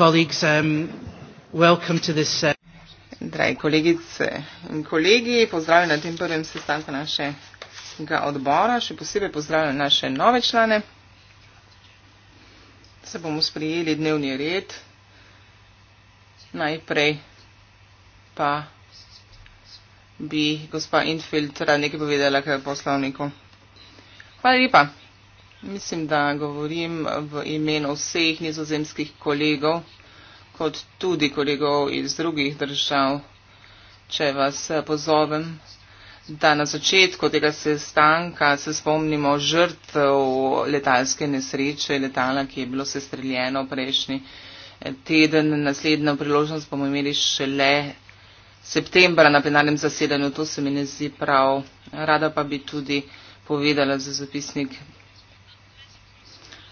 colleagues, um, welcome to this. Uh... Dragi kolegice in kolegi, pozdravljam na tem prvem sestanku našega odbora, še posebej pozdravljam naše nove člane. Se bomo sprijeli dnevni red. Najprej pa bi gospa Infiltra nekaj povedala k poslovniku. Hvala lepa. Mislim, da govorim v imenu vseh nizozemskih kolegov, kot tudi kolegov iz drugih držav, če vas eh, pozovem, da na začetku tega sestanka se spomnimo žrtev letalske nesreče, letala, ki je bilo sestreljeno prejšnji eh, teden. Naslednjo priložnost bomo imeli šele septembra na plenarnem zasedanju. To se mi ne zdi prav. Rada pa bi tudi povedala za zapisnik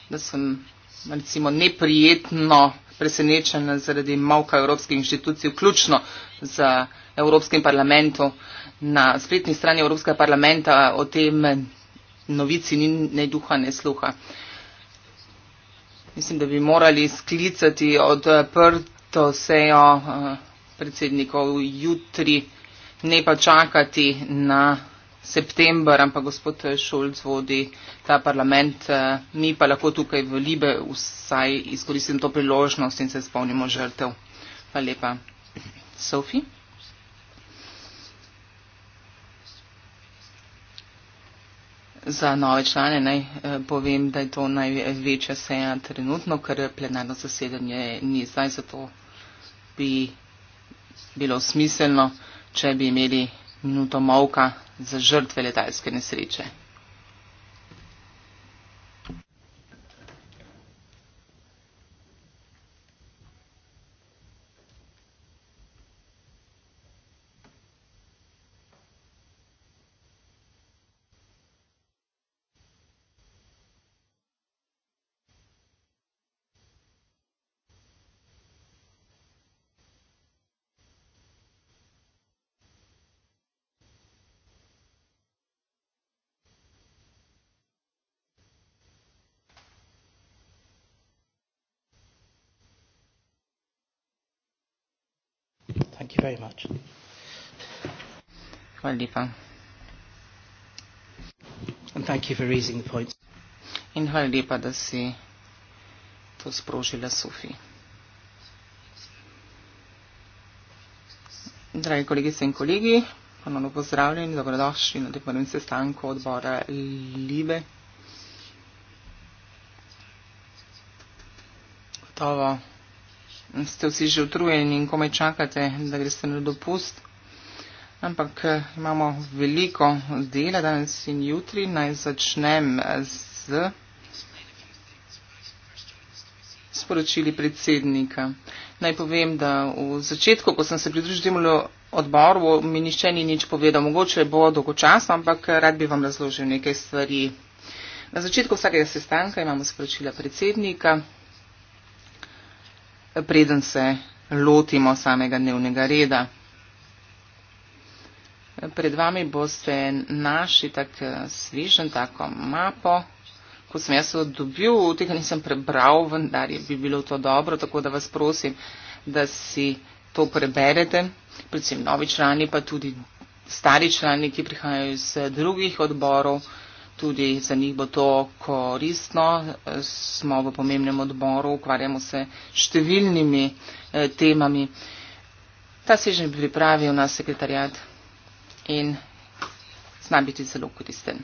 da sem recimo neprijetno presenečena zaradi malka evropskih inštitucij, vključno z Evropskim parlamentom. Na spletni strani Evropskega parlamenta o tem novici ni ne duha, ne sluha. Mislim, da bi morali sklicati odprto sejo eh, predsednikov jutri, ne pa čakati na september, ampak gospod eh, Šolc vodi ta parlament, eh, mi pa lahko tukaj v Libe vsaj izkoristim to priložnost in se spomnimo žrtev. Hvala lepa. Sofi? Za nove člane naj eh, povem, da je to največja seja trenutno, ker plenarno zasedanje ni zdaj, zato bi bilo smiselno, če bi imeli minuto molka za žrtve letalske nesreče. drugačen. Hvala lepa. In hvala lepa, da si to sprožila, Sufi. Dragi kolegice in kolegi, ponovno pozdravljeni, dobrodošli na deponem sestanku odbora Libe. Gotovo ste vsi že utrujeni in komaj čakate, da greste na dopust. Ampak eh, imamo veliko dela danes in jutri. Naj začnem z eh, sporočili predsednika. Naj povem, da v začetku, ko sem se pridružil odboru, mi nišče ni nič povedal. Mogoče bo dolgočasno, ampak eh, rad bi vam razložil nekaj stvari. Na začetku vsakega sestanka imamo sporočila predsednika preden se lotimo samega dnevnega reda. Pred vami boste naši tak eh, svežen tako mapo, ko sem jaz dobil, tega nisem prebral, vendar je bi bilo to dobro, tako da vas prosim, da si to preberete, predvsem novi člani, pa tudi stari člani, ki prihajajo iz eh, drugih odborov tudi za njih bo to koristno. Smo v pomembnem odboru, ukvarjamo se številnimi eh, temami. Ta sežen bi pripravil na sekretarjat in zna biti zelo koristen.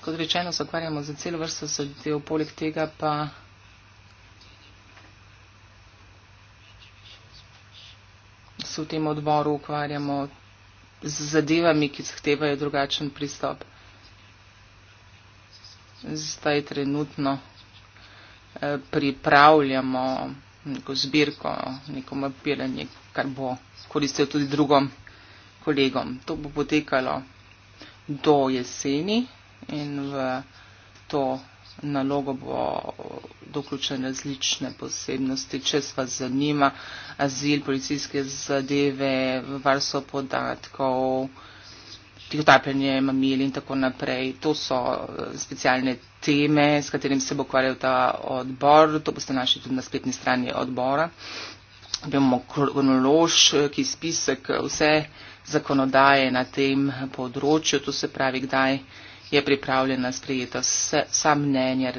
Kot rečeno, se ukvarjamo za celo vrsto zadev, poleg tega pa. se v tem odboru ukvarjamo z zadevami, ki zahtevajo drugačen pristop. Zdaj trenutno eh, pripravljamo neko zbirko, neko mapiranje, kar bo koristilo tudi drugom kolegom. To bo potekalo do jeseni in v to nalogo bo doključene različne posebnosti. Če se vas zanima, azil, policijske zadeve, varstvo podatkov, tihotapljanje mamil in tako naprej, to so eh, specialne teme, s katerim se bo ukvarjal ta odbor. To boste našli tudi na spletni strani odbora. Bomo kronološki eh, spisek vse zakonodaje na tem področju, to se pravi, kdaj je pripravljena sprejeta sam mnenje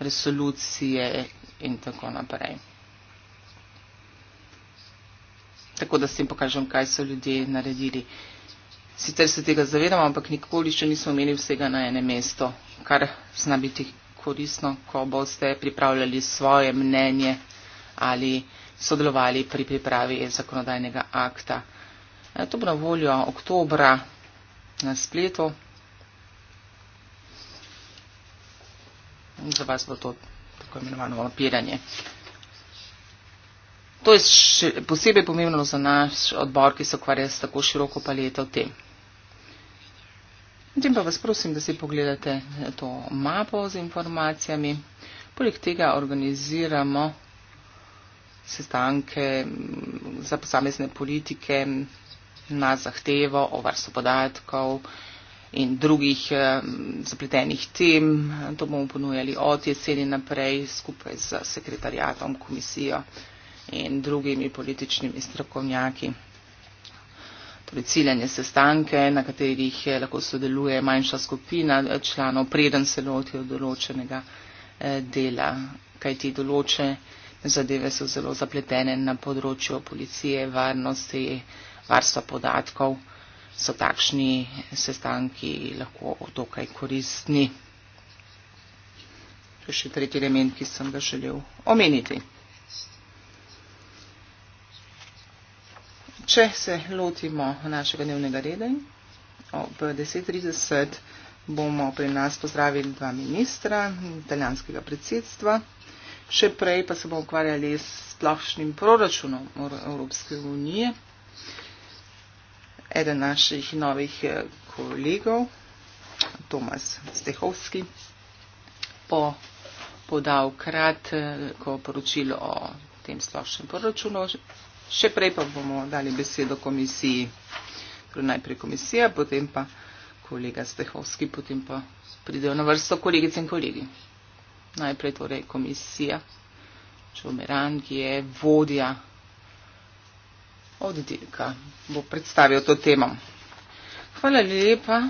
resolucije in tako naprej. Tako da s tem pokažem, kaj so ljudje naredili. Sicer se tega zavedamo, ampak nikoli še nismo imeli vsega na enem mestu, kar zna biti koristno, ko boste pripravljali svoje mnenje ali sodelovali pri pripravi zakonodajnega akta. E, to bo na voljo oktobra na spletu. za vas bo to tako imenovano vampiranje. To je še posebej pomembno za naš odbor, ki se ukvarja s tako široko paleto tem. Zdaj pa vas prosim, da si pogledate to mapo z informacijami. Poleg tega organiziramo sestanke za posamezne politike na zahtevo o varstvu podatkov, in drugih eh, zapletenih tem. To bomo ponujali od jeseni naprej skupaj z sekretarjatom, komisijo in drugimi političnimi strokovnjaki. Torej ciljanje sestanke, na katerih eh, lahko sodeluje manjša skupina eh, članov, preden se lotijo določenega dela, kajti določene zadeve so zelo zapletene na področju policije, varnosti, varstva podatkov so takšni sestanki lahko dokaj koristni. To je še tretji element, ki sem ga želel omeniti. Če se lotimo našega dnevnega reda, ob 10.30 bomo pri nas pozdravili dva ministra italijanskega predsedstva, še prej pa se bomo ukvarjali s splošnim proračunom Evropske unije eden naših novih eh, kolegov, Tomas Stehovski, po podal kratko poročilo o tem splošnem proračunu. Še prej pa bomo dali besedo komisiji, torej najprej komisija, potem pa kolega Stehovski, potem pa pridejo na vrsto kolegice in kolegi. Najprej torej komisija, Čomerang je vodja oddelka bo predstavil to temo. Hvala lepa,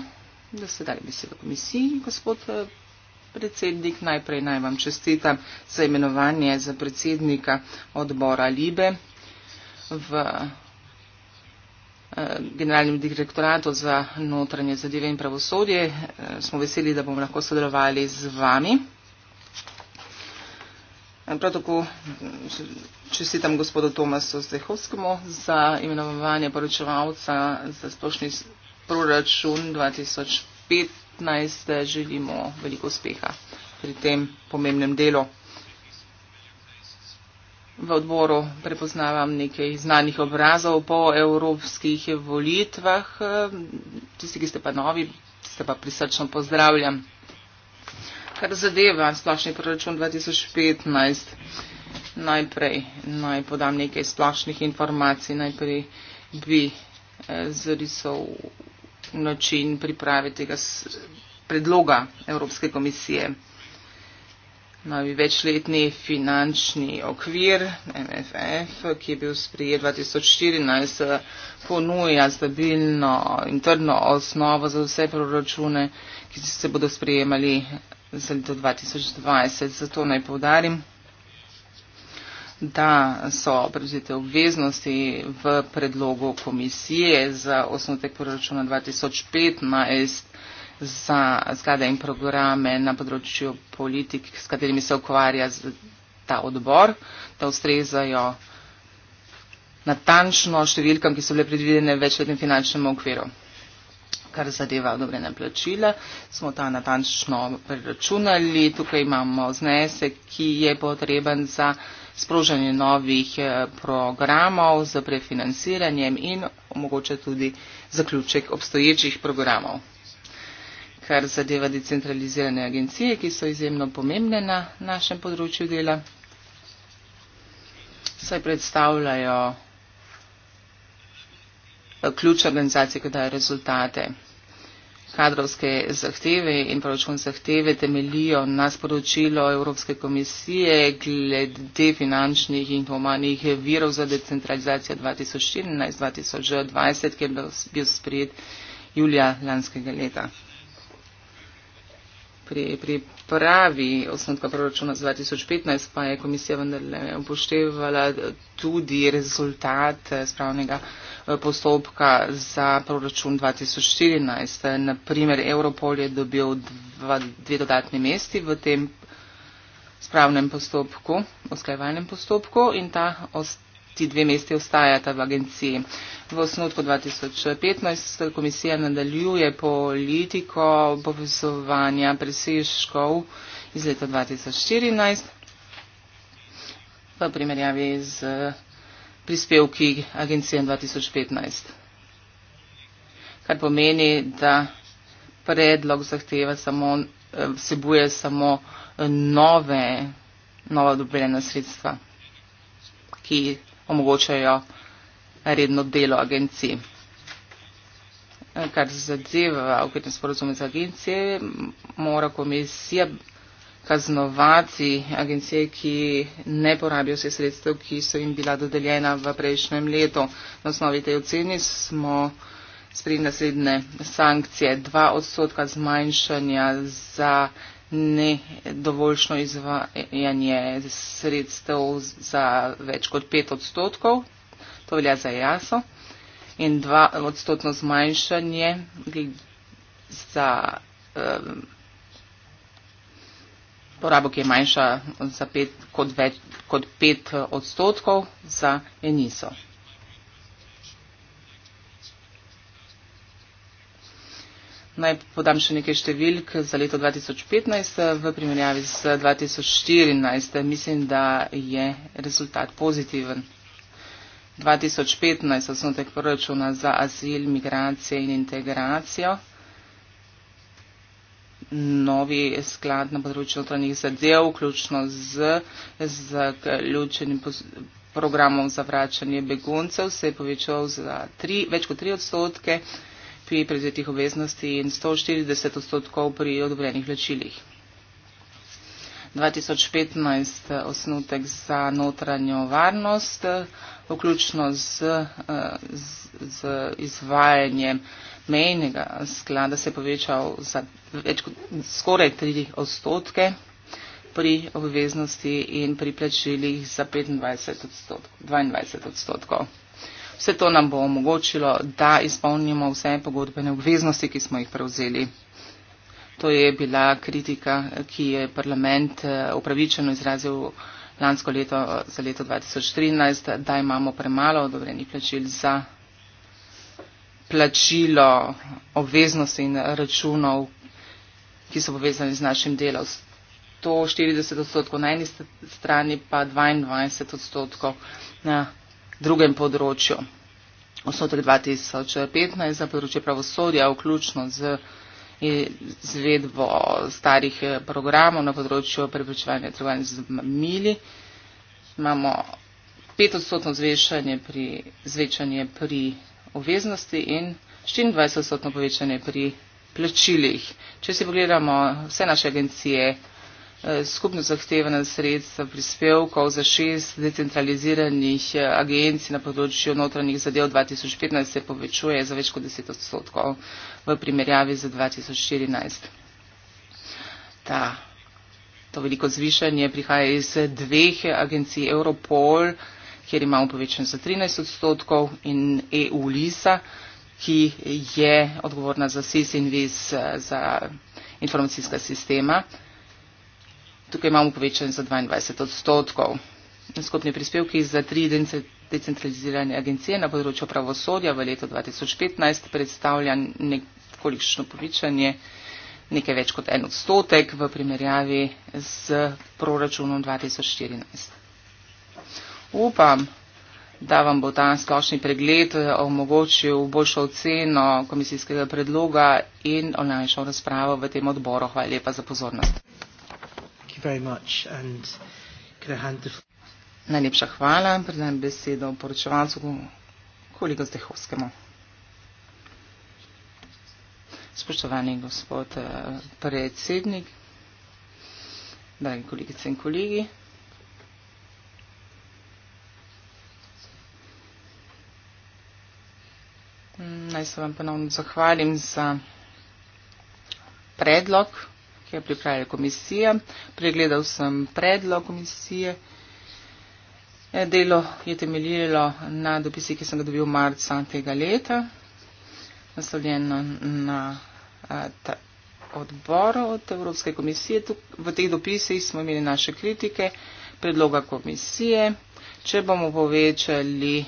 da ste dali besedo komisiji, gospod eh, predsednik. Najprej naj vam čestitam za imenovanje za predsednika odbora Libe v eh, generalnem direktoratu za notranje zadeve in pravosodje. Eh, smo veseli, da bomo lahko sodelovali z vami. Prav tako mm, čestitam gospodu Tomasu Zdehovskemu za imenovanje poročevalca za splošni proračun 2015. Želimo veliko uspeha pri tem pomembnem delu. V odboru prepoznavam nekaj znanih obrazov po evropskih volitvah. Tisti, ki ste pa novi, ste pa prisrčno pozdravljam kar zadeva splošni proračun 2015. Najprej naj podam nekaj splošnih informacij, najprej bi eh, zrisal način priprave tega predloga Evropske komisije. Novi večletni finančni okvir MFF, ki je bil sprijet 2014, eh, ponuja stabilno in trdno osnovo za vse proračune, ki se bodo sprijemali za leto 2020. Zato naj povdarim, da so prevzete obveznosti v predlogu komisije za osnotek proračuna 2015 za sklade in programe na področju politik, s katerimi se ukvarja ta odbor, da ustrezajo natančno številkam, ki so bile predvidene v večletnem finančnem okviru kar zadeva odobrene plačila, smo ta natančno preračunali. Tukaj imamo znesek, ki je potreben za sprožanje novih eh, programov, za prefinanciranjem in omogoče tudi zaključek obstoječih programov. Kar zadeva decentralizirane agencije, ki so izjemno pomembne na našem področju dela, saj predstavljajo eh, ključ organizacije, ki daje rezultate kadrovske zahteve in proračun zahteve temelijo na sporočilo Evropske komisije glede finančnih in humanih virov za decentralizacijo 2014-2020, ki je bil sprejet julija lanskega leta. Pri, pri pravi osnotka proračuna za 2015, pa je komisija vendarle upoštevala tudi rezultat eh, spravnega eh, postopka za proračun 2014. Naprimer, Europol je dobil dva, dve dodatne mesti v tem spravnem postopku, osklajevalnem postopku in ta ostala ti dve mesti ostajata v agenciji. V osnutku 2015 komisija nadaljuje politiko povezovanja presežkov iz leta 2014 v primerjavi z prispevki agencije 2015. Kar pomeni, da predlog zahteva samo, vsebuje samo nove, nova odobrena sredstva, ki omogočajo redno delo agencij. Kar zadeva okvirne sporozume z agencije, mora komisija kaznovati agencije, ki ne porabijo vse sredstev, ki so jim bila dodeljena v prejšnjem letu. Na osnovi tej oceni smo sprejeli naslednje sankcije. 2 odstotka zmanjšanja za ne dovoljšno izvajanje sredstev za več kot 5 odstotkov, to velja za jaso, in 2 odstotno zmanjšanje za um, porabo, ki je manjša za pet, kot 5 odstotkov za eniso. Naj podam še nekaj številk za leto 2015 v primerjavi z 2014. Mislim, da je rezultat pozitiven. 2015 osnotek proračuna za azil, migracije in integracijo. Novi sklad na področju notranjih zadev, vključno z zaključenim programom za vračanje beguncev, se je povečal za tri, več kot 3 odstotke pri prevzetih obveznosti in 140 odstotkov pri odobrenih plačilih. 2015 osnutek za notranjo varnost, vključno z, z, z izvajanjem mejnega sklada, se je povečal za več kot skoraj 3 odstotke pri obveznosti in pri plačilih za 25 odstotkov, 22 odstotkov. Vse to nam bo omogočilo, da izpolnimo vse pogodbene obveznosti, ki smo jih prevzeli. To je bila kritika, ki je parlament eh, upravičeno izrazil lansko leto eh, za leto 2013, da imamo premalo odobrenih plačil za plačilo obveznosti in računov, ki so povezani z našim delom. 140 odstotkov na eni strani, pa 22 odstotkov na drugem področju. Osnotek 2015 za področje pravosodja, vključno z izvedbo starih eh, programov na področju preprečevanja trgovanja z mili. Imamo petodstotno zvečanje pri, zvečanje pri obveznosti in 24-odstotno povečanje pri plačilih. Če si pogledamo vse naše agencije, Eh, skupno zahtevana sredstva prispevkov za šest decentraliziranih eh, agencij na področju notranjih zadev 2015 se povečuje za več kot 10 odstotkov v primerjavi z 2014. Ta, to veliko zvišanje prihaja iz dveh agencij Europol, kjer imamo povečen za 13 odstotkov in EU LISA, ki je odgovorna za SIS in VIS eh, za informacijska sistema. Tukaj imamo povečanje za 22 odstotkov. Skupni prispevki za tri decentralizirane agencije na področju pravosodja v letu 2015 predstavlja nekolikšno povečanje, nekaj več kot en odstotek v primerjavi z proračunom 2014. Upam, da vam bo ta splošni pregled eh, omogočil boljšo oceno komisijskega predloga in olajšal razpravo v tem odboru. Hvala lepa za pozornost very much and could I hand the floor? Najlepša hvala. Predajem besedo poročevalcu kolega Zdehovskemu. Spoštovani gospod eh, predsednik, dragi kolegice in kolegi, Naj se vam ponovno zahvalim za predlog ki je pripravila komisija. Pregledal sem predlog komisije. E, delo je temeljilo na dopisi, ki sem ga dobil marca tega leta, naslovljeno na e, odboru od Evropske komisije. V teh dopisih smo imeli naše kritike, predloga komisije, če bomo povečali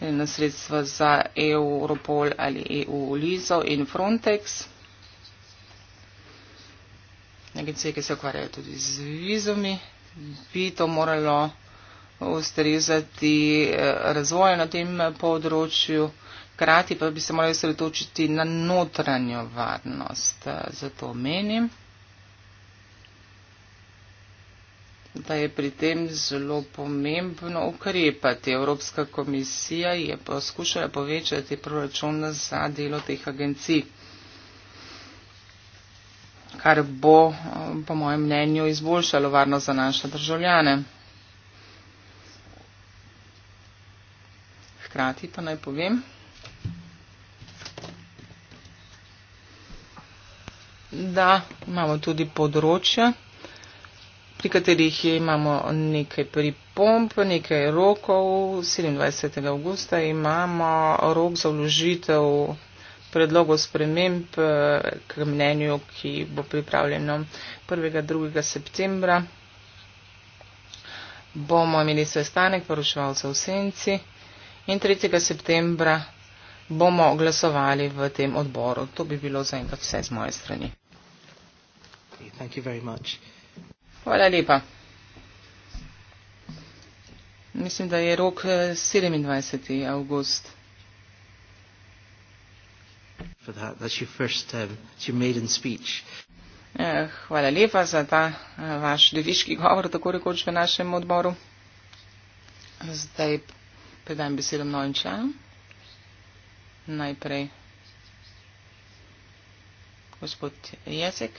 e, na sredstva za EU, Europol ali EU, Lizo in Frontex agencije, ki se ukvarjajo tudi z vizumi, bi to moralo ustrezati eh, razvoju na tem področju, krati pa bi se morali sredotočiti na notranjo varnost. Eh, zato menim, da je pri tem zelo pomembno ukrepati. Evropska komisija je poskušala povečati proračun za delo teh agencij kar bo, eh, po mojem mnenju, izboljšalo varnost za naše državljane. Hkrati pa naj povem, da imamo tudi področja, pri katerih imamo nekaj pripomp, nekaj rokov. 27. augusta imamo rok za vložitev predlogov sprememb eh, k mnenju, ki bo pripravljeno 1.2. septembra. Bomo imeli sestanek poročevalcev v Senci in 3. septembra bomo glasovali v tem odboru. To bi bilo zaenkrat vse z moje strani. Hvala lepa. Mislim, da je rok 27. Eh, august for that. That's your first, um, it's your maiden speech. Eh, hvala lepa za ta eh, vaš deviški govor, tako rekoč v našem odboru. Zdaj predajem besedo novim članom. Najprej gospod Jezek.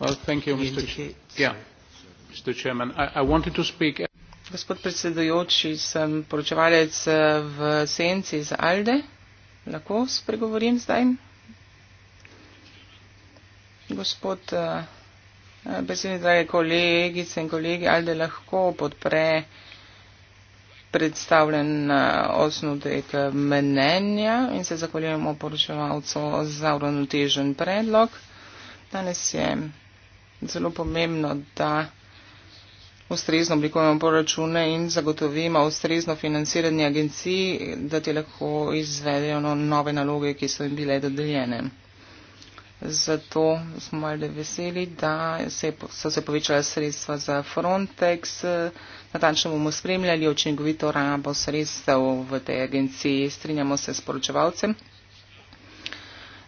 Well, thank you, Mr. Yeah, Mr. Chairman. I, I wanted to speak. Gospod predsedujoči, sem poročevalec eh, v senci za Alde. Lahko spregovorim zdaj? Gospod eh, predsednik, drage kolegice in kolegi, Alde lahko podpre predstavljen eh, osnutek mnenja in se zahvaljujemo poročevalcu za uravnotežen predlog. Danes je zelo pomembno, da ustrezno oblikujemo proračune in zagotovimo ustrezno financiranje agencij, da ti lahko izvedejo no, nove naloge, ki so jim bile dodeljene. Zato smo malce veseli, da so se povečala sredstva za Frontex. Natančno bomo spremljali očinkovito rabo sredstev v tej agenciji. Strinjamo se s poročevalcem,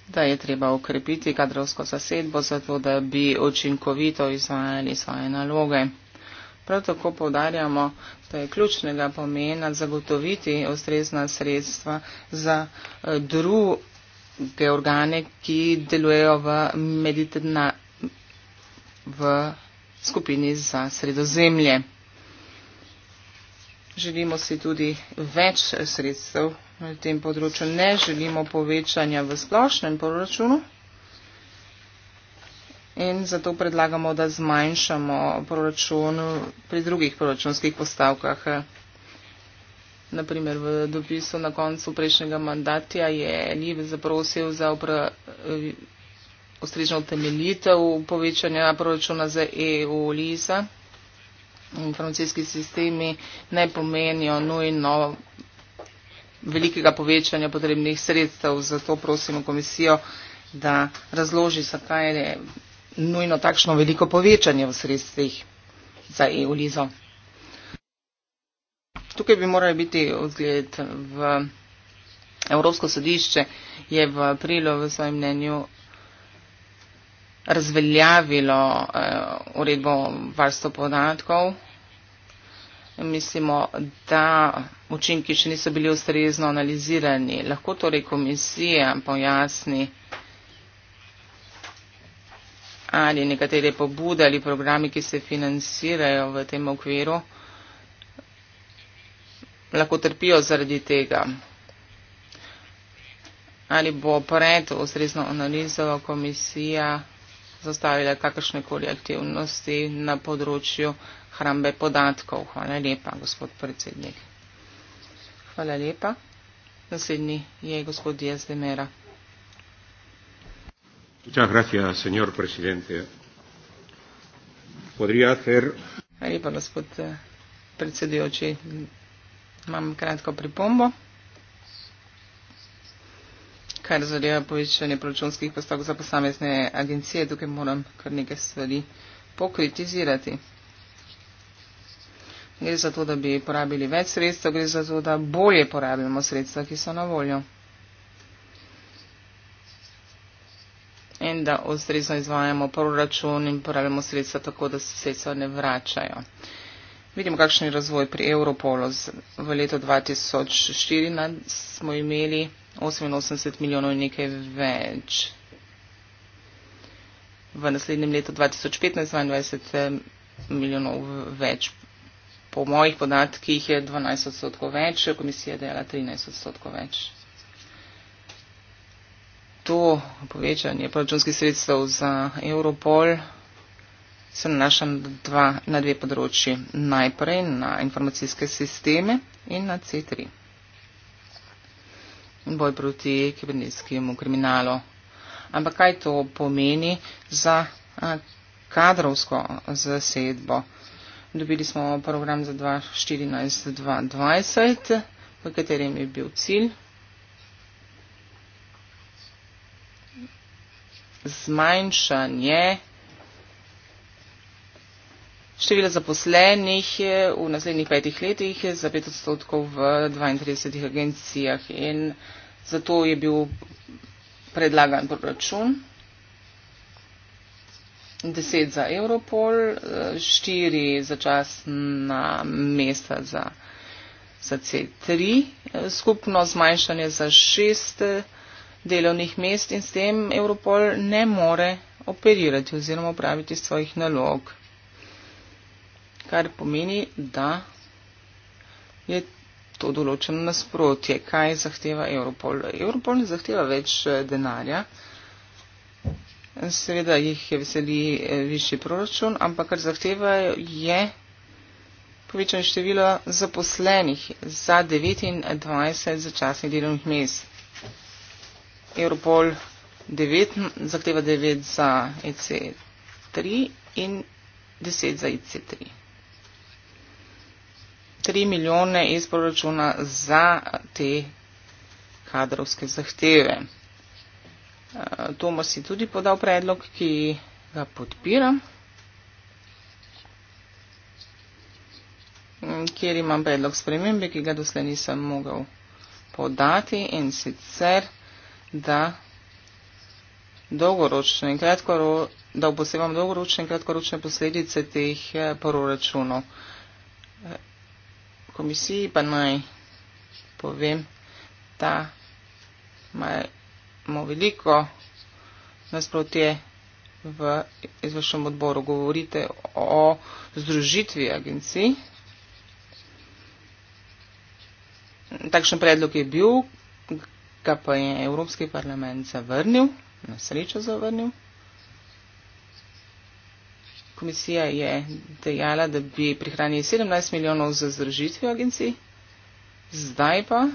da je treba ukrepiti kadrovsko zasedbo, zato da bi očinkovito izvajali svoje naloge. Prav tako povdarjamo, da je ključnega pomena zagotoviti ustrezna sredstva za eh, druge organe, ki delujejo v, meditna, v skupini za sredozemlje. Želimo si tudi več sredstev na tem področju. Ne želimo povečanja v splošnem proračunu in zato predlagamo, da zmanjšamo proračun pri drugih proračunskih postavkah. Naprimer, v dopisu na koncu prejšnjega mandata je Liv zaprosil za ustrežno temeljitev povečanja proračuna za EU LISA. Informacijski sistemi ne pomenijo nujno velikega povečanja potrebnih sredstev, zato prosimo komisijo, da razloži, zakaj je nujno takšno veliko povečanje v sredstvih za EU-lizo. Tukaj bi morali biti odgled v Evropsko sodišče, je v aprilu v svojem mnenju razveljavilo eh, uredbo varstva podatkov. Mislimo, da učinki še niso bili ustrezno analizirani. Lahko torej komisija pojasni ali nekatere pobude ali programi, ki se financirajo v tem okviru, lahko trpijo zaradi tega. Ali bo pred ustrezno analizo komisija zastavila kakršne koli aktivnosti na področju hrambe podatkov. Hvala lepa, gospod predsednik. Hvala lepa. Naslednji je gospod Jezdemera. Muchas gracias, señor presidente. Podría hacer. Lepa, gospod eh, predsedujoči, imam kratko pripombo. Kar zadeva povečanje proračunskih postavk za posamezne agencije, tukaj moram kar nekaj stvari pokritizirati. Gre za to, da bi porabili več sredstev, gre za to, da bolje porabimo sredstva, ki so na voljo. pomeni, da ustrezno izvajamo proračun in porabimo sredstva tako, da se sredstva ne vračajo. Vidimo, kakšen je razvoj pri Europolu. V letu 2014 smo imeli 88 milijonov in nekaj več. V naslednjem letu 2015 22 eh, milijonov več. Po mojih podatkih je 12 odstotkov več, komisija je dejala 13 odstotkov več to povečanje proračunskih sredstev za Europol se nanaša na, dva, na dve področji. Najprej na informacijske sisteme in na C3. In boj proti kibernetskemu kriminalu. Ampak kaj to pomeni za a, kadrovsko zasedbo? Dobili smo program za 2014-2020, v katerem je bil cilj zmanjšanje števila zaposlenih eh, v naslednjih petih letih za pet odstotkov v 32 agencijah in zato je bil predlagan proračun. 10 za Europol, 4 eh, za časna mesta za, za C3, eh, skupno zmanjšanje za 6 delovnih mest in s tem Europol ne more operirati oziroma upraviti svojih nalog. Kar pomeni, da je to določeno nasprotje. Kaj zahteva Europol? Europol ne zahteva več eh, denarja. Seveda jih je veseli eh, višji proračun, ampak kar zahtevajo je povečanje števila zaposlenih za 29 začasnih delovnih mest. Europol 9, zahteva 9 za EC3 in 10 za EC3. 3 milijone iz proračuna za te kadrovske zahteve. Eh, Tomas je tudi podal predlog, ki ga podpiram. Kjer imam predlog spremembe, ki ga doslej nisem mogel podati in sicer da dolgoročne in kratkoro, da obosevam dolgoročne in kratkoročne posledice teh eh, proračunov. Eh, komisiji pa naj povem, da imamo veliko nasprotje v izvršnem odboru. Govorite o združitvi agencij. Takšen predlog je bil, ga pa je Evropski parlament zavrnil, na srečo zavrnil. Komisija je dejala, da bi prihranili 17 milijonov za zdražitvijo agencij, zdaj pa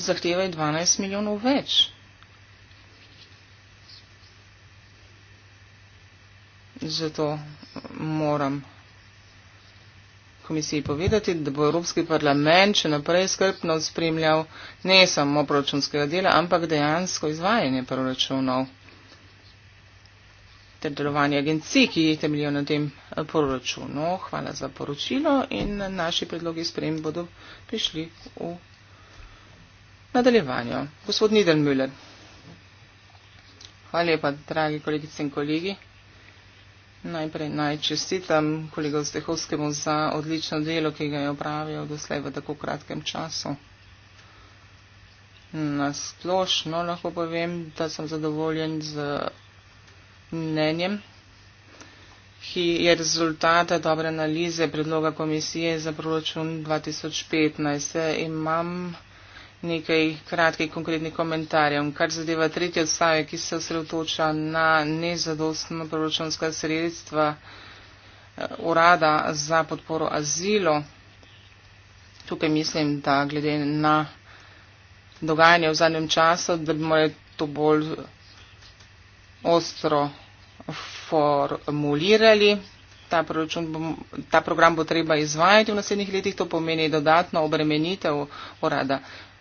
zahtevajo 12 milijonov več. Zato moram komisiji povedati, da bo Evropski parlament še naprej skrbno spremljal ne samo proračunskega dela, ampak dejansko izvajanje proračunov ter delovanje agencij, ki temeljijo na tem eh, proračunu. Hvala za poročilo in naši predlogi sprem bodo prišli v nadaljevanju. Gospod Nidelmüller. Hvala lepa, dragi kolegice in kolegi. Najprej naj čestitam kolega Stehovskemu za odlično delo, ki ga je opravil doslej v tako kratkem času. Na splošno lahko povem, da sem zadovoljen z mnenjem, ki je rezultata dobre analize predloga komisije za proračun 2015. Imam nekaj kratkih konkretnih komentarjev. Kar zadeva tretje odstave, ki se osredotoča na nezadostna proračunska sredstva eh, urada za podporo azilo. Tukaj mislim, da glede na dogajanje v zadnjem času, da bi morali to bolj ostro formulirali. Ta, proračun, ta program bo treba izvajati v naslednjih letih, to pomeni dodatno obremenitev urada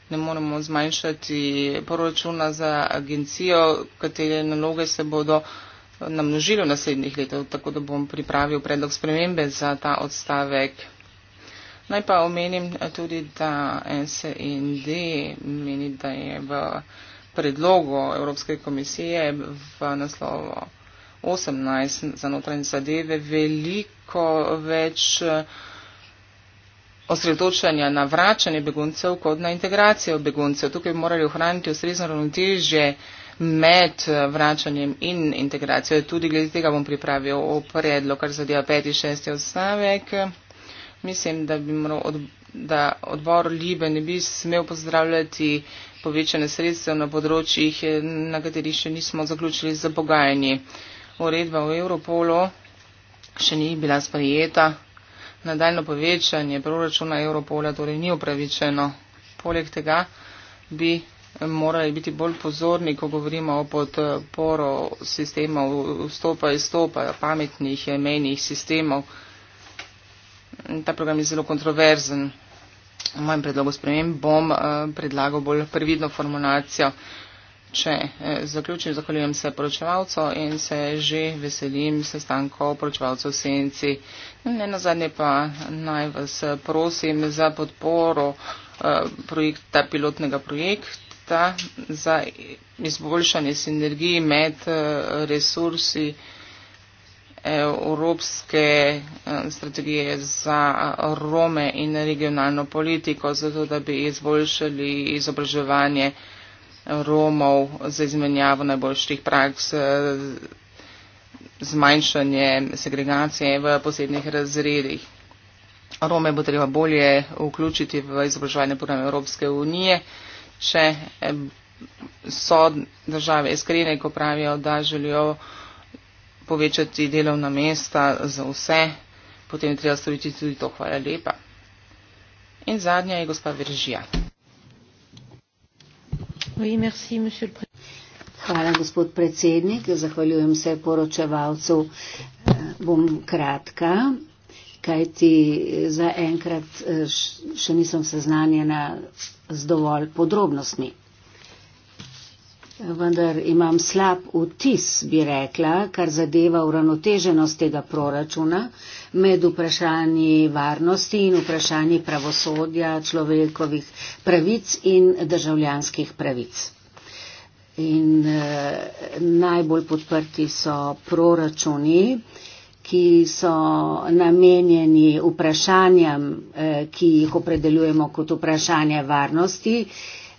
ne moremo zmanjšati poračuna za agencijo, katere naloge se bodo eh, namnožile v naslednjih letih, tako da bom pripravil predlog spremembe za ta odstavek. Naj pa omenim eh, tudi, da NSND meni, da je v predlogu Evropske komisije v naslovu 18 za notranje zadeve veliko več eh, osredotočanja na vračanje beguncev kot na integracijo beguncev. Tukaj bi morali ohraniti ustrezno ravnotežje med eh, vračanjem in integracijo. Tudi glede tega bom pripravil predlog, kar zadeva 5. in 6. odstavek. Mislim, da bi moral od, da odbor Libe ne bi smel pozdravljati povečane sredstev na področjih, eh, na katerih še nismo zaključili za pogajanje. Uredba v Europolu še ni bila sprejeta, nadaljno povečanje proračuna Evropola torej ni upravičeno. Poleg tega bi morali biti bolj pozorni, ko govorimo o podporo sistemov vstopa in stopa, pametnih menjih sistemov. Ta program je zelo kontroverzen. V mojem predlogu spremem bom eh, predlagal bolj previdno formulacijo. Če eh, zaključim, zahvaljujem se poročevalcu in se že veselim sestankov poročevalcev v Senci. Ne na zadnje pa naj vas prosim za podporo eh, projekta, pilotnega projekta za izboljšanje sinergij med eh, resursi Evropske strategije za Rome in regionalno politiko, zato da bi izboljšali izobraževanje. Romov za izmenjavo najboljših praks, eh, zmanjšanje segregacije v posebnih razredih. Rome bo treba bolje vključiti v izobraževanje programe Evropske unije, če eh, so države iskrene, ko pravijo, da želijo povečati delovna mesta za vse, potem je treba storiti tudi to. Hvala lepa. In zadnja je gospa Veržija. Hvala, gospod predsednik. Zahvaljujem se poročevalcu. Eh, bom kratka, kajti zaenkrat eh, še nisem seznanjena z dovolj podrobnostmi. No, vendar imam slab vtis, bi rekla, kar zadeva uravnoteženost tega proračuna med vprašanji varnosti in vprašanji pravosodja, človekovih pravic in državljanskih pravic. In e, najbolj podprti so proračuni, ki so namenjeni vprašanjem, e, eh, ki jih opredeljujemo kot vprašanje varnosti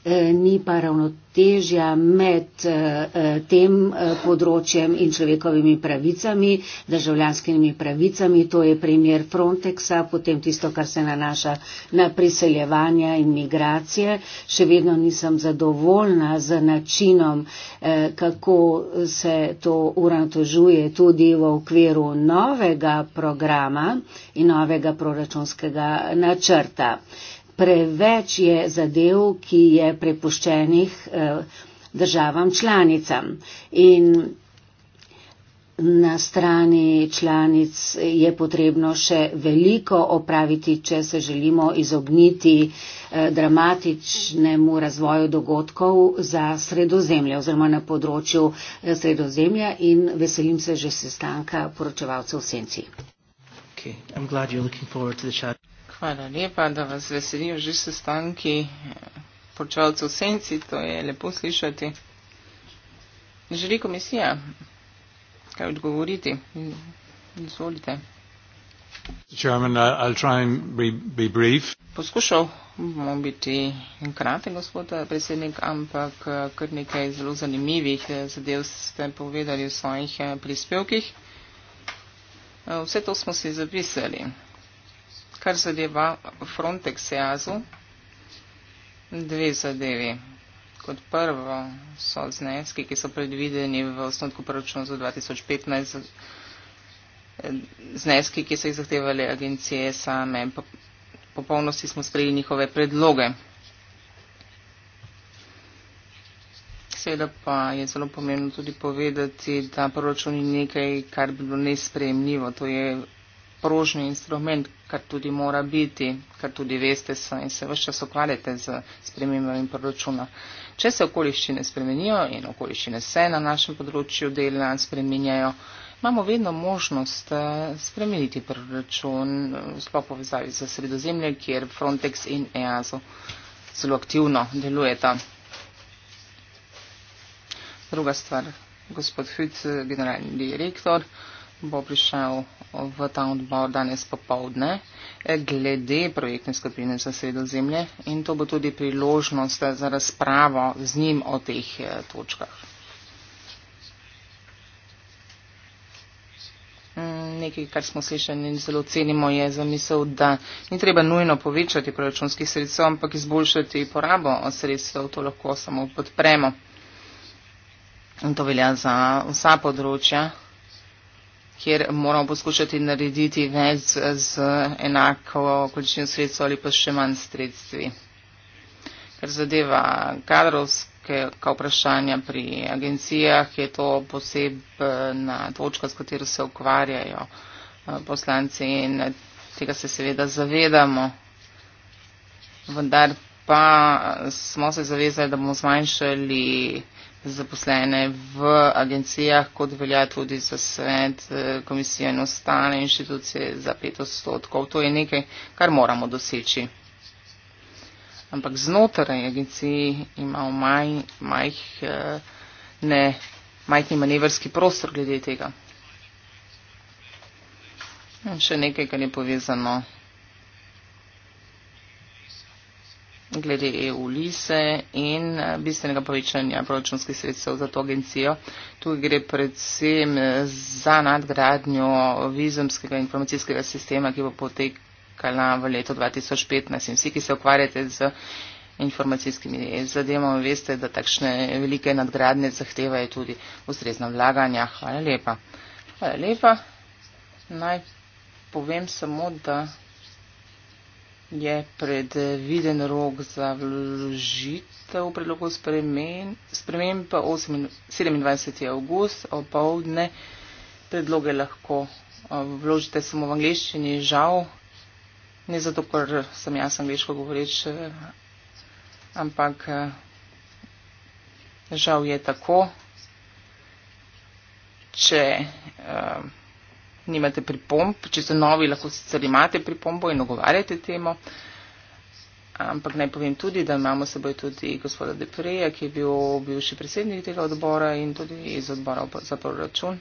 Eh, ni pa ravnotežja med eh, eh, tem področjem in človekovimi pravicami, državljanskimi pravicami. To je primer Frontexa, potem tisto, kar se nanaša na priseljevanja in migracije. Še vedno nisem zadovoljna z načinom, kako se to uravnotežuje tudi v okviru novega programa in novega proračunskega načrta preveč je zadev, ki je prepuščenih eh, državam članicam. In na strani članic je potrebno še veliko opraviti, če se želimo izogniti eh, dramatičnemu razvoju dogodkov za sredozemlje oziroma na področju eh, sredozemlja in veselim se že sestanka poročevalcev v senci. Okay. Hvala lepa, da vas veselijo že sestanki eh, počalcev v senci, to je lepo slišati. Želi komisija kaj odgovoriti? Izvolite. Chairman, I'll try and be, be brief. Poskušal bomo biti kratki, gospod eh, predsednik, ampak eh, kar nekaj zelo zanimivih zadev ste povedali v svojih prispevkih. Vse to smo si zapisali kar zadeva Frontex jazu, dve zadevi. Kot prvo so zneski, ki so predvideni v osnotku proračuna za 2015, zneski, ki so jih zahtevali agencije same. Popolnosti smo sprejeli njihove predloge. Seveda pa je zelo pomembno tudi povedati, da proračun je nekaj, kar bi bilo nespremljivo. To je prožni instrument, kar tudi mora biti, kar tudi veste so in se vse čas ukvarjate z spremembami proračuna. Če se okoliščine spremenijo in okoliščine se na našem področju dela spremenjajo, imamo vedno možnost eh, spremeniti proračun, sploh povezavi za sredozemlje, kjer Frontex in EASO zelo aktivno delujeta. Druga stvar, gospod Hüt, generalni direktor bo prišel v ta odbor danes popovdne eh, glede projektne skupine za sredo zemlje in to bo tudi priložnost za razpravo z njim o teh eh, točkah. Mm, nekaj, kar smo slišali in zelo cenimo, je zamisel, da ni treba nujno povečati proračunskih sredstev, ampak izboljšati porabo sredstev, to lahko samo podpremo. In to velja za vsa področja kjer moramo poskušati narediti več z enako količino sredstva ali pa še manj sredstvi. Ker zadeva kadrovske vprašanja pri agencijah, je to posebna točka, s katero se ukvarjajo eh, poslanci in tega se seveda zavedamo. Vendar pa smo se zavezali, da bomo zmanjšali zaposlene v agencijah, kot velja tudi za svet, komisije in ostale inštitucije za pet odstotkov. To je nekaj, kar moramo doseči. Ampak znotraj agencij imamo maj, majh, ne, majhni manevrski prostor glede tega. In še nekaj, kar je povezano glede EU-lise in eh, bistvenega povečanja proračunskih sredstev za to agencijo. Tu gre predvsem eh, za nadgradnjo vizumskega informacijskega sistema, ki bo potekala v letu 2015. In vsi, ki se ukvarjate z informacijskimi zadevami, veste, da takšne velike nadgradnje zahtevajo tudi ustrezna vlaganja. Hvala lepa. Hvala lepa. Naj povem samo, da je predviden rok za vložitev predlogov sprememb, spremen 27. august, opoldne predloge lahko vložite samo v angliščini, žal, ne zato, ker sem jaz angliško govoreč, ampak žal je tako, če. Uh, nimate pripomb, če ste novi, lahko sicer imate pripombo in ogovarjate temo. Ampak naj povem tudi, da imamo s seboj tudi gospoda Depreja, ki je bil bivši predsednik tega odbora in tudi iz odbora za proračun.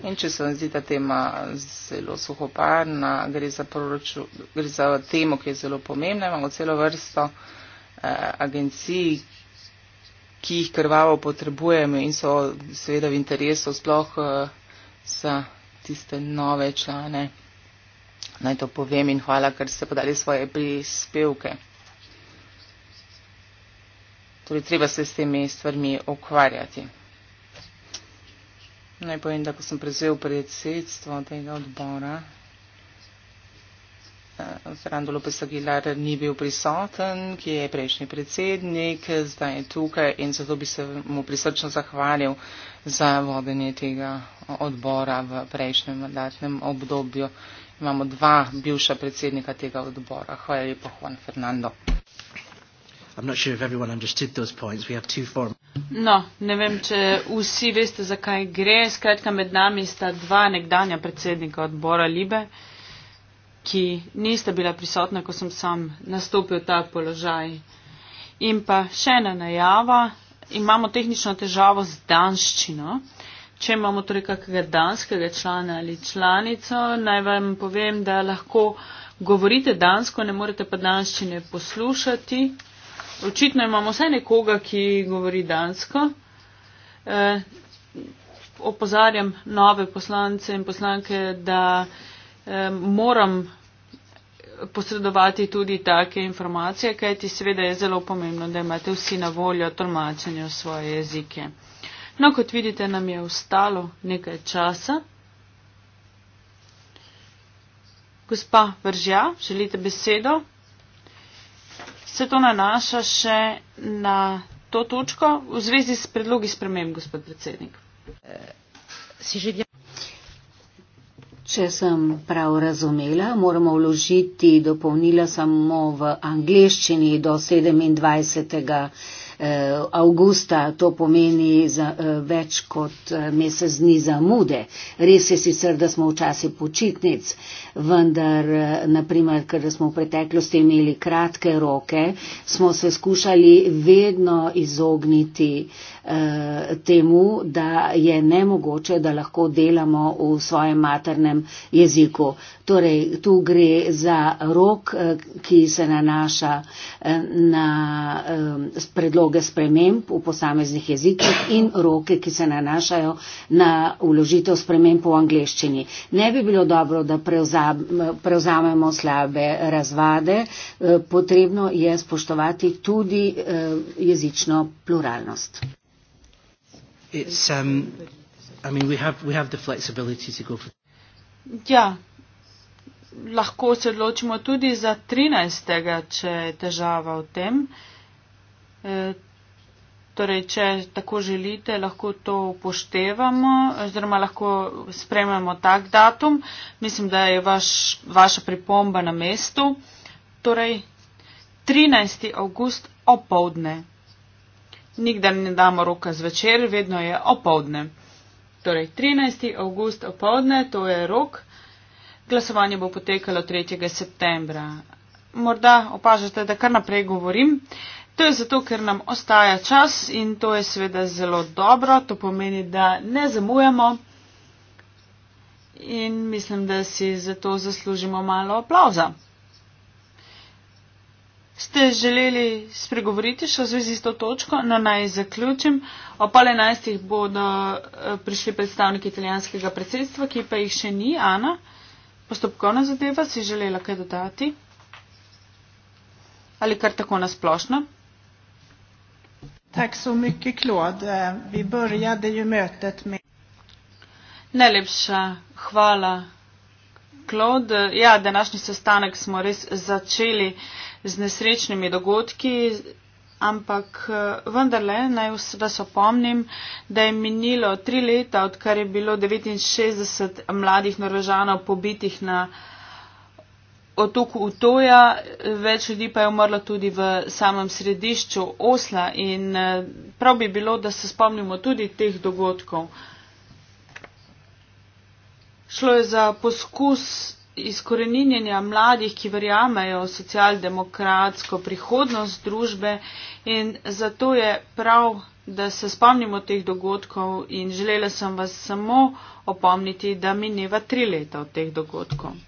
In če se vam zdi ta tema zelo suhoparna, gre za, proračun, gre za temo, ki je zelo pomembna, imamo celo vrsto eh, agencij, ki jih krvavo potrebujemo in so seveda v interesu sploh eh, za tiste nove člane. Naj to povem in hvala, ker ste podali svoje prispevke. Torej, treba se s temi stvarmi ukvarjati. Naj povem, da ko sem prevzel predsedstvo tega odbora, eh, Fernando Lopes Aguilar ni bil prisoten, ki je prejšnji predsednik, zdaj je tukaj in zato bi se mu prisrčno zahvalil za vodenje tega odbora v prejšnjem mandatnem obdobju. Imamo dva bivša predsednika tega odbora. Hvala lepa, Juan Fernando. No, ne vem, če vsi veste, zakaj gre. Skratka, med nami sta dva nekdanja predsednika odbora Libe, ki nista bila prisotna, ko sem sam nastopil ta položaj. In pa še ena najava. Imamo tehnično težavo z danščino. Če imamo torej kakega danskega člana ali članico, naj vam povem, da lahko govorite dansko, ne morete pa danščine poslušati. Očitno imamo vsaj nekoga, ki govori dansko. E, opozarjam nove poslance in poslanke, da e, moram posredovati tudi take informacije, kajti seveda je zelo pomembno, da imate vsi na voljo tolmačenje v svoje jezike. No, kot vidite, nam je ostalo nekaj časa. Gospa Vržja, želite besedo? Se to nanaša še na to točko v zvezi s predlogi sprememb, gospod predsednik? Si želim. Če sem prav razumela, moramo vložiti dopolnila samo v angliščini do 27. Eh, Augusta to pomeni za, uh, več kot uh, mesec dni zamude. Res je sicer, da smo v časi počitnic, vendar, uh, naprimer, ker smo v preteklosti imeli kratke roke, smo se skušali vedno izogniti uh, temu, da je nemogoče, da lahko delamo v svojem maternem jeziku. Torej, tu gre za rok, uh, ki se nanaša uh, na uh, predlog predloge sprememb v posameznih jezikih in roke, ki se nanašajo na uložitev sprememb v angleščini. Ne bi bilo dobro, da prevzamemo slabe razvade, eh, potrebno je spoštovati tudi eh, jezično pluralnost. Um, I mean, we have, we have the flexibility to go for ja, lahko se odločimo tudi za 13. če je težava v tem. Uh, Torej, če tako želite, lahko to upoštevamo, oziroma lahko sprememo tak datum. Mislim, da je vaš, vaša pripomba na mestu. Torej, 13. august opovdne. Nikdar ne damo roka zvečer, vedno je opovdne. Torej, 13. august opovdne, to je rok. Glasovanje bo potekalo 3. septembra. Morda opažate, da kar naprej govorim. Uh, To je zato, ker nam ostaja čas in to je seveda zelo dobro. To pomeni, da ne zamujamo in mislim, da si zato zaslužimo malo aplauza. Ste želeli spregovoriti še v zvezi s to točko? No, naj zaključim. O pol enajstih bodo eh, prišli predstavniki italijanskega predsedstva, ki pa jih še ni. Ana, postopkovna zadeva, si želela kaj dodati? Ali kar tako nasplošno? Tack så mycket Claude. Eh, vi började ju mötet med Najlepša hvala, Claude. Ja, današnji sestanek smo res začeli z nesrečnimi dogodki, ampak eh, vendarle naj vas opomnim, da je minilo tri leta, odkar je bilo 69 mladih norvežanov pobitih na otoku Utoja, več ljudi pa je umrlo tudi v samem središču Osla in eh, prav bi bilo, da se spomnimo tudi teh dogodkov. Šlo je za poskus izkoreninjenja mladih, ki verjamejo v socialdemokratsko prihodnost družbe in zato je prav, da se spomnimo teh dogodkov in želela sem vas samo opomniti, da mineva tri leta od teh dogodkov.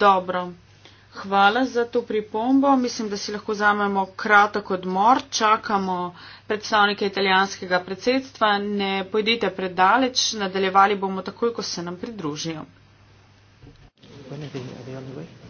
Dobro. Hvala za to pripombo. Mislim, da si lahko zamemo kratek odmor. Čakamo predstavnike italijanskega predsedstva. Ne pojdite predaleč. Nadaljevali bomo takoj, ko se nam pridružijo. When are they, are they on the way?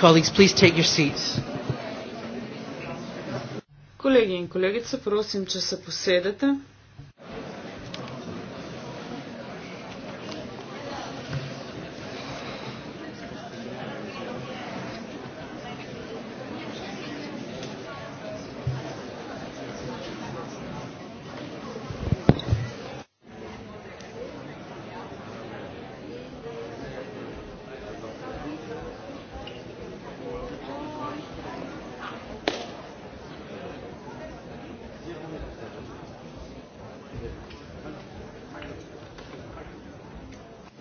Colleagues, please take your seats. Kolegi in kolegice, prosim, če se posedete.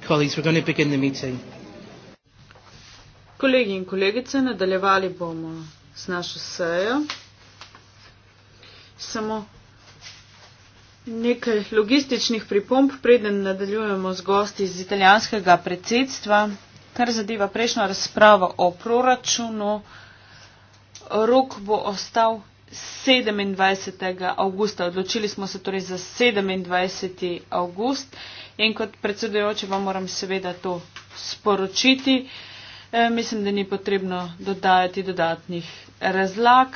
Colleagues, we're going to begin the meeting. Kolegi in kolegice, nadaljevali bomo s našo sejo. Samo nekaj logističnih pripomp, preden nadaljujemo z gosti iz italijanskega predsedstva, kar zadeva prejšnjo razpravo o proračunu. Rok bo ostal 27. augusta. Odločili smo se torej za 27. august in kot predsedujoče vam moram seveda to sporočiti. E, mislim, da ni potrebno dodajati dodatnih razlag,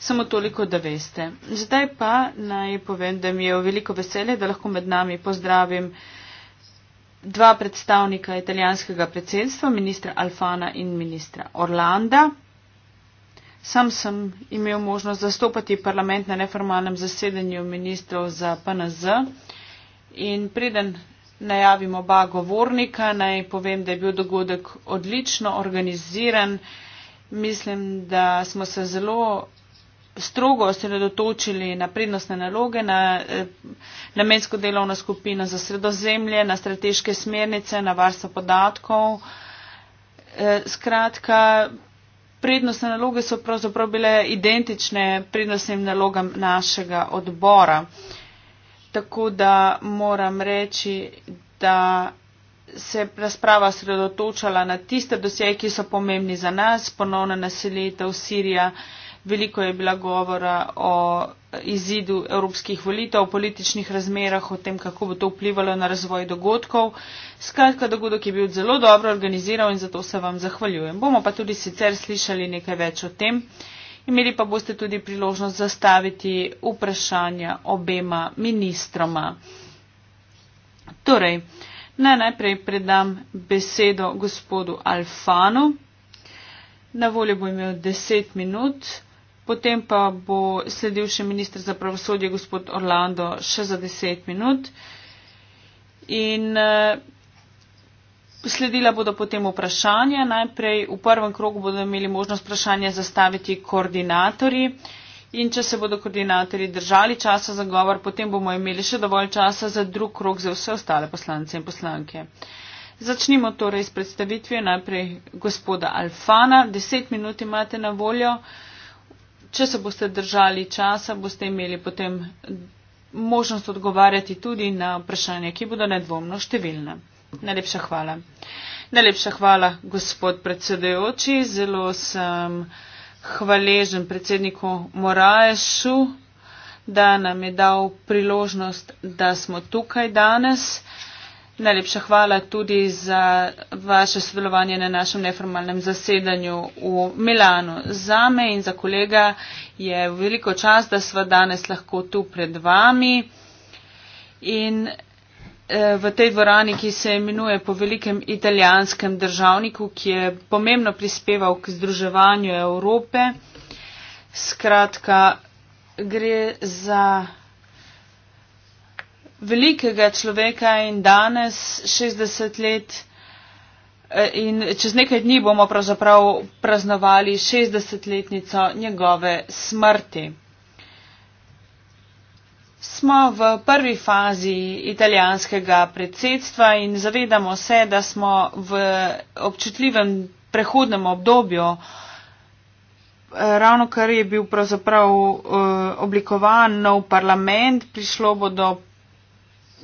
samo toliko, da veste. Zdaj pa naj povem, da mi je v veliko veselje, da lahko med nami pozdravim dva predstavnika italijanskega predsedstva, ministra Alfana in ministra Orlanda. Sam sem imel možnost zastopati parlament na neformalnem zasedanju ministrov za PNZ. In preden najavimo oba govornika, naj povem, da je bil dogodek odlično organiziran. Mislim, da smo se zelo strogo osredotočili na prednostne naloge, na eh, namensko delovno skupino za sredozemlje, na strateške smernice, na varstvo podatkov. Eh, skratka, prednostne naloge so pravzaprav bile identične prednostnim nalogam našega odbora. Tako da moram reči, da se je razprava sredotočala na tiste dosjeje, ki so pomembni za nas, ponovna naselitev Sirija. Veliko je bila govora o izidu evropskih volitev, o političnih razmerah, o tem, kako bo to vplivalo na razvoj dogodkov. Skratka, dogodek je bil zelo dobro organiziran in zato se vam zahvaljujem. Bomo pa tudi sicer slišali nekaj več o tem. Uh, Imeli pa boste tudi priložnost zastaviti vprašanja obema ministroma. Torej, naj najprej predam besedo gospodu Alfanu. Na voljo bo imel 10 minut, potem pa bo sledil še ministr za pravosodje gospod Orlando še za 10 minut. In eh, Sledila bodo potem vprašanja. Najprej v prvem krogu bodo imeli možnost vprašanja zastaviti koordinatorji. In če se bodo koordinatorji držali časa za govor, potem bomo imeli še dovolj časa za drug krok za vse ostale poslance in poslanke. Začnimo torej s predstavitvijo najprej gospoda Alfana. Deset minut imate na voljo. Če se boste držali časa, boste imeli potem možnost odgovarjati tudi na vprašanja, ki bodo nedvomno številne. Najlepša hvala. Najlepša hvala, gospod predsedujoči. Zelo sem hvaležen predsedniku Moraešu, da nam je dal priložnost, da smo tukaj danes. Najlepša hvala tudi za vaše sodelovanje na našem neformalnem zasedanju v Milano. Za me in za kolega je veliko čas, da sva danes lahko tu pred vami. In Eh, v tej dvorani, ki se imenuje po velikem italijanskem državniku, ki je pomembno prispeval k združevanju Evrope. Skratka, gre za velikega človeka in danes 60 let eh, in čez nekaj dni bomo pravzaprav praznovali 60-letnico njegove smrti. Smo v prvi fazi italijanskega predsedstva in zavedamo se, da smo v občutljivem prehodnem obdobju. Ravno kar je bil pravzaprav eh, oblikovan nov parlament, prišlo bo do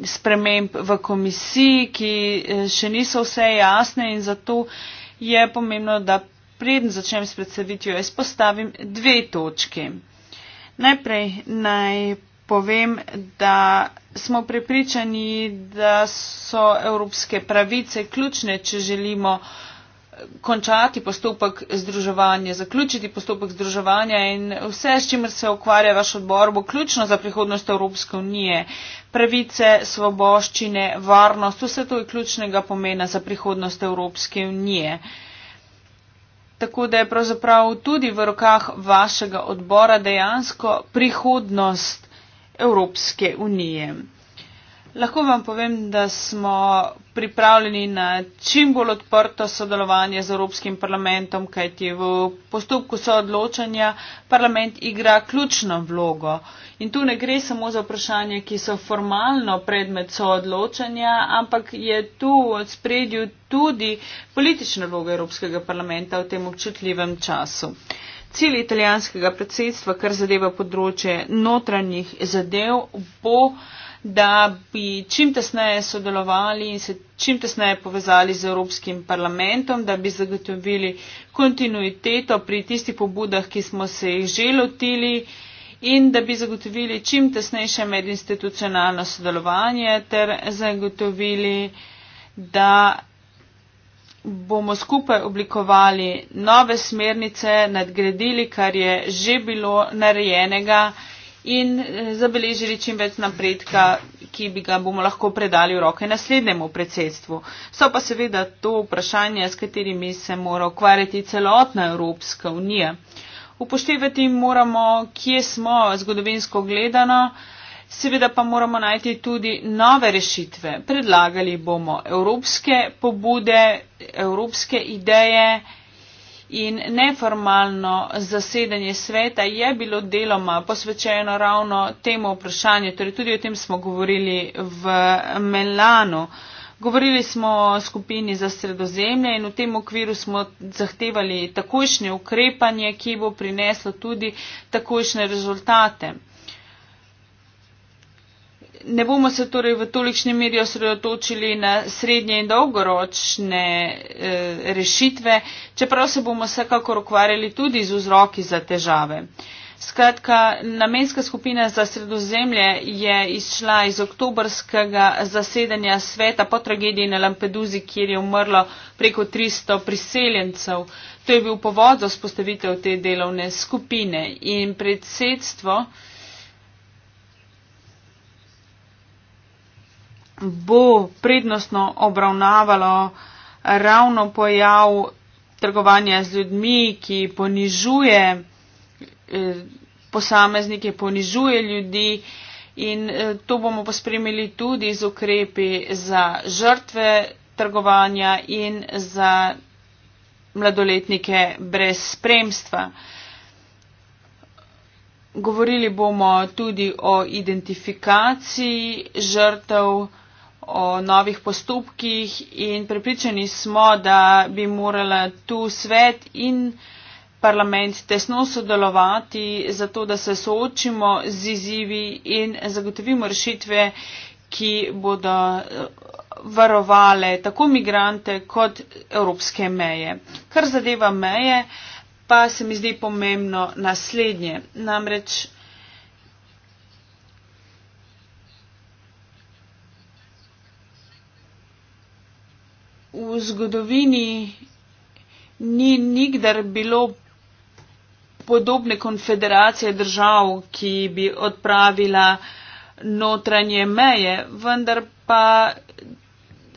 sprememb v komisiji, ki eh, še niso vse jasne in zato je pomembno, da preden začnem s predstavitvijo, izpostavim dve točke. Najprej naj povem, da smo prepričani, da so evropske pravice ključne, če želimo končati postopek združevanja, zaključiti postopek združevanja in vse, s čimer se ukvarja vaš odbor, bo ključno za prihodnost Evropske unije. Pravice, svoboščine, varnost, vse to je ključnega pomena za prihodnost Evropske unije. Tako da je pravzaprav tudi v rokah vašega odbora dejansko prihodnost Evropske unije. Lahko vam povem, da smo pripravljeni na čim bolj odprto sodelovanje z Evropskim parlamentom, kajti v postopku soodločanja parlament igra ključno vlogo. In tu ne gre samo za vprašanje, ki so formalno predmet soodločanja, ampak je tu od spredju tudi politična vloga Evropskega parlamenta v tem občutljivem času. Uh, Cilj italijanskega predsedstva, kar zadeva področje notranjih zadev, bo, da bi čim tesneje sodelovali in se čim tesneje povezali z Evropskim parlamentom, da bi zagotovili kontinuiteto pri tistih pobudah, ki smo se jih že lotili in da bi zagotovili čim tesnejše medinstitucionalno sodelovanje ter zagotovili, da bomo skupaj oblikovali nove smernice, nadgradili, kar je že bilo narejenega in eh, zabeležili čim več napredka, ki bi ga bomo lahko predali v roke naslednjemu predsedstvu. So pa seveda to vprašanje, s katerimi se mora ukvarjati celotna Evropska unija. Upoštevati moramo, kje smo zgodovinsko gledano, Seveda pa moramo najti tudi nove rešitve. Predlagali bomo evropske pobude, evropske ideje in neformalno zasedanje sveta je bilo deloma posvečeno ravno temu vprašanju. Torej tudi o tem smo govorili v Melano. Govorili smo o skupini za sredozemlje in v tem okviru smo zahtevali takošnje ukrepanje, ki bo prineslo tudi takošne rezultate. Ne bomo se torej v tolikšni meri osredotočili na srednje in dolgoročne eh, rešitve, čeprav se bomo vsekakor ukvarjali tudi z vzroki za težave. Skratka, namenska skupina za sredozemlje je izšla iz oktobrskega zasedanja sveta po tragediji na Lampeduzi, kjer je umrlo preko 300 priseljencev. To je bil povod za spostavitev te delovne skupine in predsedstvo. bo prednostno obravnavalo ravno pojav trgovanja z ljudmi, ki ponižuje eh, posameznike, ponižuje ljudi in eh, to bomo pospremili tudi z ukrepi za žrtve trgovanja in za mladoletnike brez spremstva. Govorili bomo tudi o identifikaciji žrtev o novih postopkih in prepričani smo, da bi morala tu svet in parlament tesno sodelovati, zato da se soočimo z izzivi in zagotovimo rešitve, ki bodo eh, varovale tako migrante kot evropske meje. Kar zadeva meje, pa se mi zdi pomembno naslednje. Namreč v zgodovini ni nikdar bilo podobne konfederacije držav, ki bi odpravila notranje meje, vendar pa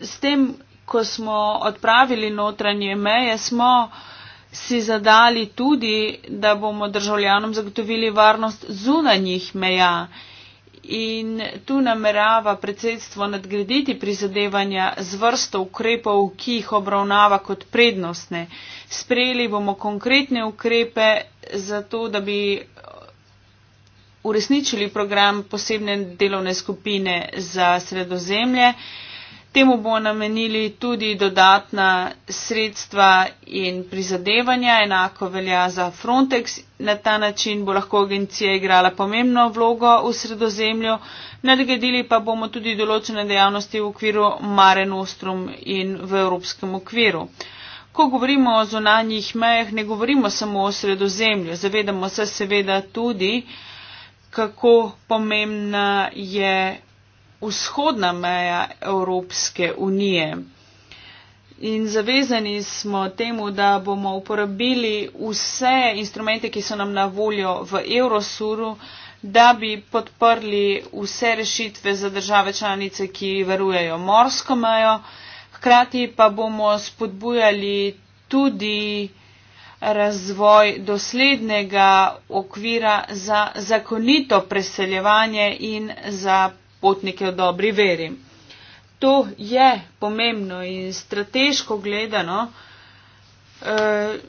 s tem, ko smo odpravili notranje meje, smo si zadali tudi, da bomo državljanom zagotovili varnost zunanjih meja in tu namerava predsedstvo nadgraditi prizadevanja z vrsto ukrepov, ki jih obravnava kot prednostne. Sprejeli bomo konkretne ukrepe za to, da bi uresničili program posebne delovne skupine za sredozemlje. Temu bo namenili tudi dodatna sredstva in prizadevanja, enako velja za Frontex. Na ta način bo lahko agencija igrala pomembno vlogo v sredozemlju. Nadgradili pa bomo tudi določene dejavnosti v okviru Mare Nostrum in v evropskem okviru. Ko govorimo o zunanjih mejah, ne govorimo samo o sredozemlju. Zavedamo se seveda tudi, kako pomembna je vzhodna meja Evropske unije. In zavezani smo temu, da bomo uporabili vse instrumente, ki so nam na voljo v Eurosuru, da bi podprli vse rešitve za države članice, ki varujejo morsko mejo. Hkrati pa bomo spodbujali tudi razvoj doslednega okvira za zakonito preseljevanje in za potnike v dobri veri. To je pomembno in strateško gledano eh,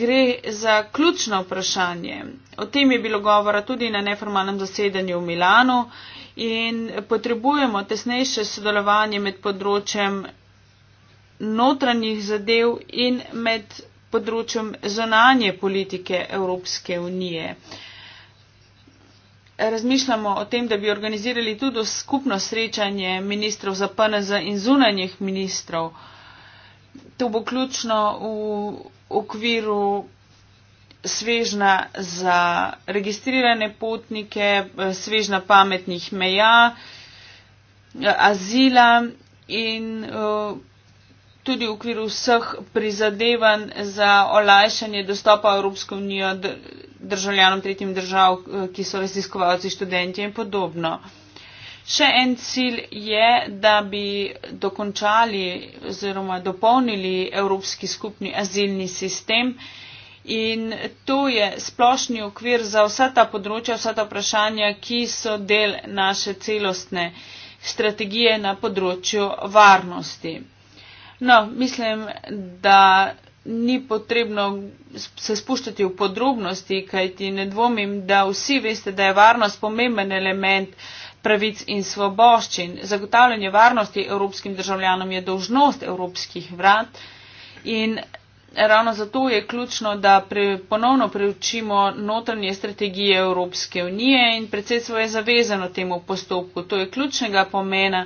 gre za ključno vprašanje. O tem je bilo govora tudi na neformalnem zasedanju v Milanu in potrebujemo tesnejše sodelovanje med področjem notranjih zadev in med področjem zonanje politike Evropske unije. Eh, razmišljamo o tem, da bi organizirali tudi skupno srečanje ministrov za PNZ in zunanjih ministrov. To bo ključno v okviru svežna za registrirane potnike, svežna pametnih meja, azila in uh, tudi v okviru vseh prizadevanj za olajšanje dostopa Evropske unije državljanom tretjim držav, eh, ki so raziskovalci, študenti in podobno. Še en cilj je, da bi dokončali oziroma dopolnili Evropski skupni azilni sistem in to je splošni okvir za vsa ta področja, vsa ta vprašanja, ki so del naše celostne strategije na področju varnosti. No, mislim, da ni potrebno se spuščati v podrobnosti, kaj ti ne dvomim, da vsi veste, da je varnost pomemben element pravic in svoboščin. Zagotavljanje varnosti evropskim državljanom je dožnost evropskih vrat in ravno zato je ključno, da pre, ponovno preučimo notranje strategije Evropske unije in predsedstvo je zavezano temu postopku. To je ključnega pomena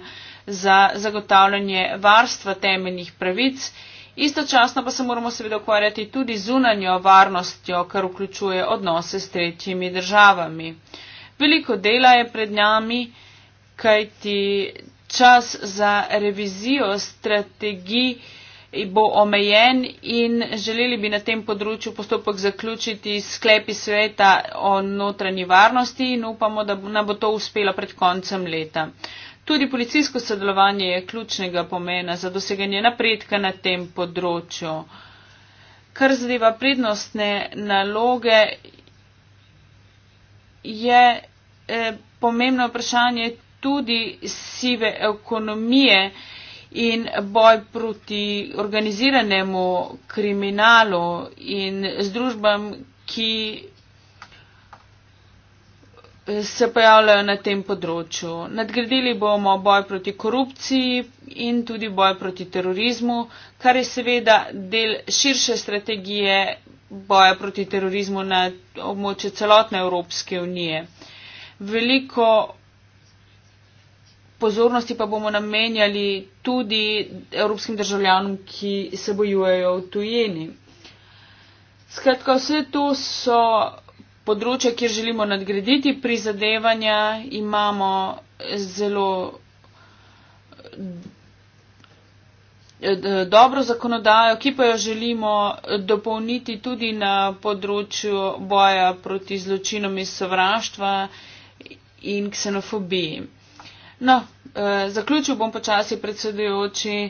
za zagotavljanje varstva temeljnih pravic. Istočasno pa se moramo seveda ukvarjati tudi zunanjo varnostjo, kar vključuje odnose s tretjimi državami. Veliko dela je pred nami, kajti čas za revizijo strategij bo omejen in želeli bi na tem področju postopek zaključiti sklepi sveta o notranji varnosti in upamo, da nam bo to uspelo pred koncem leta. Tudi policijsko sodelovanje je ključnega pomena za doseganje napredka na tem področju. Kar zadeva prednostne naloge, je eh, pomembno vprašanje tudi sive ekonomije in boj proti organiziranemu kriminalu in združbam, ki se pojavljajo na tem področju. Nadgradili bomo boj proti korupciji in tudi boj proti terorizmu, kar je seveda del širše strategije boja proti terorizmu na območju celotne Evropske unije. Veliko pozornosti pa bomo namenjali tudi evropskim državljanom, ki se bojujejo v tujini. Skratka, vse to so področja, kjer želimo nadgraditi prizadevanja, imamo zelo eh, dobro zakonodajo, ki pa jo želimo dopolniti tudi na področju boja proti zločinom iz sovraštva in ksenofobiji. No, eh, zaključil bom počasi predsedujoči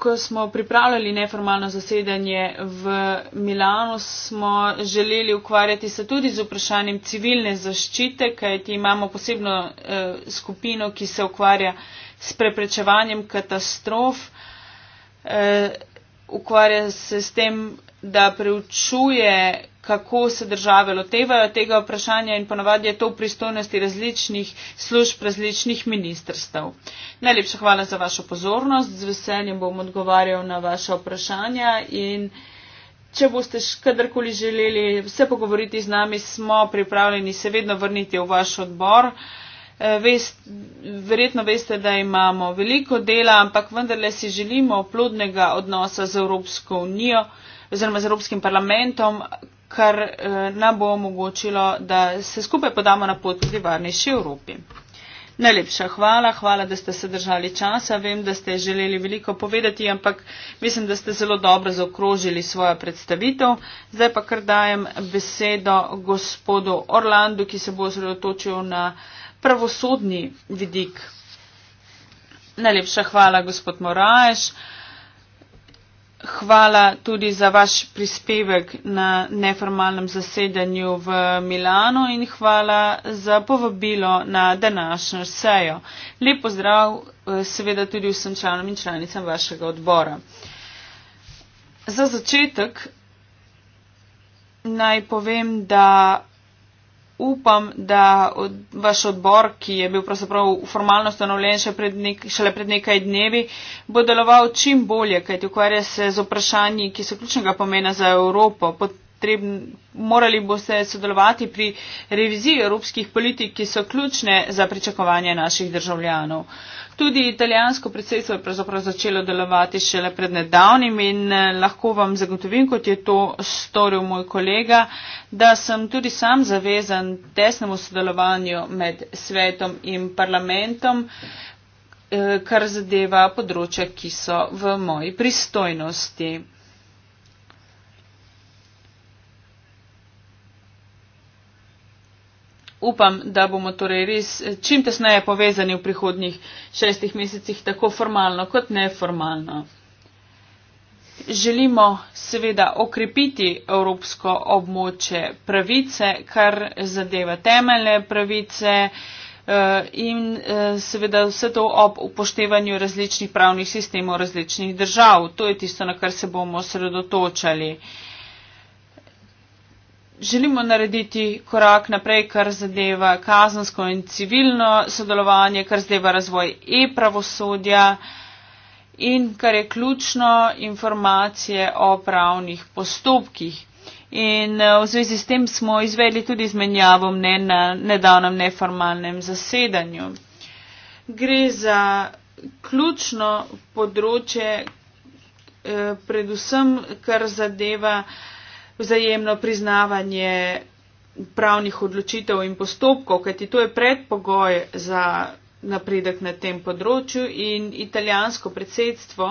ko smo pripravljali neformalno zasedanje v Milano, smo želeli ukvarjati se tudi z vprašanjem civilne zaščite, kajti imamo posebno eh, skupino, ki se ukvarja s preprečevanjem katastrof, eh, ukvarja se s tem, da preučuje kako se države lotevajo tega vprašanja in ponavadi je to v pristojnosti različnih služb, različnih ministrstv. Najlepša hvala za vašo pozornost, z veseljem bom odgovarjal na vaše vprašanja in če boste kadarkoli želeli se pogovoriti z nami, smo pripravljeni se vedno vrniti v vaš odbor. E, vest, verjetno veste, da imamo veliko dela, ampak vendarle si želimo plodnega odnosa z Evropsko unijo oziroma z Evropskim parlamentom, kar eh, nam bo omogočilo, da se skupaj podamo na pot proti varnejši Evropi. Najlepša hvala, hvala, da ste se držali časa. Vem, da ste želeli veliko povedati, ampak mislim, da ste zelo dobro zaokrožili svojo predstavitev. Zdaj pa kar dajem besedo gospodu Orlandu, ki se bo osredotočil na pravosodni vidik. Najlepša hvala, gospod Moraješ hvala tudi za vaš prispevek na neformalnem zasedanju v Milano in hvala za povabilo na današnjo sejo. Lep pozdrav eh, seveda tudi vsem članom in članicam vašega odbora. Za začetek naj povem, da upam, da od, vaš odbor, ki je bil pravzaprav formalno ustanovljen še pred nek, šele pred nekaj dnevi, bo deloval čim bolje, kajti ukvarja se z vprašanji, ki so ključnega pomena za Evropo. Potreb, morali boste sodelovati pri reviziji evropskih politik, ki so ključne za pričakovanje naših državljanov tudi italijansko predsedstvo je pravzaprav začelo delovati šele pred nedavnim in eh, lahko vam zagotovim, kot je to storil moj kolega, da sem tudi sam zavezan tesnemu sodelovanju med svetom in parlamentom, eh, kar zadeva področja, ki so v moji pristojnosti. upam, da bomo torej res eh, čim tesneje povezani v prihodnjih šestih mesecih, tako formalno kot neformalno. Želimo seveda okrepiti evropsko območje pravice, kar zadeva temeljne pravice eh, in eh, seveda vse to ob upoštevanju različnih pravnih sistemov različnih držav. To je tisto, na kar se bomo sredotočali želimo narediti korak naprej, kar zadeva kazansko in civilno sodelovanje, kar zadeva razvoj e-pravosodja in kar je ključno informacije o pravnih postopkih. In eh, v zvezi s tem smo izvedli tudi izmenjavo mnen na nedavnem neformalnem zasedanju. Gre za ključno področje, eh, predvsem kar zadeva eh, vzajemno priznavanje pravnih odločitev in postopkov, kajti to je predpogoj za napredek na tem področju in italijansko predsedstvo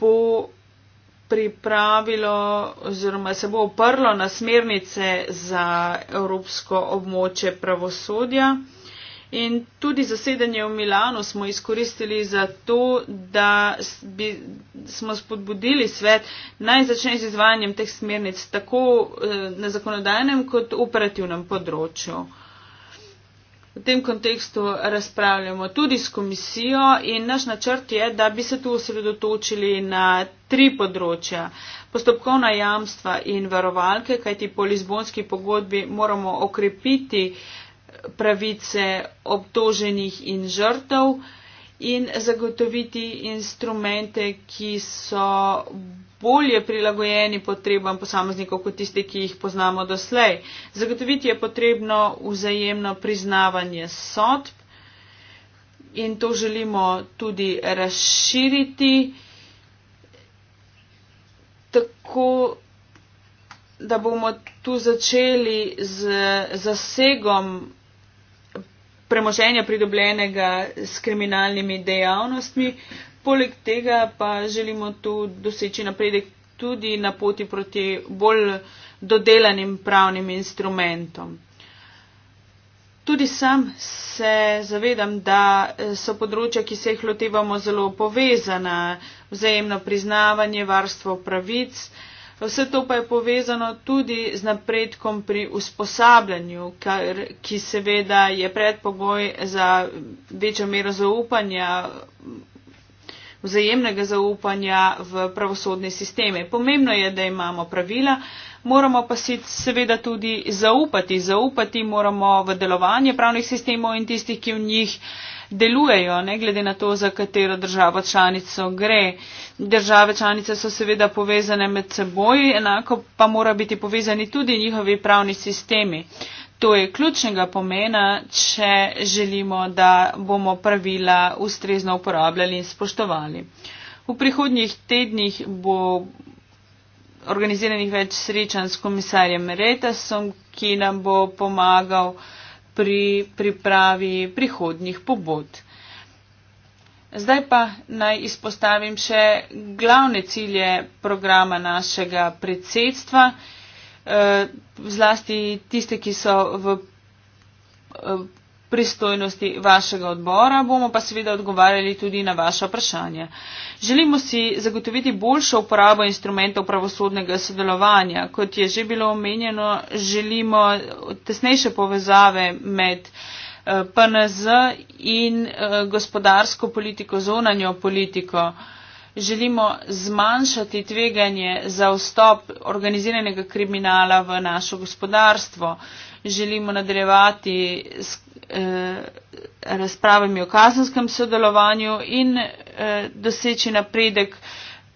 bo pripravilo oziroma se bo oprlo na smernice za Evropsko območje pravosodja. In tudi zasedanje v Milano smo izkoristili za to, da bi, smo spodbudili svet naj začne z izvajanjem teh smernic tako eh, na zakonodajnem kot operativnem področju. V tem kontekstu razpravljamo tudi s komisijo in naš načrt je, da bi se tu osredotočili na tri področja. Postopkovna jamstva in varovalke, kajti po Lizbonski pogodbi moramo okrepiti pravice obtoženih in žrtev in zagotoviti instrumente, ki so bolje prilagojeni potrebam posameznikov kot tiste, ki jih poznamo doslej. Zagotoviti je potrebno vzajemno priznavanje sodb in to želimo tudi razširiti. Tako da bomo tu začeli z zasegom premoženja pridobljenega s kriminalnimi dejavnostmi. Poleg tega pa želimo tu doseči napredek tudi na poti proti bolj dodelanim pravnim instrumentom. Tudi sam se zavedam, da so področja, ki se jih lotevamo, zelo povezana. Vzajemno priznavanje, varstvo pravic. Vse to pa je povezano tudi z napredkom pri usposabljanju, kar, ki seveda je predpogoj za večjo mero zaupanja, vzajemnega zaupanja v pravosodne sisteme. Pomembno je, da imamo pravila, moramo pa si seveda tudi zaupati. Zaupati moramo v delovanje pravnih sistemov in tistih, ki v njih. Eh, delujejo, ne glede na to, za katero državo članico gre. Države članice so seveda povezane med seboj, enako pa mora biti povezani tudi njihovi pravni sistemi. To je ključnega pomena, če želimo, da bomo pravila ustrezno uporabljali in spoštovali. V prihodnjih tednih bo organiziranih več srečanj s komisarjem Retasom, ki nam bo pomagal uh, pri pripravi prihodnjih pobud. Zdaj pa naj izpostavim še glavne cilje programa našega predsedstva, eh, zlasti tiste, ki so v eh, pristojnosti vašega odbora, bomo pa seveda odgovarjali tudi na vaše vprašanje. Želimo si zagotoviti boljšo uporabo instrumentov pravosodnega sodelovanja. Kot je že bilo omenjeno, želimo tesnejše povezave med eh, PNZ in eh, gospodarsko politiko, zonanjo politiko. Želimo zmanjšati tveganje za vstop organiziranega kriminala v našo gospodarstvo. Želimo nadaljevati s Eh, razpravami o kazenskem sodelovanju in eh, doseči napredek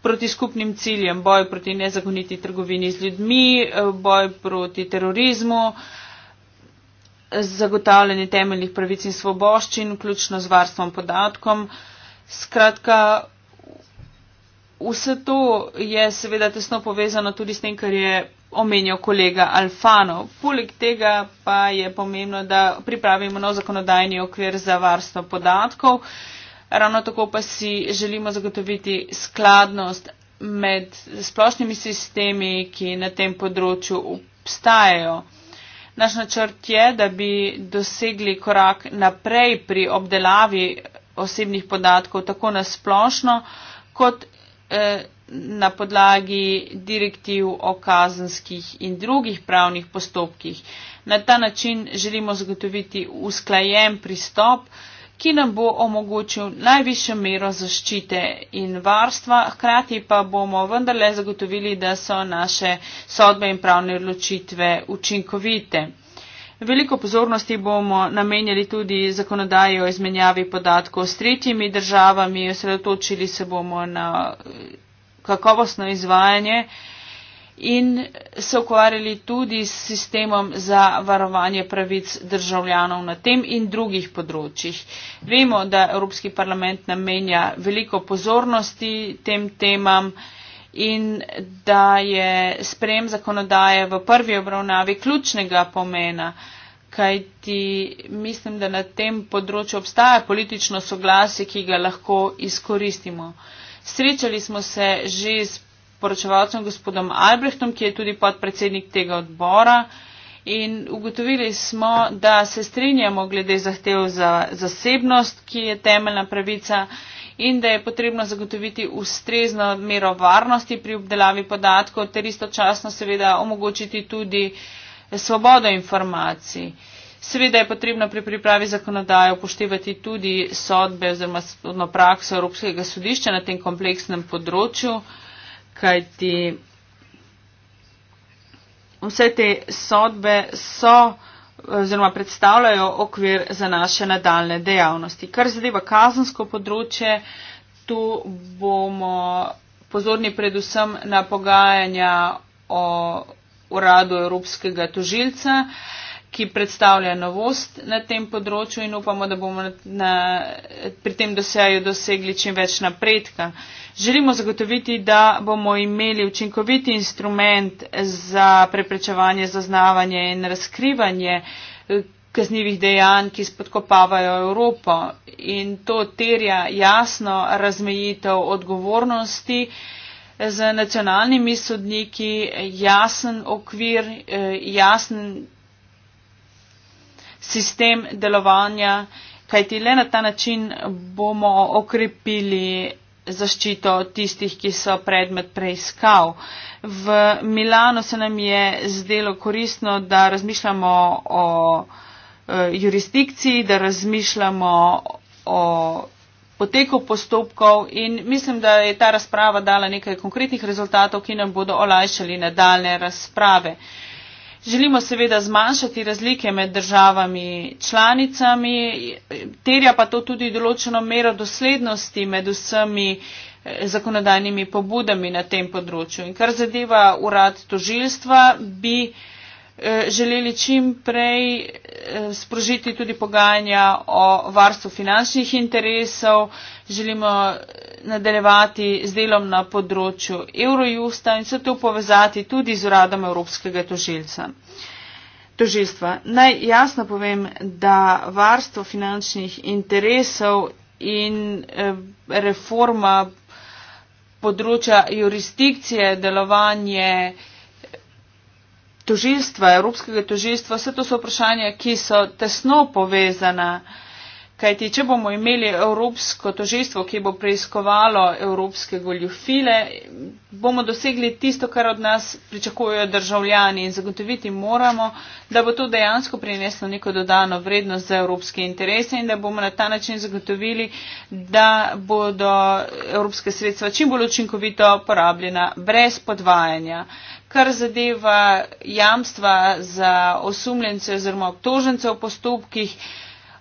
proti skupnim ciljem, boj proti nezakoniti trgovini z ljudmi, eh, boj proti terorizmu, zagotavljanje temeljnih pravic in svoboščin, vključno z varstvom podatkom. Skratka, vse to je seveda tesno povezano tudi s tem, kar je omenjal kolega Alfano. Poleg tega pa je pomembno, da pripravimo nov zakonodajni okvir za varstvo podatkov. Ravno tako pa si želimo zagotoviti skladnost med splošnimi sistemi, ki na tem področju obstajajo. Naš načrt je, da bi dosegli korak naprej pri obdelavi osebnih podatkov tako na splošno kot eh, na podlagi direktiv o kazenskih in drugih pravnih postopkih. Na ta način želimo zagotoviti usklajen pristop, ki nam bo omogočil najvišjo mero zaščite in varstva, hkrati pa bomo vendarle zagotovili, da so naše sodbe in pravne odločitve učinkovite. Veliko pozornosti bomo namenjali tudi zakonodaji o izmenjavi podatkov s tretjimi državami, osredotočili se bomo na kakovostno izvajanje in se ukvarjali tudi s sistemom za varovanje pravic državljanov na tem in drugih področjih. Vemo, da Evropski parlament namenja veliko pozornosti tem temam in da je sprejem zakonodaje v prvi obravnavi ključnega pomena, kajti mislim, da na tem področju obstaja politično soglasje, ki ga lahko izkoristimo. Srečali smo se že s poročevalcem gospodom Albrechtom, ki je tudi podpredsednik tega odbora in ugotovili smo, da se strinjamo glede zahtev za zasebnost, ki je temeljna pravica in da je potrebno zagotoviti ustrezno mero varnosti pri obdelavi podatkov ter istočasno seveda omogočiti tudi svobodo informacij. Seveda je potrebno pri pripravi zakonodaje upoštevati tudi sodbe oziroma sodno prakso Evropskega sodišča na tem kompleksnem področju, kajti vse te sodbe so oziroma predstavljajo okvir za naše nadaljne dejavnosti. Kar zadeva kazensko področje, tu bomo pozorni predvsem na pogajanja o uradu Evropskega tožilca ki predstavlja novost na tem področju in upamo, da bomo na, na, pri tem dosejaju dosegli čim več napredka. Želimo zagotoviti, da bomo imeli učinkoviti instrument za preprečevanje, zaznavanje in razkrivanje eh, kaznjivih dejanj, ki spodkopavajo Evropo. In to terja jasno razmejitev odgovornosti eh, z nacionalnimi sodniki, jasen okvir, eh, jasen sistem delovanja, kajti le na ta način bomo okrepili zaščito tistih, ki so predmet preiskav. V Milano se nam je zdelo koristno, da razmišljamo o e, jurisdikciji, da razmišljamo o poteku postopkov in mislim, da je ta razprava dala nekaj konkretnih rezultatov, ki nam bodo olajšali nadaljne razprave. E, Želimo seveda zmanjšati razlike med državami članicami, terja pa to tudi določeno mero doslednosti med vsemi eh, zakonodajnimi pobudami na tem področju. In kar zadeva urad tožilstva, bi Eh, želeli čim prej eh, sprožiti tudi pogajanja o varstvu finančnih interesov, želimo eh, nadaljevati z delom na področju Eurojusta in se to povezati tudi z uradom Evropskega tožilca. Tožilstva. Naj jasno povem, da varstvo finančnih interesov in reforma področja jurisdikcije, delovanje tožilstva, Evropskega tožilstva, vse to so vprašanja, ki so tesno povezana. Kajti, če bomo imeli Evropsko tožilstvo, ki bo preiskovalo evropske goljufile, bomo dosegli tisto, kar od nas pričakujejo državljani in zagotoviti moramo, da bo to dejansko prineslo neko dodano vrednost za evropske interese in da bomo na ta način zagotovili, da bodo evropske sredstva čim bolj učinkovito porabljena brez podvajanja kar zadeva jamstva za osumljence oziroma obtožence v postopkih.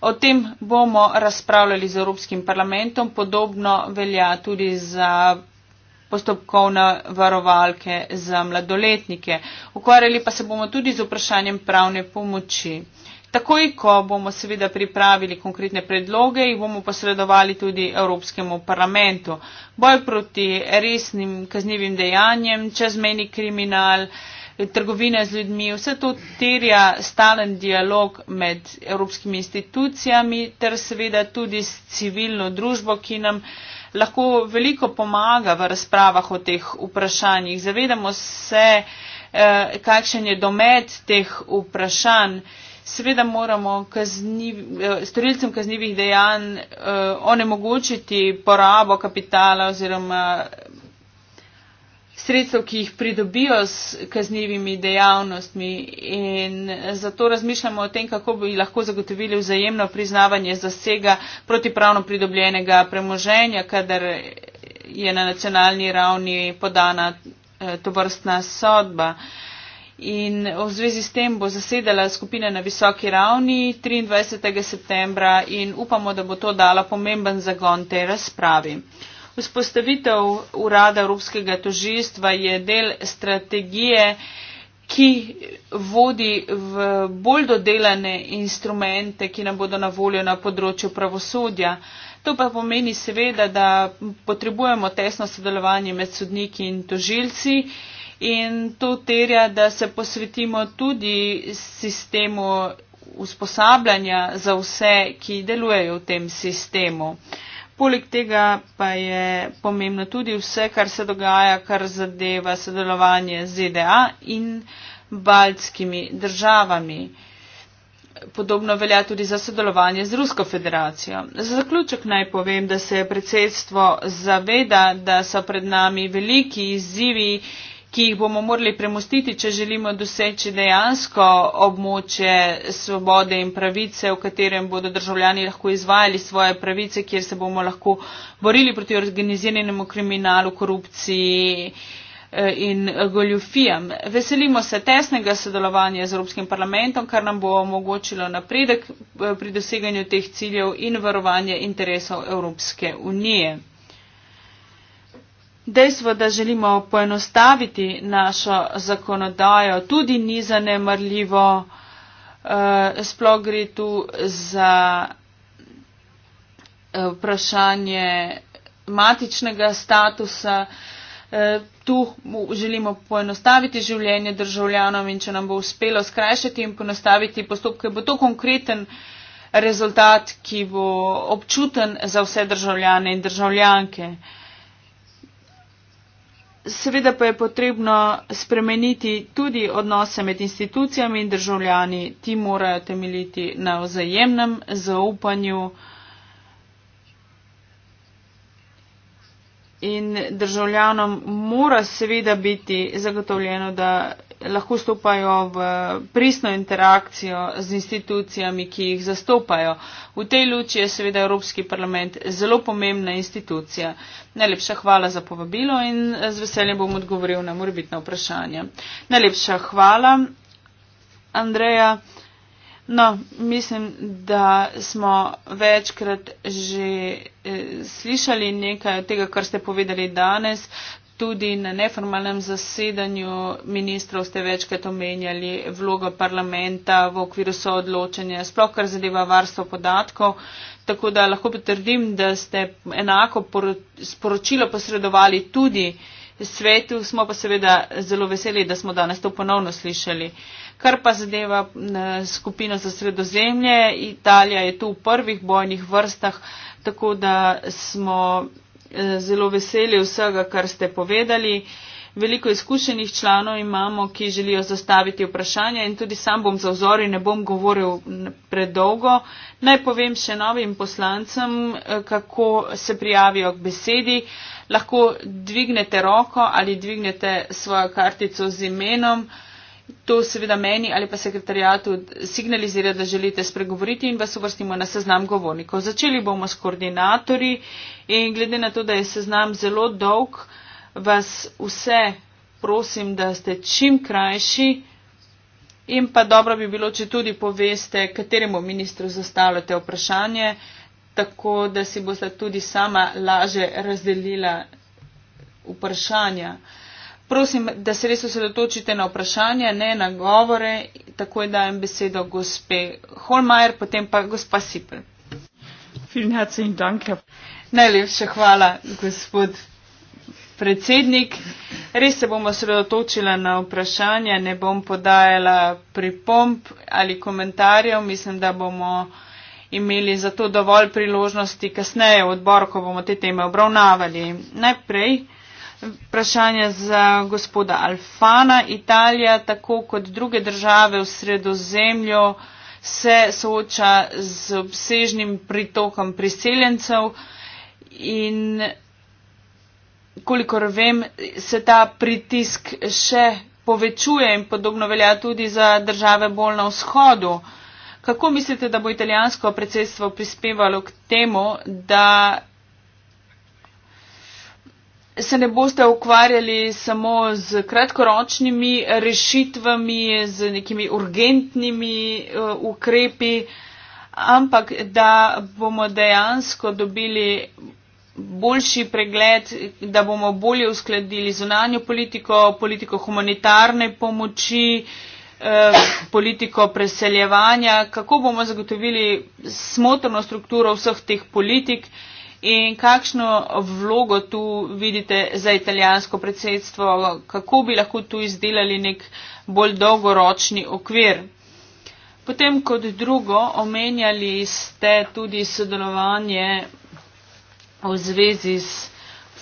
O tem bomo razpravljali z Evropskim parlamentom, podobno velja tudi za postopkovne varovalke za mladoletnike. Ukvarjali pa se bomo tudi z vprašanjem pravne pomoči. Takoj, ko bomo seveda pripravili konkretne predloge, jih bomo posredovali tudi Evropskemu parlamentu. Boj proti resnim kaznjivim dejanjem, čezmeni kriminal, trgovine z ljudmi, vse to terja stalen dialog med evropskimi institucijami ter seveda tudi s civilno družbo, ki nam lahko veliko pomaga v razpravah o teh vprašanjih. Zavedamo se, eh, kakšen je domet teh vprašanj. Seveda moramo kazniv, eh, storilcem kaznjivih dejanj eh, onemogočiti porabo kapitala oziroma sredstev, ki jih pridobijo s kaznjivimi dejavnostmi in zato razmišljamo o tem, kako bi lahko zagotovili vzajemno priznavanje zasega protipravno pridobljenega premoženja, kadar je na nacionalni ravni podana eh, tovrstna sodba. Uh, in v zvezi s tem bo zasedala skupine na visoki ravni 23. septembra in upamo, da bo to dala pomemben zagon tej razpravi. Vzpostavitev urada Evropskega tožilstva je del strategije, ki vodi v bolj dodelane instrumente, ki nam bodo na voljo na področju pravosodja. To pa pomeni seveda, da potrebujemo tesno sodelovanje med sodniki in tožilci in to terja, da se posvetimo tudi sistemu usposabljanja za vse, ki delujejo v tem sistemu. Poleg tega pa je pomembno tudi vse, kar se dogaja, kar zadeva sodelovanje z ZDA in baltskimi državami. Podobno velja tudi za sodelovanje z Rusko federacijo. Za zaključek naj povem, da se predsedstvo zaveda, da so pred nami veliki izzivi ki jih bomo morali premustiti, če želimo doseči dejansko območje svobode in pravice, v katerem bodo državljani lahko izvajali svoje pravice, kjer se bomo lahko borili proti organiziranemu kriminalu, korupciji eh, in goljufijam. Veselimo se tesnega sodelovanja z Evropskim parlamentom, kar nam bo omogočilo napredek eh, pri doseganju teh ciljev in varovanje interesov Evropske unije. Dejstvo, da želimo poenostaviti našo zakonodajo, tudi ni zanemrljivo. Eh, sploh gre tu za eh, vprašanje matičnega statusa. Eh, tu želimo poenostaviti življenje državljanom in če nam bo uspelo skrajšati in poenostaviti postopke, bo to konkreten rezultat, ki bo občuten za vse državljane in državljanke. Seveda pa je potrebno spremeniti tudi odnose med institucijami in državljani. Ti morajo temeljiti na vzajemnem zaupanju in državljanom mora seveda biti zagotovljeno, da lahko stopajo v pristno interakcijo z institucijami, ki jih zastopajo. V tej luči je seveda Evropski parlament zelo pomembna institucija. Najlepša hvala za povabilo in z veseljem bom odgovoril na morbitna vprašanja. Najlepša hvala, Andreja. No, mislim, da smo večkrat že eh, slišali nekaj od tega, kar ste povedali danes tudi na neformalnem zasedanju ministrov ste večkrat omenjali vlogo parlamenta v okviru soodločanja, sploh kar zadeva varstvo podatkov. Tako da lahko potrdim, da ste enako sporočilo posredovali tudi svetu, smo pa seveda zelo veseli, da smo danes to ponovno slišali. Kar pa zadeva skupino za sredozemlje, Italija je tu v prvih bojnih vrstah, tako da smo Eh, zelo veseli vsega, kar ste povedali. Veliko izkušenih članov imamo, ki želijo zastaviti vprašanja in tudi sam bom za vzori, ne bom govoril predolgo. Naj povem še novim poslancem, eh, kako se prijavijo k besedi. Lahko dvignete roko ali dvignete svojo kartico z imenom to seveda meni ali pa sekretarijatu signalizira, da želite spregovoriti in vas uvrstimo na seznam govornikov. Začeli bomo s koordinatorji in glede na to, da je seznam zelo dolg, vas vse prosim, da ste čim krajši in pa dobro bi bilo, če tudi poveste, kateremu ministru zastavljate vprašanje, tako da si boste tudi sama laže razdelila vprašanja. Uh, Prosim, da se res osredotočite na vprašanje, ne na govore, takoj dajem besedo gospe Holmajer, potem pa gospa Sipel. Najlepša hvala, gospod predsednik. Res se bom osredotočila na vprašanje, ne bom podajala pripomp ali komentarjev. Mislim, da bomo imeli za to dovolj priložnosti kasneje v odboru, ko bomo te teme obravnavali. Najprej vprašanja za gospoda Alfana. Italija, tako kot druge države v sredozemlju, se sooča z obsežnim pritokom priseljencev in kolikor vem, se ta pritisk še povečuje in podobno velja tudi za države bolj na vzhodu. Kako mislite, da bo italijansko predsedstvo prispevalo k temu, da se ne boste ukvarjali samo z kratkoročnimi rešitvami, z nekimi urgentnimi uh, ukrepi, ampak da bomo dejansko dobili boljši pregled, da bomo bolje uskladili zunanjo politiko, politiko humanitarne pomoči, eh, politiko preseljevanja, kako bomo zagotovili smotrno strukturo vseh teh politik. Eh, In kakšno vlogo tu vidite za italijansko predsedstvo, kako bi lahko tu izdelali nek bolj dolgoročni okvir? Potem kot drugo, omenjali ste tudi sodelovanje v zvezi s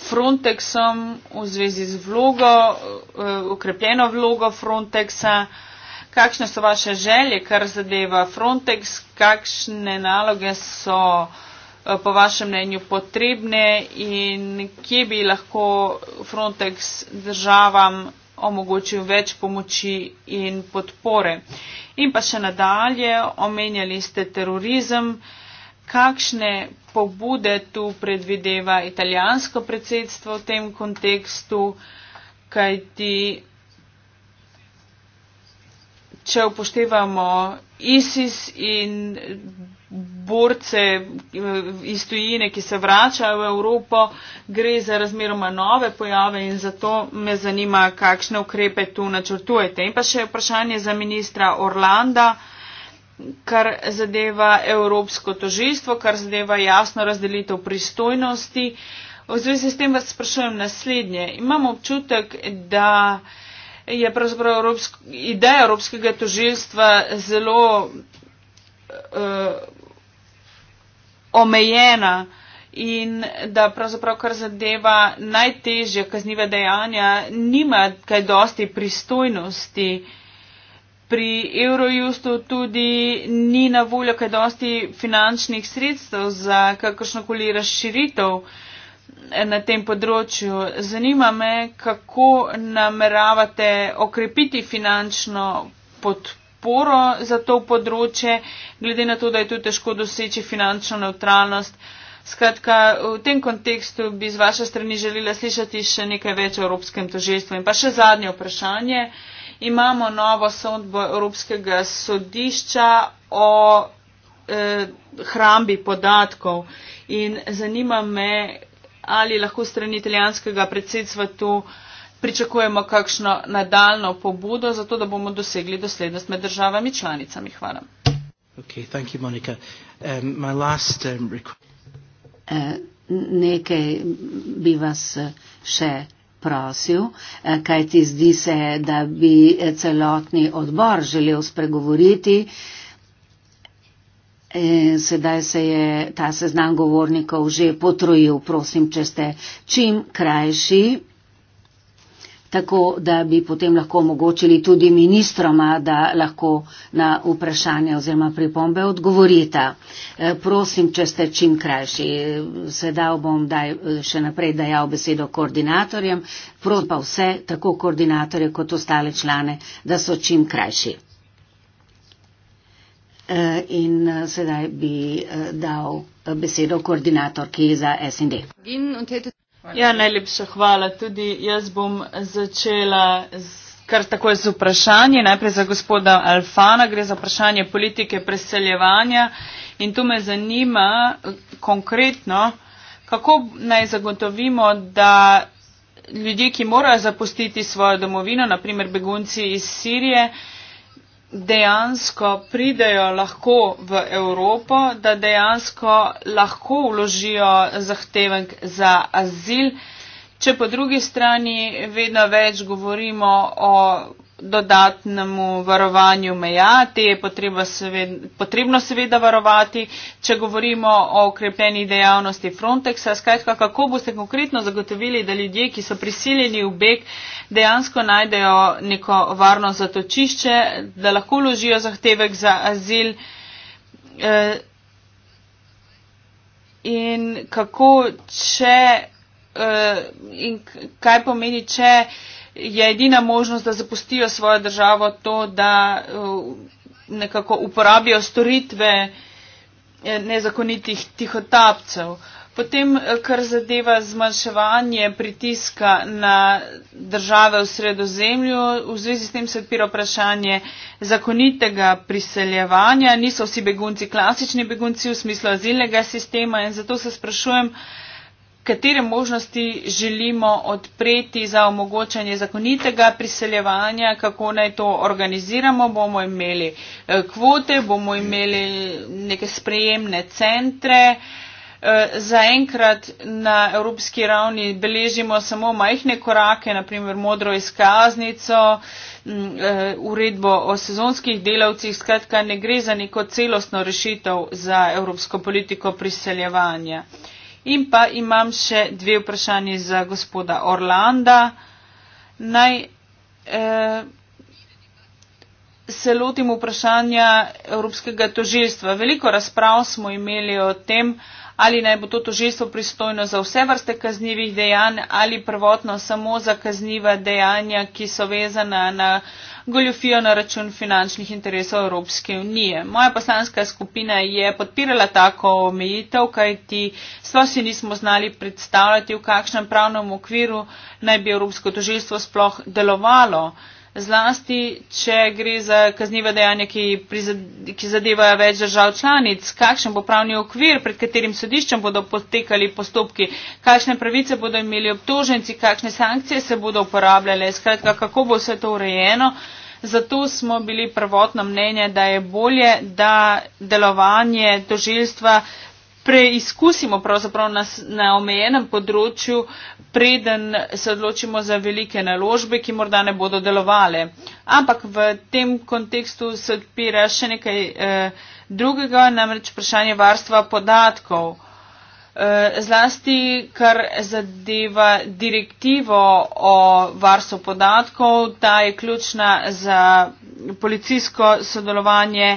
Frontexom, v zvezi z vlogo, ukrepljeno eh, vlogo Frontexa. Kakšne so vaše želje, kar zadeva Frontex, kakšne naloge so po vašem mnenju potrebne in kje bi lahko Frontex državam omogočil več pomoči in podpore. In pa še nadalje, omenjali ste terorizem. Kakšne pobude tu predvideva italijansko predsedstvo v tem kontekstu, kajti če upoštevamo ISIS in borce eh, iz tujine, ki se vračajo v Evropo, gre za razmeroma nove pojave in zato me zanima, kakšne ukrepe tu načrtujete. In pa še vprašanje za ministra Orlanda, kar zadeva Evropsko tožilstvo, kar zadeva jasno razdelitev pristojnosti. V zvezi s tem vas sprašujem naslednje. Imam občutek, da je pravzaprav Evropsk, ideja Evropskega tožilstva zelo eh, omejena in da pravzaprav kar zadeva najtežje kaznive dejanja, nima kaj dosti pristojnosti. Pri Eurojustu tudi ni na voljo kaj dosti finančnih sredstev za kakršnokoli razširitev eh, na tem področju. Zanima me, kako nameravate okrepiti finančno podporo podporo za to področje, glede na to, da je tu težko doseči finančno neutralnost. Skratka, v tem kontekstu bi z vaše strani želela slišati še nekaj več o Evropskem tožestvu. In pa še zadnje vprašanje. Imamo novo sodbo Evropskega sodišča o eh, hrambi podatkov in zanima me, ali lahko strani italijanskega predsedstva tu eh, pričakujemo kakšno nadaljno pobudo, zato da bomo dosegli doslednost med državami članicami. Hvala. Okay, you, um, last, um, eh, nekaj bi vas eh, še prosil, eh, kajti zdi se, da bi eh, celotni odbor želel spregovoriti. Eh, sedaj se je ta seznam govornikov že potrojil. Prosim, če ste čim krajši tako da bi potem lahko omogočili tudi ministroma, da lahko na vprašanje oziroma pripombe odgovorita. Eh, prosim, če ste čim krajši, sedaj bom daj, še naprej dajal besedo koordinatorjem, prosim pa vse, tako koordinatorje kot ostale člane, da so čim krajši. Eh, in eh, sedaj bi dal besedo koordinatorki za SND. Ja, najlepša hvala. Tudi jaz bom začela z, kar takoj z vprašanjem. Najprej za gospoda Alfana gre za vprašanje politike preseljevanja. In tu me zanima eh, konkretno, kako naj zagotovimo, da ljudje, ki morajo zapustiti svojo domovino, naprimer begunci iz Sirije, dejansko pridejo lahko v Evropo, da dejansko lahko vložijo zahtevek za azil. Če po drugi strani vedno več govorimo o dodatnemu varovanju meja. Te je seveda, potrebno seveda varovati, če govorimo o ukrepeni dejavnosti Frontexa. Skratka, kako boste konkretno zagotovili, da ljudje, ki so prisiljeni v beg, dejansko najdejo neko varno zatočišče, da lahko vložijo zahtevek za azil. Eh, in kako, če eh, in kaj pomeni, če je edina možnost, da zapustijo svojo državo to, da uh, nekako uporabijo storitve eh, nezakonitih tihotapcev. Potem, eh, kar zadeva zmanjševanje pritiska na države v sredozemlju, v zvezi s tem se odpira vprašanje zakonitega priseljevanja. Niso vsi begunci klasični begunci v smislu azilnega sistema in zato se sprašujem, katere možnosti želimo odpreti za omogočanje zakonitega priseljevanja, kako naj to organiziramo. Bomo imeli eh, kvote, bomo imeli neke sprejemne centre. Eh, zaenkrat na evropski ravni beležimo samo majhne korake, naprimer modro izkaznico, mm, eh, uredbo o sezonskih delavcih, skratka ne gre za neko celostno rešitev za evropsko politiko priseljevanja. In pa imam še dve vprašanje za gospoda Orlanda. Naj eh, se lotim vprašanja Evropskega tožilstva. Veliko razprav smo imeli o tem, ali naj bo to tožilstvo pristojno za vse vrste kaznjivih dejanj ali prvotno samo za kazniva dejanja, ki so vezana na goljofijo na račun finančnih interesov Evropske unije. Moja poslanska skupina je podpirala tako omejitev, kajti sva si nismo znali predstavljati, v kakšnem pravnem okviru naj bi Evropsko toželstvo sploh delovalo zlasti, če gre za kaznjive dejanja, ki, ki zadevajo več držav članic, kakšen bo pravni okvir, pred katerim sodiščem bodo potekali postopki, kakšne pravice bodo imeli obtoženci, kakšne sankcije se bodo uporabljale, skratka, kako bo vse to urejeno. Zato smo bili prvotno mnenje, da je bolje, da delovanje tožilstva preizkusimo pravzaprav na, na omejenem področju, preden se odločimo za velike naložbe, ki morda ne bodo delovale. Ampak v tem kontekstu se odpira še nekaj eh, drugega, namreč vprašanje varstva podatkov. Eh, zlasti kar zadeva direktivo o varstvu podatkov, ta je ključna za policijsko sodelovanje.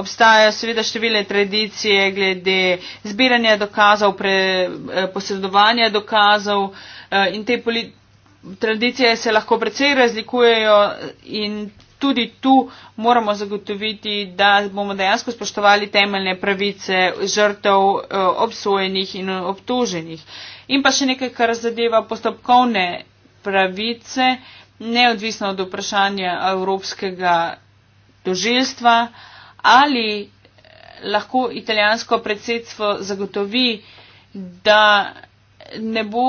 Obstajajo seveda številne tradicije glede zbiranja dokazov, pre, eh, posredovanja dokazov eh, in te tradicije se lahko precej razlikujejo in tudi tu moramo zagotoviti, da bomo dejansko spoštovali temeljne pravice žrtev eh, obsojenih in obtuženih. In pa še nekaj, kar zadeva postopkovne pravice, neodvisno od vprašanja Evropskega doželjstva, ali eh, lahko italijansko predsedstvo zagotovi, da ne bo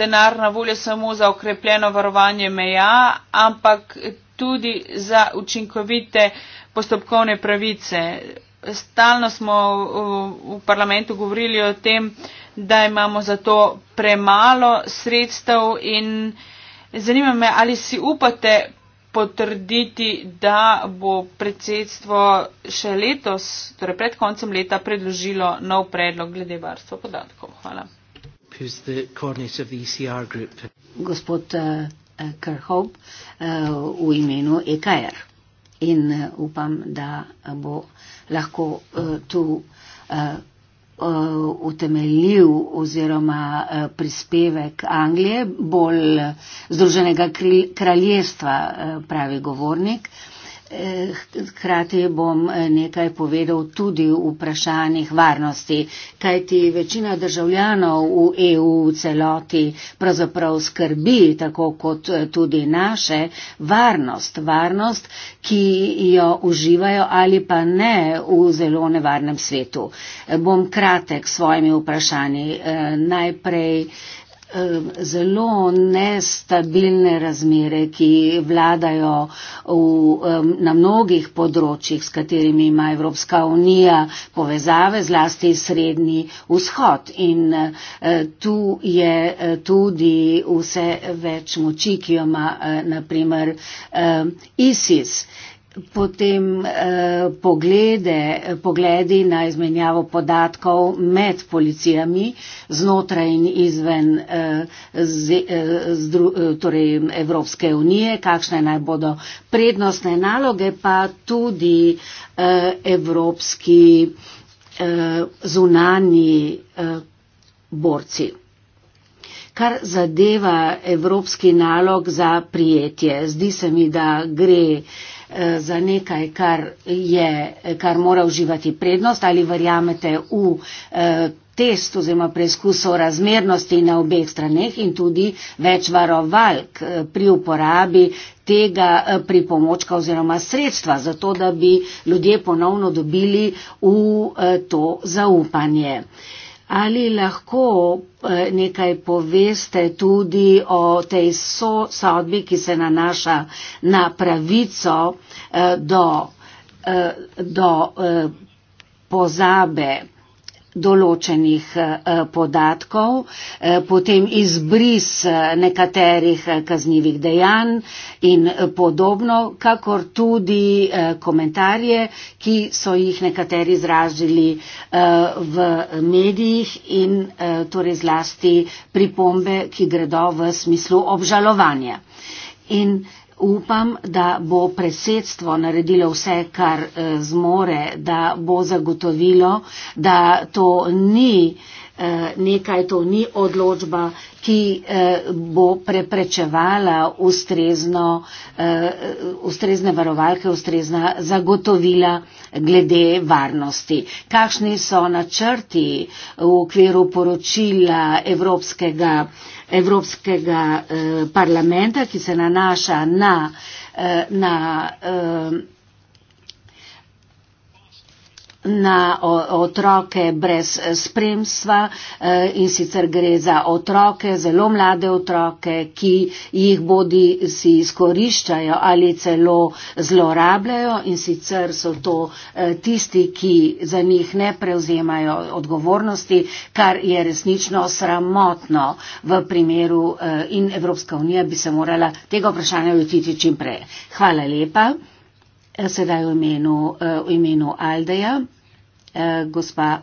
denar na voljo samo za okrepljeno varovanje meja, ampak tudi za učinkovite postopkovne pravice. Stalno smo v parlamentu govorili o tem, da imamo za to premalo sredstev in zanima me, ali si upate potrditi, da bo predsedstvo še letos, torej pred koncem leta, predložilo nov predlog glede varstva podatkov. Hvala. E Gospod eh, Krhov eh, v imenu EKR. In eh, upam, da bo lahko eh, tu utemeljil oziroma prispevek Anglije, bolj združenega kraljestva, pravi govornik. Eh, hkrati bom eh, nekaj povedal tudi o vprašanjih varnosti, kajti večina državljanov v EU v celoti pravzaprav skrbi, tako kot eh, tudi naše, varnost, varnost, ki jo uživajo ali pa ne v zelo nevarnem svetu. Bom kratek s svojimi vprašanji. Najprej zelo nestabilne razmere, ki vladajo v, na mnogih področjih, s katerimi ima Evropska unija povezave, zlasti srednji vzhod. In e, tu je e, tudi vse več moči, ki jo ima e, naprimer ISIS potem eh, poglede, pogledi na izmenjavo podatkov med policijami znotraj in izven eh, z, eh, z, eh, torej Evropske unije, kakšne naj bodo prednostne naloge, pa tudi eh, evropski eh, zunani eh, borci. Kar zadeva evropski nalog za prijetje, zdi se mi, da gre eh, Eh, za nekaj, kar, je, kar mora uživati prednost ali verjamete v eh, test oziroma preizkus o razmernosti na obeh straneh in tudi več varovalk eh, pri uporabi tega pripomočka oziroma sredstva, zato da bi ljudje ponovno dobili v to zaupanje. Ali lahko eh, nekaj poveste tudi o tej so, sodbi, ki se nanaša na pravico eh, do, eh, do pozabe? določenih eh, podatkov, eh, potem izbris eh, nekaterih kaznjivih dejanj in podobno, kakor tudi komentarje, ki so jih nekateri izražili v medijih in torej zlasti pripombe, ki gredo v smislu obžalovanja. In upam, da bo predsedstvo naredilo vse, kar uh, zmore, da bo zagotovilo, da to ni uh, nekaj, to ni odločba, ki uh, bo preprečevala ustrezno, uh, ustrezne varovalke, ustrezna zagotovila glede varnosti. Kakšni so načrti v okviru poročila Evropskega uh, Evropskega eh, parlamenta, ki se nanaša na, eh, na eh, na otroke brez eh, spremstva eh, in sicer gre za otroke, zelo mlade otroke, ki jih bodi si izkoriščajo ali celo zlorabljajo in sicer so to eh, tisti, ki za njih ne prevzemajo odgovornosti, kar je resnično sramotno v primeru in Evropska unija bi se morala tega vprašanja lotiti čim prej. Hvala lepa. Eh, sedaj v imenu, eh, v imenu Aldeja, eh, gospa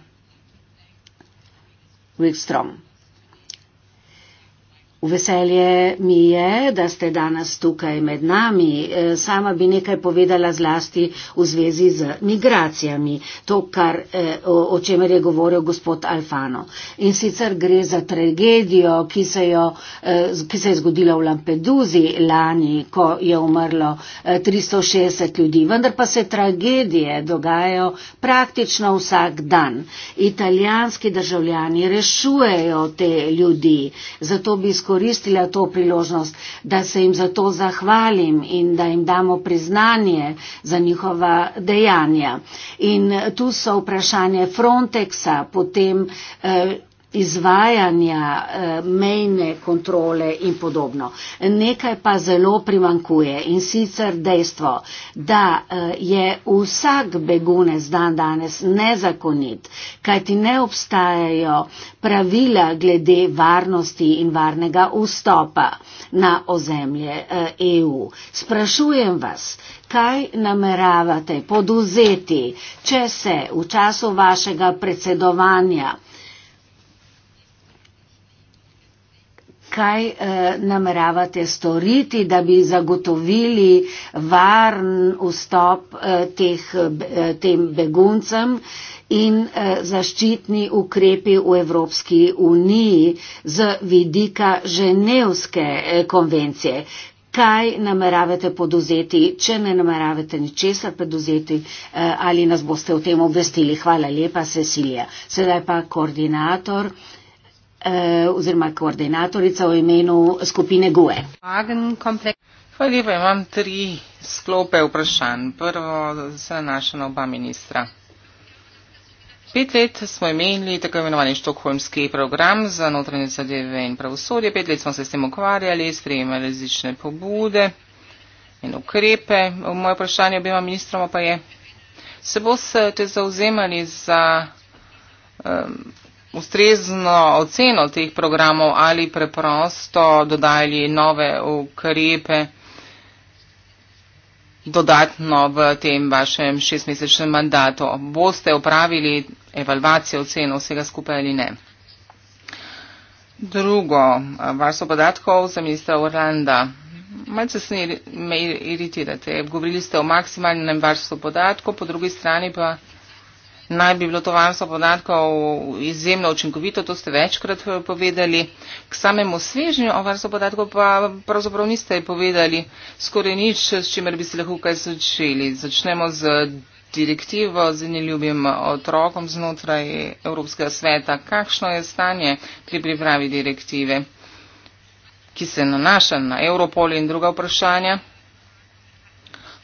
Wickstrom. Veselje mi je, da ste danes tukaj med nami. E, sama bi nekaj povedala zlasti v zvezi z migracijami, to, kar, e, o, o čemer je govoril gospod Alfano. In sicer gre za tragedijo, ki se, jo, e, ki se je zgodila v Lampeduzi lani, ko je umrlo 360 ljudi. Vendar pa se tragedije dogajajo praktično vsak dan. Italijanski državljani rešujejo te ljudi izkoristile to priložnost, da se jim za to zahvalim in da jim damo priznanje za njihova dejanja. In tu so vprašanje Frontexa, potem eh, izvajanja eh, mejne kontrole in podobno. Nekaj pa zelo primankuje in sicer dejstvo, da eh, je vsak begunec dan danes nezakonit, kajti ne obstajajo pravila glede varnosti in varnega vstopa na ozemlje EU. Eh, e Sprašujem vas, kaj nameravate poduzeti, če se v času vašega predsedovanja kaj eh, nameravate storiti, da bi zagotovili varen vstop eh, teh, eh, tem beguncem in eh, zaščitni ukrepi v Evropski uniji z vidika Ženevske eh, konvencije. Kaj nameravate poduzeti, če ne nameravate ničesar poduzeti eh, ali nas boste o tem obvestili? Hvala lepa, Cecilija. Sedaj pa koordinator. Eh, oziroma koordinatorica v imenu skupine GUE. Hvala lepa, imam tri sklope vprašanj. Prvo se nanaša na oba ministra. Pet let smo imeli tako imenovani štokholmski program za notranje zadeve in pravosodje, pet let smo se s tem ukvarjali, sprejemali različne pobude in ukrepe. Moje vprašanje obima ministroma pa je, se boste zauzemali za um, ustrezno oceno teh programov ali preprosto dodajali nove ukrepe dodatno v tem vašem šestmesečnem mandatu. Boste upravili evalvacijo oceno vsega skupaj ali ne? Drugo, varstvo podatkov za ministra Orlanda. Malce se me iritirate. Govorili ste o maksimalnem varstvu podatkov, po drugi strani pa naj bi bilo to varstvo podatkov izjemno učinkovito, to ste večkrat eh, povedali. K samemu svežnju o varstvu podatkov pa pravzaprav niste povedali skoraj nič, s čimer bi se lahko kaj začeli. Začnemo z direktivo z neljubim otrokom znotraj Evropskega sveta. Kakšno je stanje pri pripravi direktive, ki se nanaša na Europol in druga vprašanja?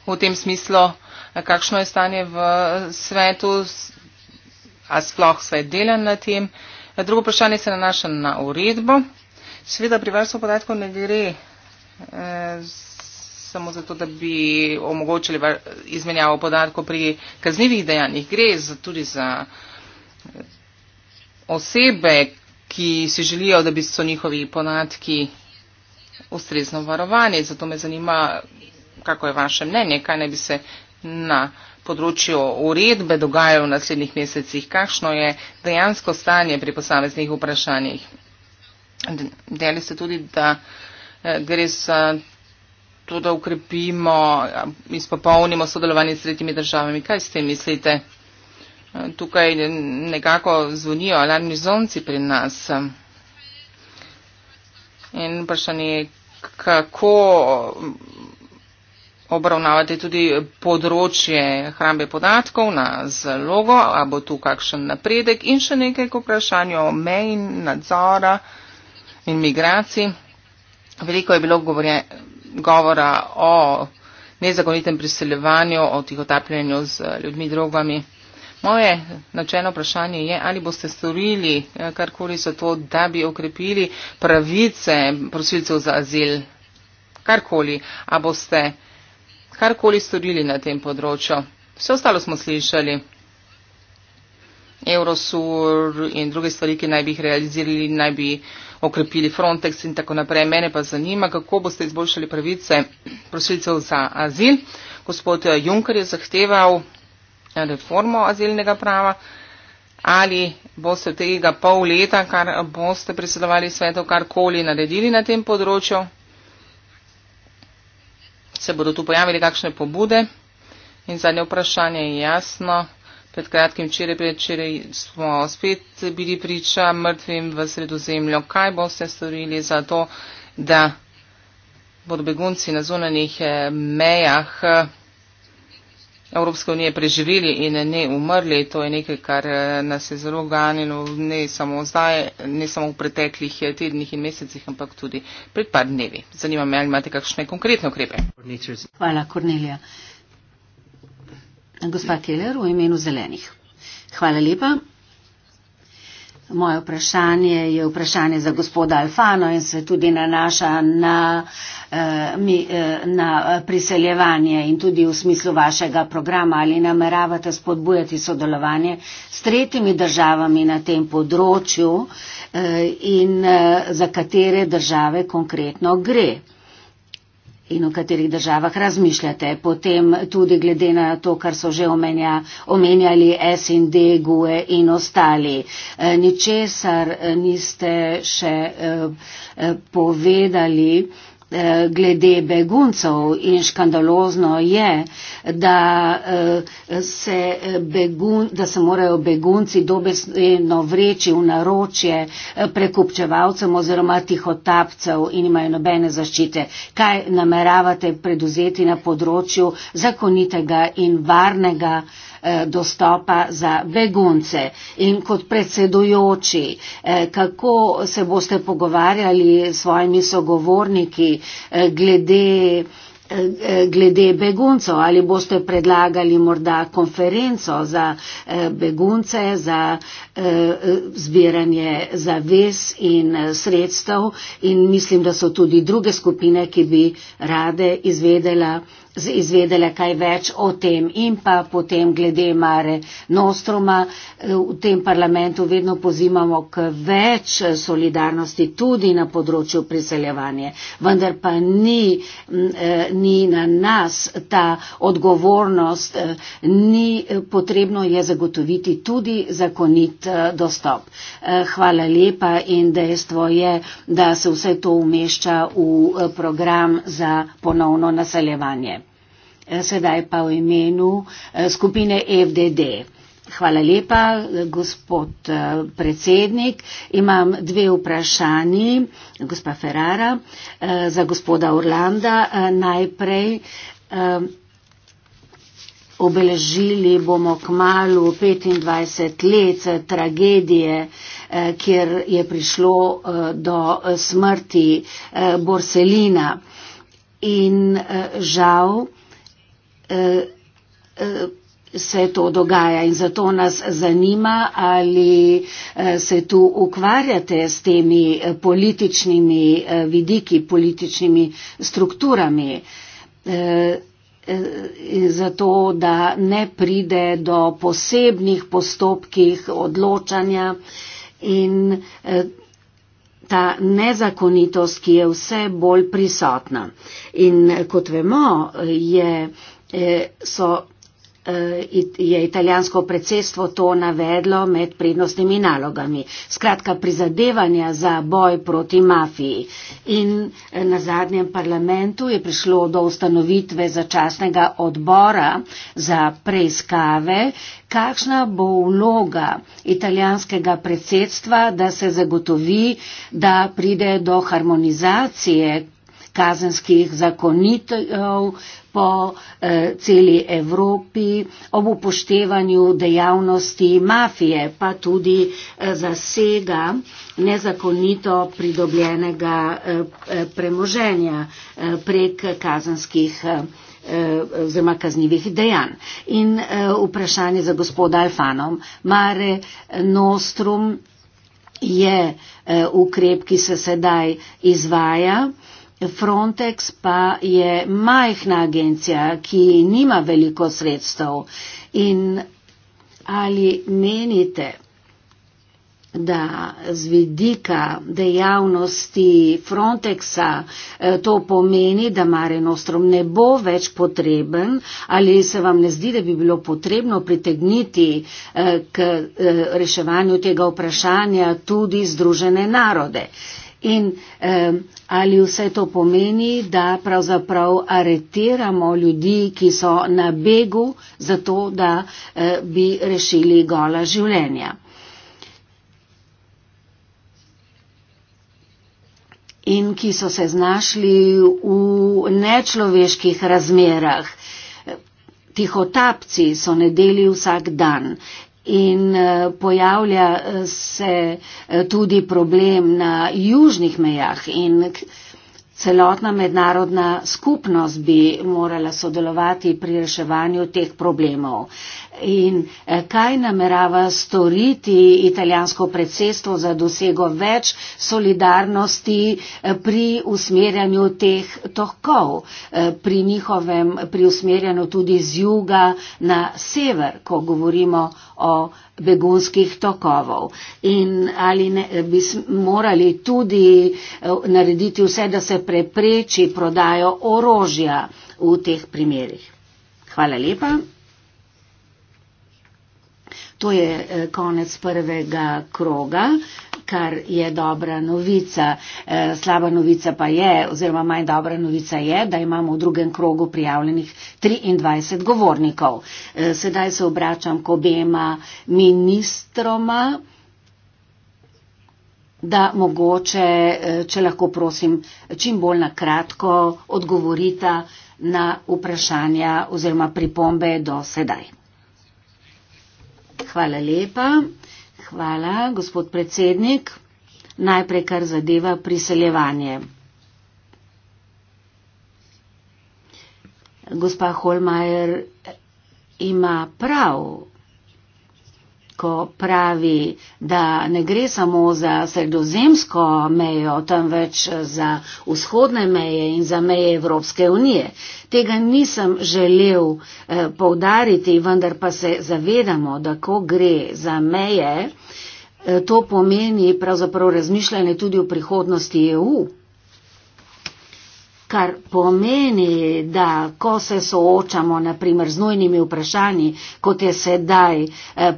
V tem smislu, kakšno je stanje v svetu, a sploh sva je delan na tem. Drugo vprašanje se nanaša na uredbo. Sveda pri varstvu podatkov ne gre eh, samo zato, da bi omogočili izmenjavo podatkov pri kaznivih dejanjih. Gre za, tudi za eh, osebe, ki si želijo, da bi so njihovi podatki ustrezno varovani. Zato me zanima, kako je vaše mnenje, kaj ne bi se na. Eh, področju uredbe dogajajo v naslednjih mesecih, kakšno je dejansko stanje pri posameznih vprašanjih. Deli se tudi, da eh, gre za to, da ukrepimo, eh, izpopolnimo sodelovanje s tretjimi državami. Kaj s tem mislite? Eh, tukaj nekako zvonijo alarmni zvonci pri nas. In vprašanje je, kako obravnavate tudi področje hrambe podatkov na zlogo, a bo tu kakšen napredek in še nekaj k vprašanju o meji in nadzora in migraciji. Veliko je bilo govore, govora o nezakonitem priseljevanju, o tihotapljenju z ljudmi drogami. Moje načelno vprašanje je, ali boste storili eh, karkoli za to, da bi okrepili pravice prosilcev za azil. Karkoli, a boste karkoli storili na tem področju. Vse ostalo smo slišali. Eurosur in druge stvari, ki naj bi jih realizirali, naj bi okrepili Frontex in tako naprej. Mene pa zanima, kako boste izboljšali pravice prosilcev za azil. Gospod Juncker je zahteval reformo azilnega prava. Ali boste v tega pol leta, kar boste predsedovali svetu, karkoli naredili na tem področju, se bodo tu pojavili kakšne pobude. In zadnje vprašanje je jasno. Pred kratkim včeraj, predvčeraj smo spet bili priča mrtvim v sredozemlju. Kaj boste storili za to, da bodo begunci na zunanjih eh, mejah Evropske unije preživeli in ne umrli. To je nekaj, kar eh, nas je zelo ganilo ne samo zdaj, ne samo v preteklih eh, tednih in mesecih, ampak tudi pred par dnevi. Zanima me, ali imate kakšne konkretne ukrepe. Hvala, Kornelija. Gospa Keller, v imenu zelenih. Hvala lepa. Moje vprašanje je vprašanje za gospoda Alfano in se tudi nanaša na, eh, eh, na priseljevanje in tudi v smislu vašega programa. Ali nameravate spodbujati sodelovanje s tretjimi državami na tem področju eh, in za katere države konkretno gre? in o katerih državah razmišljate. Potem tudi glede na to, kar so že omenja, omenjali SND, GUE in ostali. E, ničesar e, niste še e, e, povedali. Eh, glede beguncev in škandalozno je, da eh, se, eh, begun, da se morajo begunci dobesedno vreči v naročje prekupčevalcem oziroma tihotapcev in imajo nobene zaščite. Kaj nameravate preduzeti na področju zakonitega in varnega? Eh, dostopa za begunce. In kot predsedujoči, eh, kako se boste pogovarjali s svojimi sogovorniki eh, glede glede beguncev ali boste predlagali morda konferenco za begunce, za zbiranje zavez in sredstev in mislim, da so tudi druge skupine, ki bi rade izvedela izvedele kaj več o tem in pa potem glede Mare Nostroma eh, v tem parlamentu vedno pozivamo k več eh, solidarnosti tudi na področju priseljevanja. Vendar pa ni, eh, ni na nas ta odgovornost, ni potrebno je zagotoviti tudi zakonit dostop. Hvala lepa in dejstvo je, da se vse to umešča v program za ponovno naseljevanje. Eh, sedaj pa v imenu eh, skupine FDD. Hvala lepa, eh, gospod predsednik. Imam dve vprašanji, gospa Ferrara, za gospoda Orlanda. Najprej obeležili bomo k malu 25 let tragedije, kjer je prišlo do smrti Borselina. In žal, Eh, se to dogaja in zato nas zanima, ali eh, se tu ukvarjate s temi eh, političnimi vidiki, političnimi strukturami, zato da ne pride do posebnih postopkih odločanja in ta nezakonitost, ki je vse bolj prisotna. In kot vemo, je so, eh, je italijansko predsedstvo to navedlo med prednostnimi nalogami. Skratka, prizadevanja za boj proti mafiji. In eh, na zadnjem parlamentu je prišlo do ustanovitve začasnega odbora za preiskave, kakšna bo vloga italijanskega predsedstva, da se zagotovi, da pride do harmonizacije kazenskih zakonitev po eh, celi Evropi ob upoštevanju dejavnosti mafije, pa tudi eh, zasega nezakonito pridobljenega eh, eh premoženja eh, prek kazenskih eh, eh oziroma kaznjivih dejanj. In eh, vprašanje za gospoda Alfanom. Mare Nostrum je eh, ukrep, ki se sedaj izvaja. Frontex pa je majhna agencija, ki nima veliko sredstev. In ali menite, da z vidika dejavnosti Frontexa eh, to pomeni, da Mare Nostrom ne bo več potreben, ali se vam ne zdi, da bi bilo potrebno pritegniti eh, k eh, reševanju tega vprašanja tudi Združene narode? In um, ali vse to pomeni, da pravzaprav aretiramo ljudi, ki so na begu, zato da uh, bi rešili gola življenja. In ki so se znašli v nečloveških razmerah. Tihotapci so nedeli vsak dan In eh, pojavlja eh, se eh, tudi problem na južnih mejah in celotna mednarodna skupnost bi morala sodelovati pri reševanju teh problemov. In eh, kaj namerava storiti italijansko predsedstvo za dosego več solidarnosti eh, pri usmerjanju teh tokov, eh, pri njihovem, pri usmerjanju tudi z juga na sever, ko govorimo o begunskih tokovov. In ali ne, bi morali tudi narediti vse, da se prepreči prodajo orožja v teh primerih. Hvala lepa. To je eh, konec prvega kroga, kar je dobra novica. Eh, slaba novica pa je, oziroma manj dobra novica je, da imamo v drugem krogu prijavljenih 23 govornikov. Eh, sedaj se obračam k obema ministroma, da mogoče, če lahko prosim, čim bolj na kratko odgovorita na vprašanja oziroma pripombe do sedaj. Hvala lepa. Hvala, gospod predsednik. Najprej, kar zadeva priseljevanje. Gospa Holmajer ima prav. Vasko pravi, da ne gre samo za sredozemsko mejo, temveč za vzhodne meje in za meje Evropske unije. Tega nisem želel eh, povdariti, vendar pa se zavedamo, da ko gre za meje, eh, to pomeni pravzaprav razmišljanje tudi o prihodnosti EU kar pomeni, da ko se soočamo naprimer z nujnimi vprašanji, kot je sedaj eh,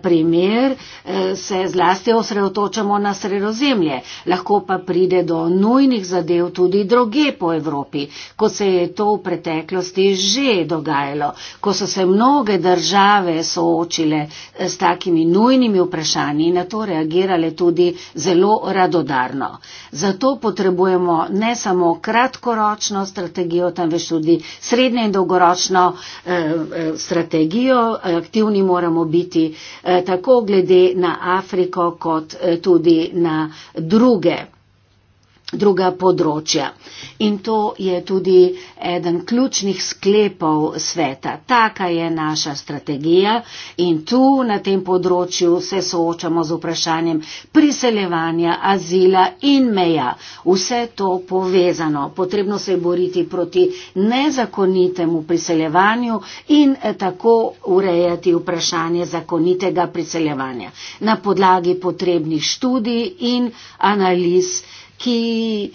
primer, eh, se zlasti osredotočamo na sredozemlje, lahko pa pride do nujnih zadev tudi druge po Evropi, kot se je to v preteklosti že dogajalo, ko so se mnoge države soočile eh, s takimi nujnimi vprašanji in na to reagirale tudi zelo radodarno. Zato potrebujemo ne samo kratkoročno, strategijo, temveč tudi srednje in dolgoročno eh, eh, strategijo. Aktivni moramo biti eh, tako glede na Afriko kot tudi na druge druga področja. In to je tudi eden ključnih sklepov sveta. Taka je naša strategija in tu na tem področju se soočamo z vprašanjem priseljevanja, azila in meja. Vse to povezano. Potrebno se je boriti proti nezakonitemu priseljevanju in tako urejati vprašanje zakonitega priseljevanja na podlagi potrebnih študij in analiz ki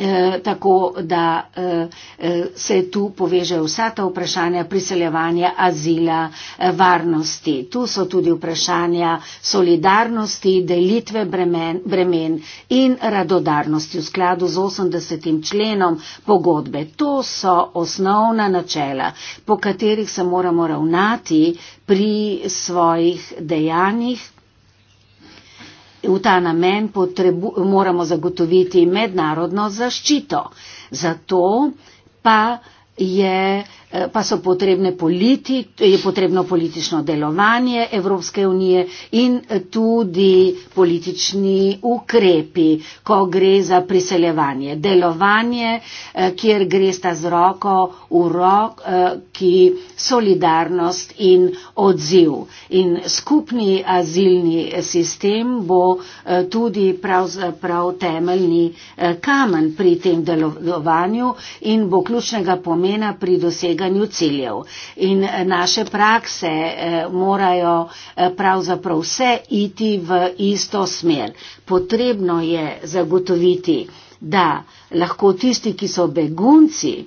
eh, tako, da eh, eh, se tu povežejo vsa ta vprašanja priseljevanja, azila, eh, varnosti. Tu so tudi vprašanja solidarnosti, delitve bremen, bremen in radodarnosti v skladu z 80. členom pogodbe. To so osnovna načela, po katerih se moramo ravnati pri svojih dejanjih v ta namen potrebu, moramo zagotoviti mednarodno zaščito. Zato pa je Eh, pa so potrebne politi, je potrebno politično delovanje Evropske unije in eh, tudi politični ukrepi, ko gre za priseljevanje. Delovanje, eh, kjer gre sta z roko v roki solidarnost in odziv. In skupni azilni sistem bo tudi pravzaprav temeljni kamen pri tem delovanju in bo ključnega pomena pri dosegu doseganju ciljev. In eh, naše prakse eh, morajo eh, pravzaprav vse iti v isto smer. Potrebno je zagotoviti, da lahko tisti, ki so begunci,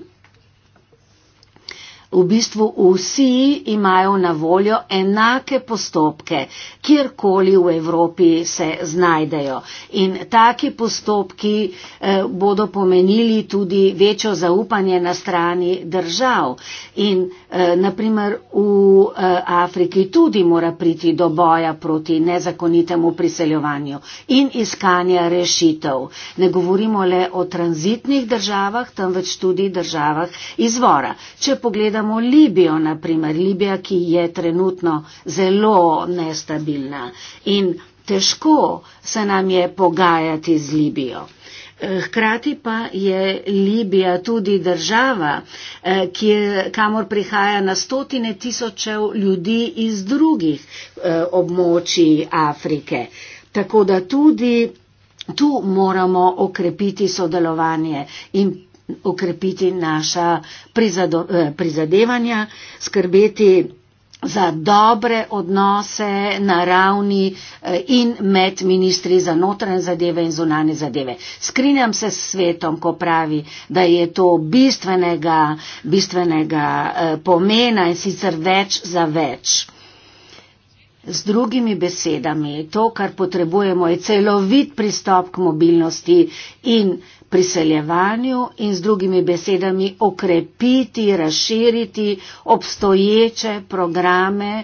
v bistvu vsi imajo na voljo enake postopke, kjerkoli v Evropi se znajdejo. In taki postopki eh, bodo pomenili tudi večjo zaupanje na strani držav. In eh, naprimer v eh, Afriki tudi mora priti do boja proti nezakonitemu priseljevanju in iskanja rešitev. Ne govorimo le o tranzitnih državah, temveč tudi državah izvora. Če pogledamo pogledamo Libijo, naprimer Libija, ki je trenutno zelo nestabilna in težko se nam je pogajati z Libijo. Eh, hkrati pa je Libija tudi država, eh, kje, kamor prihaja na stotine tisočev ljudi iz drugih eh, območij Afrike. Tako da tudi tu moramo okrepiti sodelovanje in okrepiti naša eh, prizadevanja, skrbeti za dobre odnose na ravni eh, in med ministri za notranje zadeve in zunanje zadeve. Skrinjam se s svetom, ko pravi, da je to bistvenega, bistvenega eh, pomena in sicer več za več. Z drugimi besedami, to, kar potrebujemo, je celovit pristop k mobilnosti in priseljevanju in z drugimi besedami okrepiti, razširiti obstoječe programe,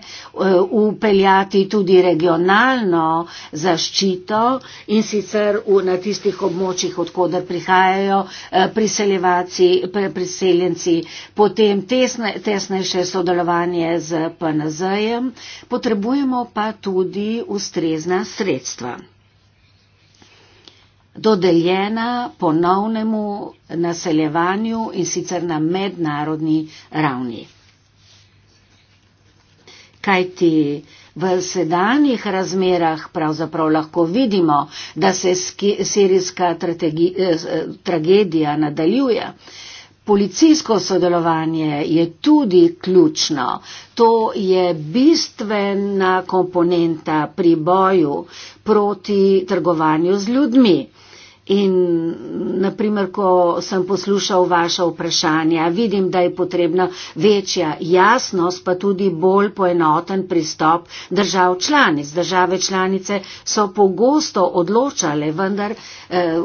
upeljati eh, tudi regionalno zaščito in sicer v, na tistih območjih, odkuder prihajajo eh, priseljenci, potem tesne, tesnejše sodelovanje z PNZ-jem, potrebujemo pa tudi ustrezna sredstva dodeljena ponovnemu naseljevanju in sicer na mednarodni ravni. Kajti v sedanjih razmerah pravzaprav lahko vidimo, da se sirijska eh, tragedija nadaljuje. Policijsko sodelovanje je tudi ključno. To je bistvena komponenta pri boju proti trgovanju z ljudmi. In naprimer, ko sem poslušal vaše vprašanja, vidim, da je potrebna večja jasnost, pa tudi bolj poenoten pristop držav članic. Države članice so pogosto odločale vendar, eh,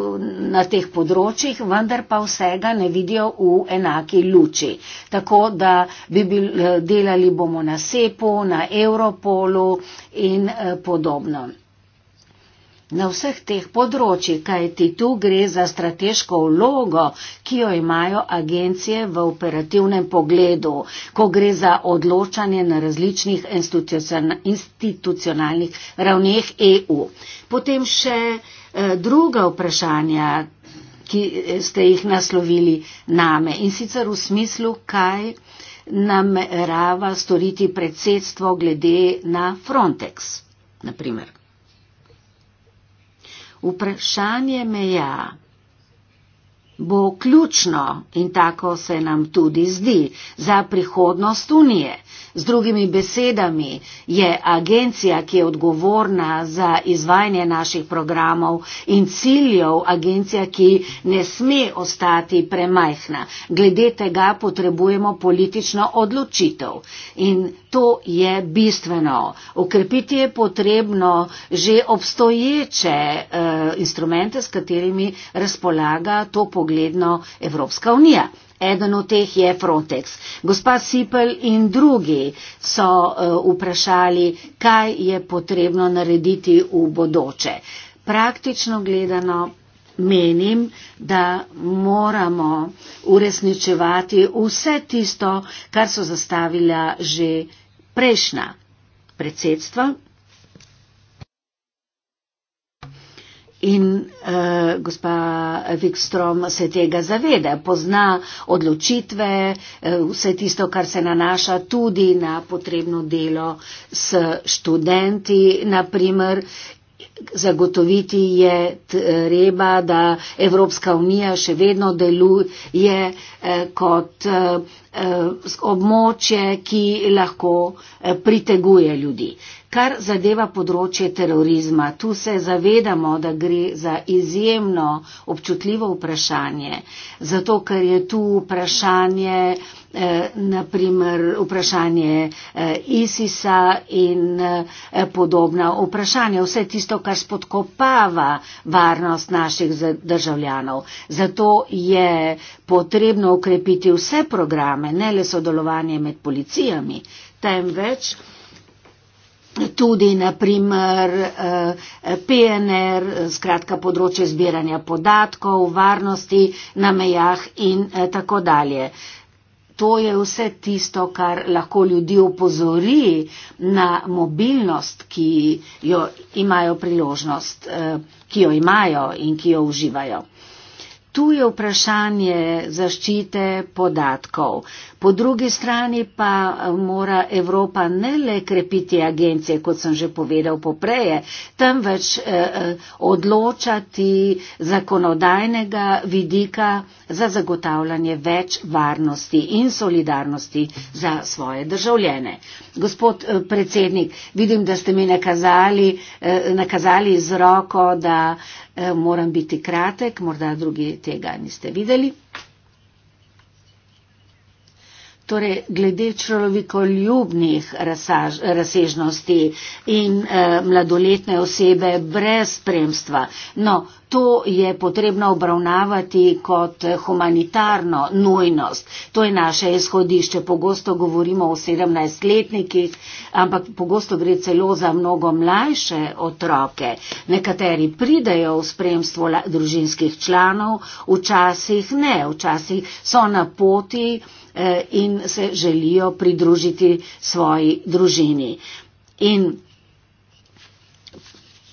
na teh področjih, vendar pa vsega ne vidijo v enaki luči. Tako da bi bil, eh, delali bomo na SEPO, na Europolu in eh, podobno na vseh teh področjih, kajti tu gre za strateško vlogo, ki jo imajo agencije v operativnem pogledu, ko gre za odločanje na različnih institucionalnih ravneh EU. Potem še eh, druga vprašanja, ki eh, ste jih naslovili name in sicer v smislu, kaj namerava storiti predsedstvo glede na Frontex, naprimer. Vprašanje meja bo ključno in tako se nam tudi zdi za prihodnost Unije. Z drugimi besedami je agencija, ki je odgovorna za izvajanje naših programov in ciljev, agencija, ki ne sme ostati premajhna. Glede tega potrebujemo politično odločitev in to je bistveno. Okrepiti je potrebno že obstoječe uh, instrumente, s katerimi razpolaga to področje ugledno Evropska unija. Eden od teh je Frontex. Gospa Sipel in drugi so uh, vprašali, kaj je potrebno narediti v bodoče. Praktično gledano menim, da moramo uresničevati vse tisto, kar so zastavila že prejšnja predsedstva In uh, gospa Vikstrom se tega zaveda, pozna odločitve, eh, vse tisto, kar se nanaša tudi na potrebno delo s študenti, naprimer. Zagotoviti je treba, da Evropska unija še vedno deluje eh, kot območje, ki lahko priteguje ljudi kar zadeva področje terorizma. Tu se zavedamo, da gre za izjemno občutljivo vprašanje, zato ker je tu vprašanje, eh, naprimer vprašanje eh, ISIS-a in eh, podobna vprašanja, vse tisto, kar spodkopava varnost naših državljanov. Zato je potrebno ukrepiti vse programe, ne le sodelovanje med policijami, temveč tudi naprimer eh, PNR, skratka področje zbiranja podatkov, varnosti na mejah in eh, tako dalje. To je vse tisto, kar lahko ljudi upozori na mobilnost, ki jo imajo priložnost, eh, ki jo imajo in ki jo uživajo. Tu je vprašanje zaščite podatkov. Po drugi strani pa eh, mora Evropa ne le krepiti agencije, kot sem že povedal popreje, temveč eh, eh, odločati zakonodajnega vidika za zagotavljanje več varnosti in solidarnosti za svoje državljene. Gospod predsednik, vidim, da ste mi nakazali, nakazali z roko, da moram biti kratek, morda drugi tega niste videli torej glede človekoljubnih razsežnosti in e, mladoletne osebe brez spremstva. No, to je potrebno obravnavati kot humanitarno nujnost. To je naše izhodišče. Pogosto govorimo o 17-letnikih, ampak pogosto gre celo za mnogo mlajše otroke. Nekateri pridejo v spremstvo družinskih članov, včasih ne, včasih so na poti, Eh, in se želijo pridružiti svoji družini. In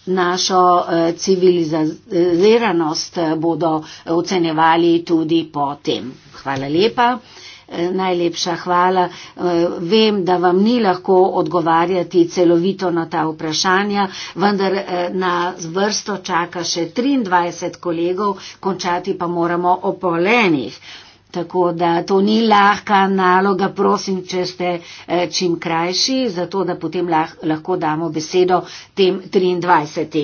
našo eh, civiliziranost eh, bodo ocenjevali tudi po tem. Hvala lepa. Najlepša hvala. Vem, da vam ni lahko odgovarjati celovito na ta vprašanja, vendar na vrsto čaka še 23 kolegov, končati pa moramo o polenih. Tako da to ni lahka naloga, prosim, če ste eh, čim krajši, zato da potem lahko damo besedo tem 23.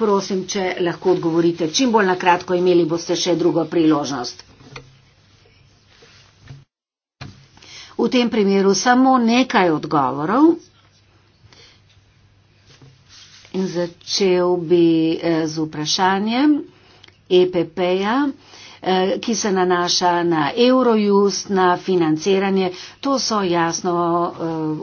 Prosim, če lahko odgovorite. Čim bolj nakratko imeli boste še drugo priložnost. V tem primeru samo nekaj odgovorov. In začel bi eh, z vprašanjem. EPP-ja, eh, ki se nanaša na Eurojust, na financiranje. To so jasno eh,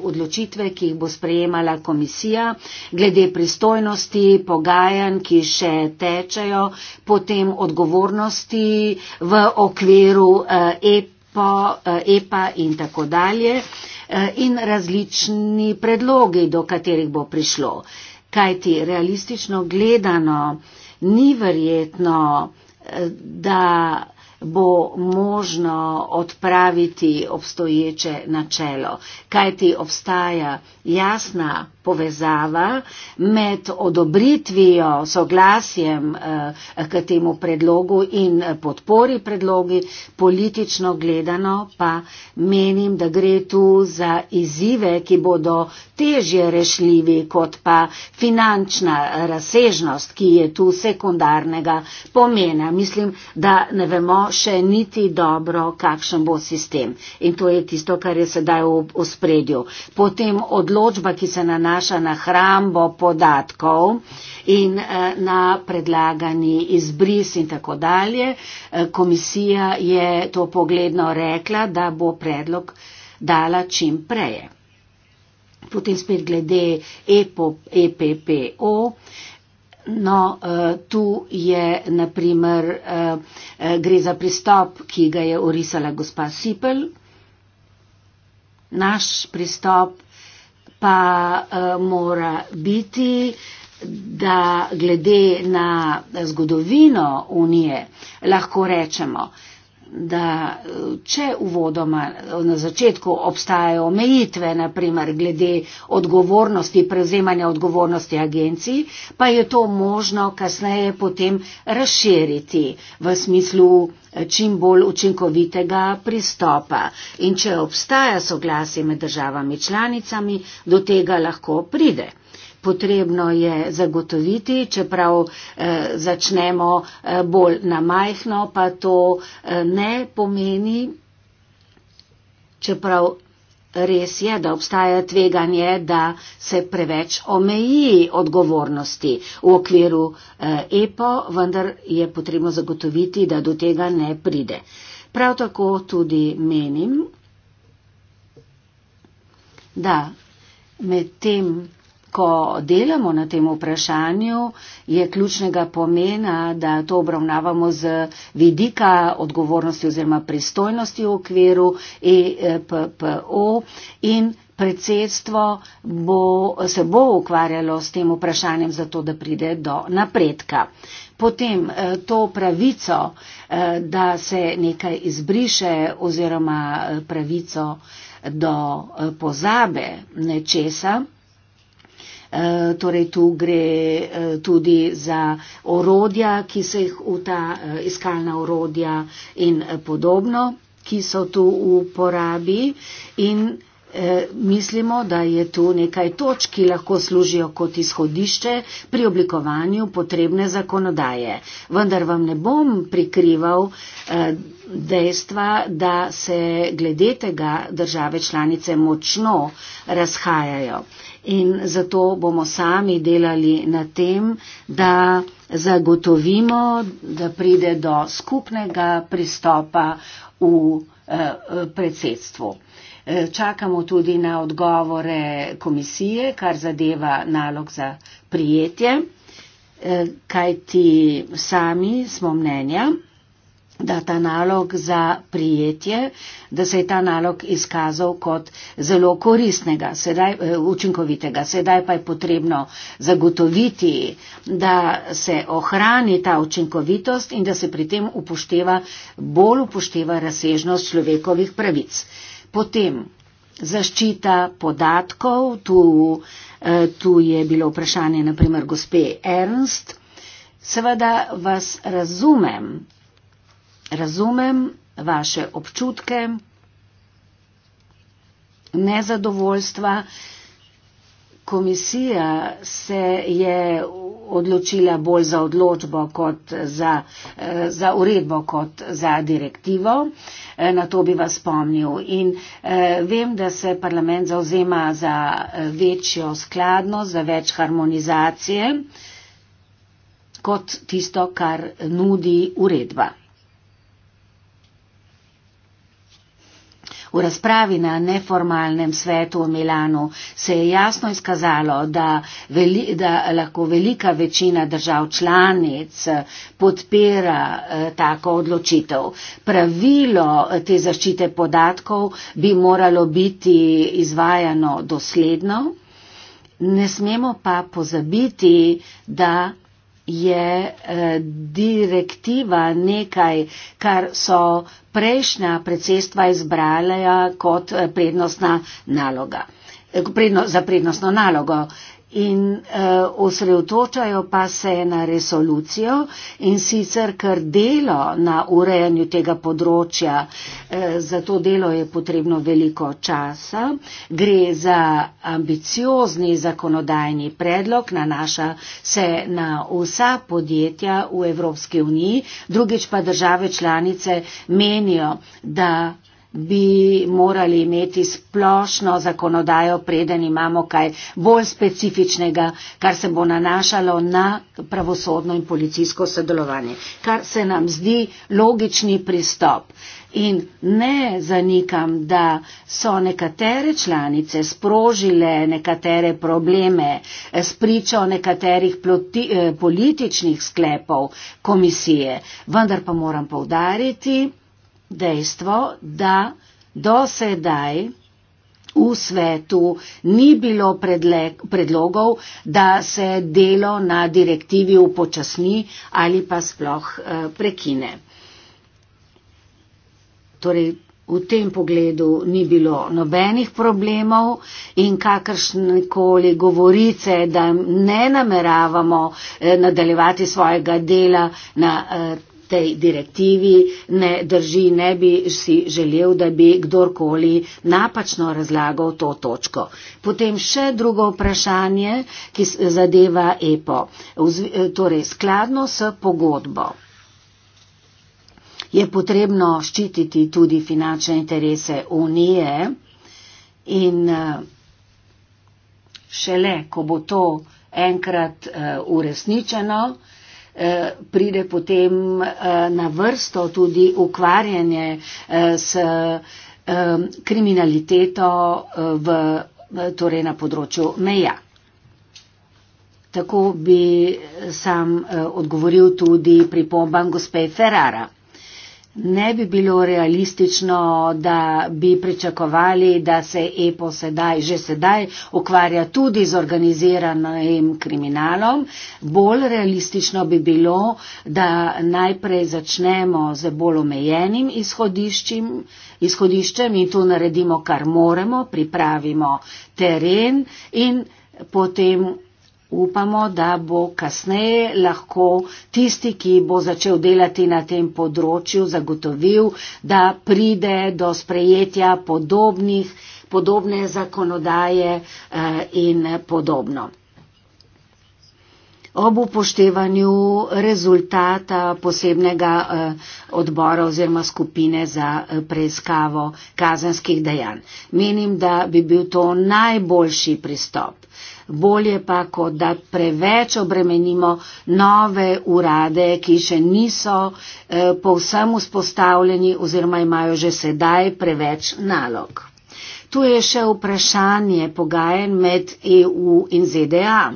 odločitve, ki jih bo sprejemala komisija glede pristojnosti, pogajanj, ki še tečejo, potem odgovornosti v okviru EPO, eh, e EPA e in tako dalje in različni predlogi, do katerih bo prišlo. Kajti realistično gledano, ni verjetno, eh, da bo možno odpraviti obstoječe načelo, kajti obstaja jasna povezava med odobritvijo, soglasjem eh, k temu predlogu in eh, podpori predlogi, politično gledano pa menim, da gre tu za izzive, ki bodo težje rešljivi kot pa finančna razsežnost, ki je tu sekundarnega pomena. Mislim, da ne vemo še niti dobro, kakšen bo sistem. In to je tisto, kar je sedaj v, v spredju. Potem odločba, ki se nanaša nanaša na hrambo podatkov in eh, na predlagani izbris in tako dalje. Eh, komisija je to pogledno rekla, da bo predlog dala čim preje. Potem spet glede EPPO. E no, eh, tu je, naprimer, gre za pristop, ki ga je orisala gospa Sipel. Naš pristop pa eh, mora biti, da glede na zgodovino Unije lahko rečemo, da če uvodoma na začetku obstajajo omejitve, naprimer glede odgovornosti, prevzemanja odgovornosti agenciji, pa je to možno kasneje potem razširiti v smislu eh, čim bolj učinkovitega pristopa. In če obstaja soglasje med državami članicami, do tega lahko pride potrebno je zagotoviti, čeprav eh, začnemo eh, bolj na majhno, pa to eh, ne pomeni, čeprav res je, da obstaja tveganje, da se preveč omeji odgovornosti v okviru eh, EPO, vendar je potrebno zagotoviti, da do tega ne pride. Prav tako tudi menim, da med tem ko delamo na tem vprašanju, je ključnega pomena, da to obravnavamo z vidika odgovornosti oziroma pristojnosti v okviru EPPO in predsedstvo bo, se bo ukvarjalo s tem vprašanjem za to, da pride do napredka. Potem eh, to pravico, eh, da se nekaj izbriše oziroma eh, pravico do pozabe nečesa. Eh, torej tu gre eh, tudi za orodja, ki se jih v ta eh, iskalna orodja in podobno, ki so tu v uporabi in mislimo, da je tu nekaj točk, ki lahko služijo kot izhodišče pri oblikovanju potrebne zakonodaje. Vendar vam ne bom prikrival dejstva, da se glede tega države članice močno razhajajo. In zato bomo sami delali na tem, da zagotovimo, da pride do skupnega pristopa v eh, predsedstvu. Eh, čakamo tudi na odgovore komisije, kar zadeva nalog za prijetje, eh, kajti sami smo mnenja, da ta nalog za prijetje, da se je ta nalog izkazal kot zelo koristnega, sedaj, eh, učinkovitega. Sedaj pa je potrebno zagotoviti, da se ohrani ta učinkovitost in da se pri tem upošteva, bolj upošteva razsežnost človekovih pravic. Potem zaščita podatkov, tu, eh, tu je bilo vprašanje naprimer gospe Ernst. Seveda vas razumem, razumem vaše občutke nezadovoljstva. Komisija se je odločila bolj za odločbo kot za, eh, za uredbo kot za direktivo. Eh, na to bi vas spomnil. In eh, vem, da se parlament zauzema za večjo skladnost, za več harmonizacije kot tisto, kar nudi uredba. V razpravi na neformalnem svetu v Milanu se je jasno izkazalo, da, veli, da lahko velika večina držav članic podpira eh, tako odločitev. Pravilo eh, te zaščite podatkov bi moralo biti izvajano dosledno. Ne smemo pa pozabiti, da je eh, direktiva nekaj, kar so prejšnja predsedstva izbrala kot eh, prednostna naloga, eh, za prednostno nalogo in uh, osredotočajo pa se na resolucijo in sicer kar delo na urejanju tega področja. Uh, za to delo je potrebno veliko časa. Gre za ambiciozni zakonodajni predlog, nanaša se na vsa podjetja v Evropski uniji, drugič pa države članice menijo, da bi morali imeti splošno zakonodajo, preden imamo kaj bolj specifičnega, kar se bo nanašalo na pravosodno in policijsko sodelovanje, kar se nam zdi logični pristop. In ne zanikam, da so nekatere članice sprožile nekatere probleme s pričo nekaterih ploti, eh, političnih sklepov komisije, vendar pa moram povdariti, dejstvo, da do sedaj v svetu ni bilo predlogov, da se delo na direktivi upočasni ali pa sploh eh, prekine. Torej, V tem pogledu ni bilo nobenih problemov in kakršnekoli govorice, da ne nameravamo eh, nadaljevati svojega dela na eh, tej direktivi ne drži, ne bi si želel, da bi kdorkoli napačno razlagal to točko. Potem še drugo vprašanje, ki zadeva EPO, torej skladno s pogodbo. Je potrebno ščititi tudi finančne interese Unije in šele, ko bo to enkrat uresničeno, uh, Eh, pride potem eh, na vrsto tudi ukvarjanje eh, s kriminaliteto v, torej na področju meja. Tako bi sam odgovoril tudi pri pombam gospej Ferrara ne bi bilo realistično, da bi pričakovali, da se EPO sedaj, že sedaj ukvarja tudi z organiziranim kriminalom. Bolj realistično bi bilo, da najprej začnemo z bolj omejenim izhodiščem, izhodiščem in to naredimo, kar moremo, pripravimo teren in potem Upamo, da bo kasneje lahko tisti, ki bo začel delati na tem področju, zagotovil, da pride do sprejetja podobnih, podobne zakonodaje eh, in podobno. Ob upoštevanju rezultata posebnega eh, odbora oziroma skupine za eh, preiskavo kazenskih dejanj. Menim, da bi bil to najboljši pristop bolje pa, kot da preveč obremenimo nove urade, ki še niso eh, povsem vzpostavljeni oziroma imajo že sedaj preveč nalog. Tu je še vprašanje pogajen med EU in ZDA.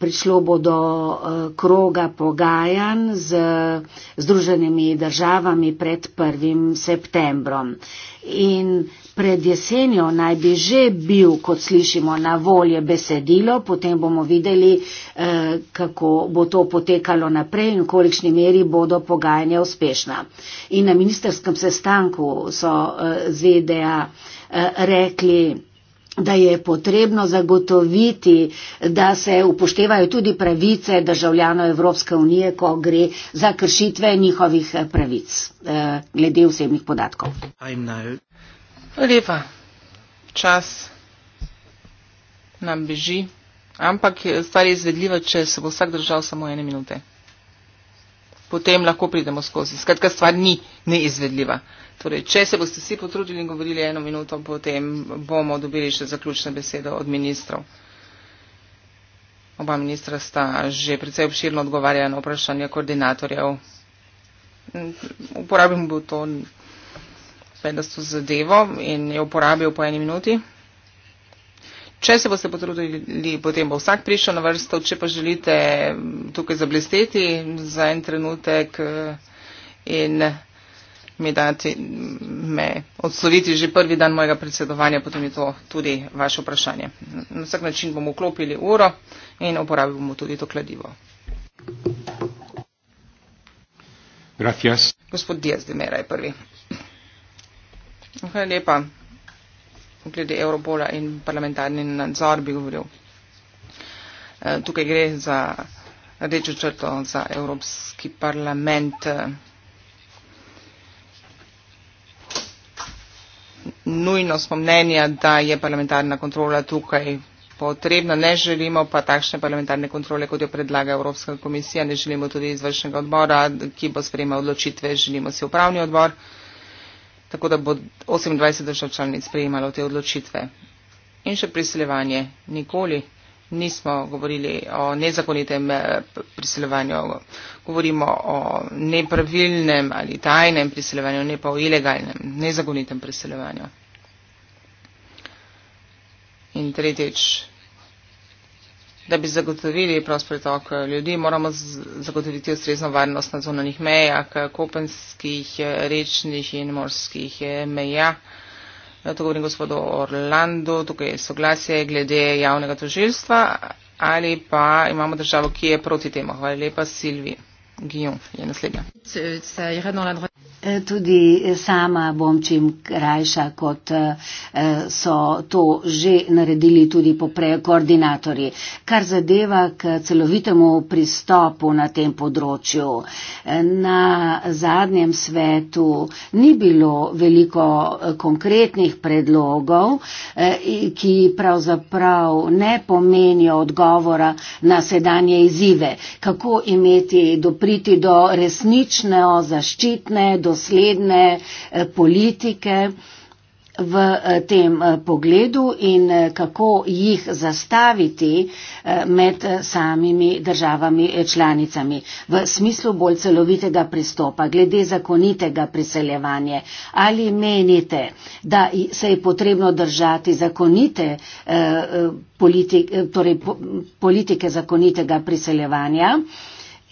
Prišlo bo do eh, kroga pogajanj z združenimi državami pred 1. septembrom. In Pred jesenjo naj bi že bil, kot slišimo, na volje besedilo, potem bomo videli, eh, kako bo to potekalo naprej in v kolikšni meri bodo pogajanja uspešna. In na ministerskem sestanku so eh, ZDA eh, rekli, da je potrebno zagotoviti, da se upoštevajo tudi pravice državljanov Evropske unije, ko gre za kršitve njihovih pravic glede vsebnih podatkov. Lepa. Čas nam beži, ampak stvar je izvedljiva, če se bo vsak držal samo ene minute. Potem lahko pridemo skozi. Skratka, stvar ni neizvedljiva. Torej, če se boste vsi potrudili in govorili eno minuto, potem bomo dobili še zaključne besede od ministrov. Oba ministra sta že precej obširno odgovarjala na vprašanje koordinatorjev. Uporabim bo to fedasto zadevo in jo uporabil po eni minuti. Če se boste potrudili, potem bo vsak prišel na vrsto, če pa želite tukaj zablesteti za en trenutek eh, in mi dati, me odsloviti že prvi dan mojega predsedovanja, potem je to tudi vaše vprašanje. Na vsak način bomo vklopili uro in uporabili bomo tudi to kladivo. Gracias. Gospod Diaz de Mera je prvi. Hvala lepa. Glede Europola in parlamentarni nadzor bi govoril. Eh, tukaj gre za rdečo črto za Evropski parlament. Nujno smo mnenja, da je parlamentarna kontrola tukaj potrebna. Ne želimo pa takšne parlamentarne kontrole, kot jo predlaga Evropska komisija. Ne želimo tudi izvršnega odbora, ki bo sprejema odločitve. Želimo si upravni odbor tako da bo 28 držav članic prejemalo te odločitve. In še priseljevanje. Nikoli nismo govorili o nezakonitem eh, priseljevanju, govorimo o nepravilnem ali tajnem priseljevanju, ne pa o ilegalnem, nezakonitem priseljevanju. In tretjič, da bi zagotovili prost pretok eh, ljudi, moramo zagotoviti ustrezno varnost na zunanih mejah, eh, kopenskih, eh, rečnih in morskih mejah. To govorim gospodu Orlando, tukaj je soglasje glede javnega tožilstva ali pa imamo državo, ki je proti temu. Hvala lepa, Silvi. Guillaume je naslednja. Eh, tudi eh, sama bom čim krajša, kot eh, so to že naredili tudi poprej koordinatori. Kar zadeva k celovitemu pristopu na tem področju. Na zadnjem svetu ni bilo veliko konkretnih predlogov, ki pravzaprav ne pomenijo odgovora na sedanje izzive. Kako imeti, dopriti do resnične, zaščitne, do dosledne eh, politike v eh, tem eh, pogledu in kako jih zastaviti med samimi državami članicami v smislu bolj celovitega pristopa glede zakonitega priseljevanja. Ali menite, da se je potrebno držati zakonite politike, torej politike zakonitega priseljevanja?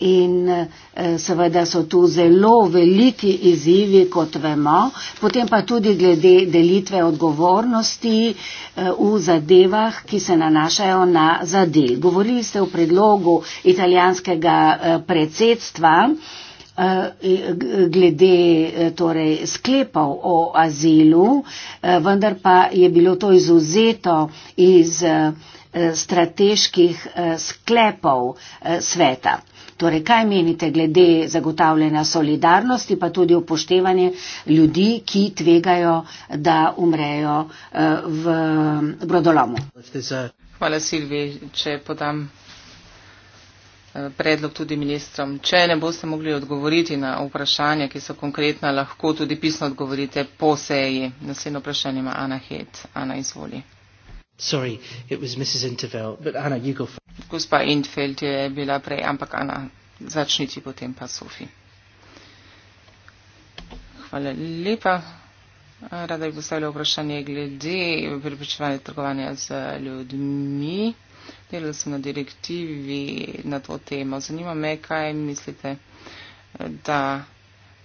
In eh, seveda so tu zelo veliki izzivi, kot vemo, potem pa tudi glede delitve odgovornosti eh, v zadevah, ki se nanašajo na zadel. Govorili ste o predlogu italijanskega eh, predsedstva glede torej, sklepov o azilu, vendar pa je bilo to izuzeto iz strateških sklepov sveta. Torej, kaj menite glede zagotavljanja solidarnosti, pa tudi upoštevanje ljudi, ki tvegajo, da umrejo eh, v brodolomu? Hvala, Silvi, če podam eh, predlog tudi ministrom. Če ne boste mogli odgovoriti na vprašanja, ki so konkretna, lahko tudi pisno odgovorite po seji. Naslednjo vprašanje ima Ana Het. Ana, izvoli. Sorry, Gospa Intfeld je bila prej, ampak Ana, začniti potem pa Sofi. Hvala lepa. Rada bi postavila vprašanje glede pripričevanja trgovanja z ljudmi. Delala sem na direktivi na to temo. Zanima me, kaj mislite, da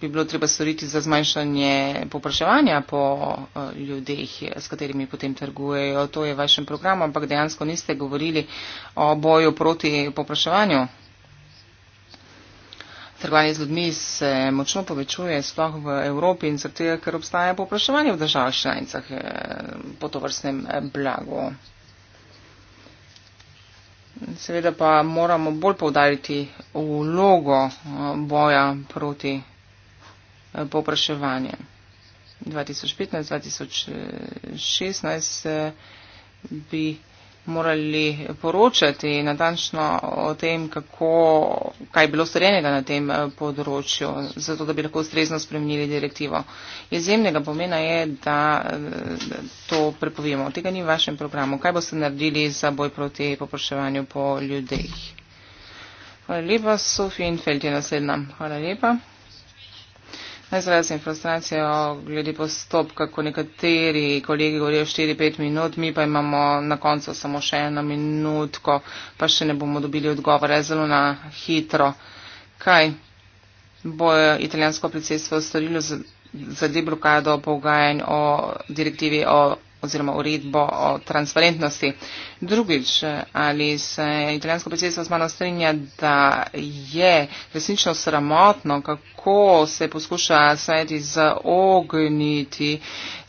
bi bilo treba storiti za zmanjšanje popraševanja po eh, ljudeh, s katerimi potem trgujejo. To je v vašem programu, ampak dejansko niste govorili o boju proti popraševanju trgovanje z ljudmi se močno povečuje, sploh v Evropi in zato, ker obstaja popraševanje v državah članicah eh, po tovrstnem eh, blagu. Seveda pa moramo bolj povdariti vlogo eh, boja proti popraševanju. 2015-2016 bi morali poročati natančno o tem, kako, kaj je bilo storjenega na tem eh, področju, zato da bi lahko ustrezno spremenili direktivo. Izjemnega pomena je, da eh, to prepovemo. Tega ni v vašem programu. Kaj boste naredili za boj proti poproševanju po ljudeh? Hvala lepa, Sofi in Felt je naslednja. Hvala lepa. Naj izrazim frustracijo glede postopka, ko nekateri kolegi govorijo 4-5 minut, mi pa imamo na koncu samo še eno minutko, pa še ne bomo dobili odgovore zelo na hitro. Kaj bo italijansko predsedstvo storilo za deblokado pogajanj o direktivi o, oziroma uredbo o transparentnosti? Drugič, ali se italijansko predsedstvo z mano strinja, da je resnično sramotno, kako se poskuša sveti zogniti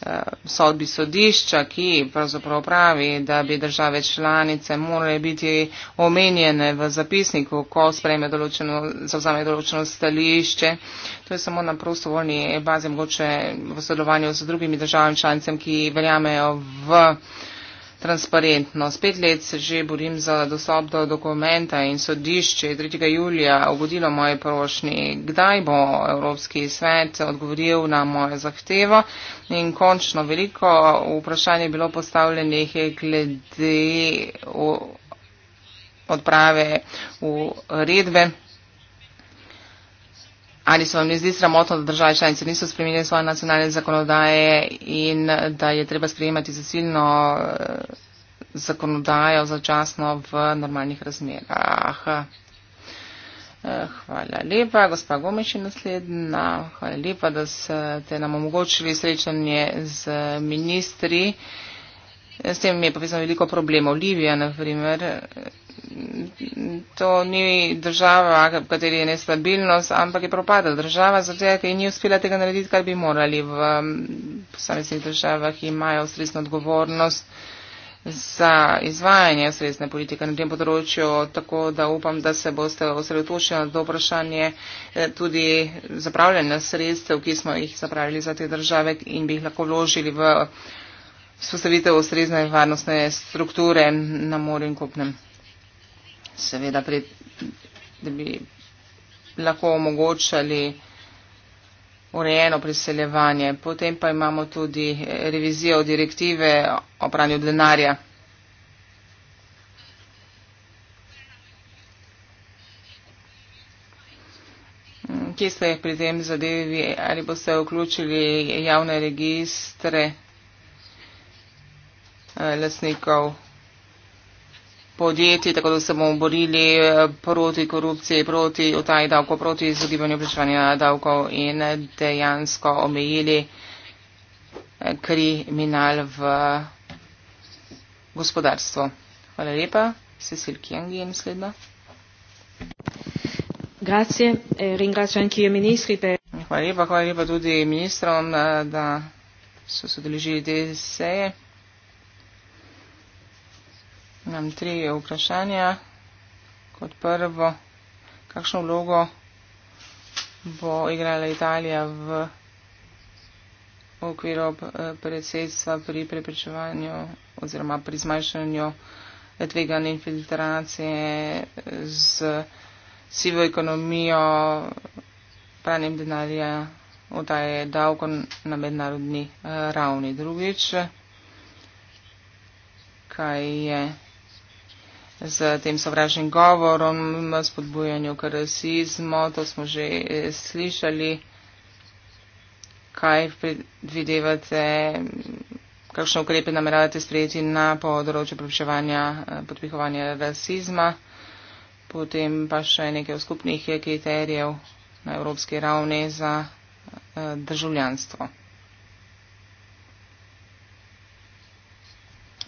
eh, sodbi sodišča, ki pravzaprav pravi, da bi države članice morale biti omenjene v zapisniku, ko sprejme določeno, zavzame določeno stališče. To je samo na prostovoljni bazi, mogoče v sodelovanju z drugimi državami članicami, ki verjamejo v transparentno. S pet let se že borim za dostop do dokumenta in sodišče 3. julija ugodilo moje prošnje, kdaj bo Evropski svet odgovoril na moje zahtevo. In končno veliko vprašanje je bilo postavljenih glede odprave uredbe ali se vam ne zdi sramotno, da države članice niso spremenile svoje nacionalne zakonodaje in da je treba sprejemati zasilno eh, zakonodajo začasno v normalnih razmerah. Eh, hvala lepa, gospa Gomeš je naslednja. Hvala lepa, da ste nam omogočili srečanje z ministri. S tem je povezano veliko problemov. Libija, na primer, to ni država, v kateri je nestabilnost, ampak je propada država, zato je, ker ni uspela tega narediti, kar bi morali. V um, posameznih državah imajo ustrezno odgovornost za izvajanje ustrezne politike na tem področju, tako da upam, da se boste osredotočili na to vprašanje eh, tudi zapravljanja sredstev, ki smo jih zapravili za te države in bi jih lahko vložili v. Spostavitev ustrezne varnostne strukture na morju in kopnem seveda, pri, da bi lahko omogočali urejeno priseljevanje. Potem pa imamo tudi eh, revizijo direktive o pranju denarja. Mm, kje ste pri tem zadevi, ali boste vključili javne registre eh, lasnikov? podjetij, tako da se bomo borili eh, proti korupciji, proti utaji davkov, proti izogibanju plačevanja davkov in dejansko omejili eh, kriminal v gospodarstvo. Hvala lepa. Cecil Kiengi je naslednja. Eh, hvala lepa, hvala lepa tudi ministrom, da so se odeležili te seje. Imam tri vprašanja. Kot prvo, kakšno vlogo bo igrala Italija v okviru eh, predsedstva pri preprečevanju oziroma pri zmanjšanju tveganja infiltracije eh, z sivo ekonomijo, pranjem denarja, odaje davkov na mednarodni eh, ravni. Drugič, kaj je z tem sovražnim govorom, spodbujanju k rasizmu, to smo že eh, slišali. Kaj predvidevate, kakšne ukrepe nameravate sprejeti na področju pripričevanja eh, podpihovanja rasizma, potem pa še nekaj skupnih kriterijev na evropski ravni za eh, državljanstvo.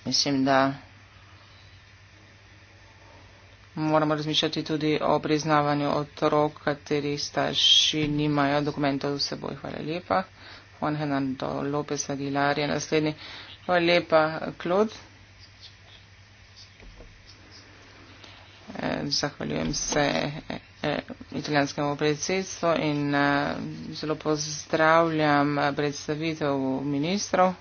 Mislim, da moramo razmišljati tudi o priznavanju otrok, kateri starši nimajo dokumentov v seboj. Hvala lepa. Juan Hernando López Aguilar je naslednji. Hvala lepa, Klod. Eh, zahvaljujem se eh, italijanskemu predsedstvu in eh, zelo pozdravljam predstavitev ministrov.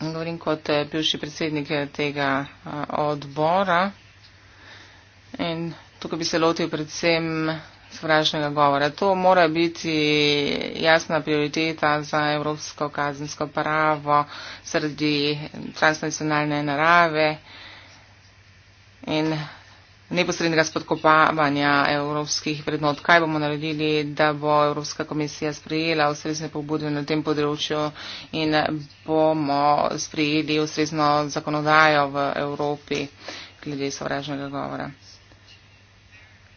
govorim kot eh, bivši predsednik eh, tega eh, odbora. In tukaj bi se lotil predvsem sovražnega govora. To mora biti jasna prioriteta za evropsko kazensko pravo sredi transnacionalne narave. In neposrednega spodkopavanja evropskih vrednot. Kaj bomo naredili, da bo Evropska komisija sprejela ustrezne pobude na tem področju in bomo sprejeli ustrezno zakonodajo v Evropi glede sovražnega govora.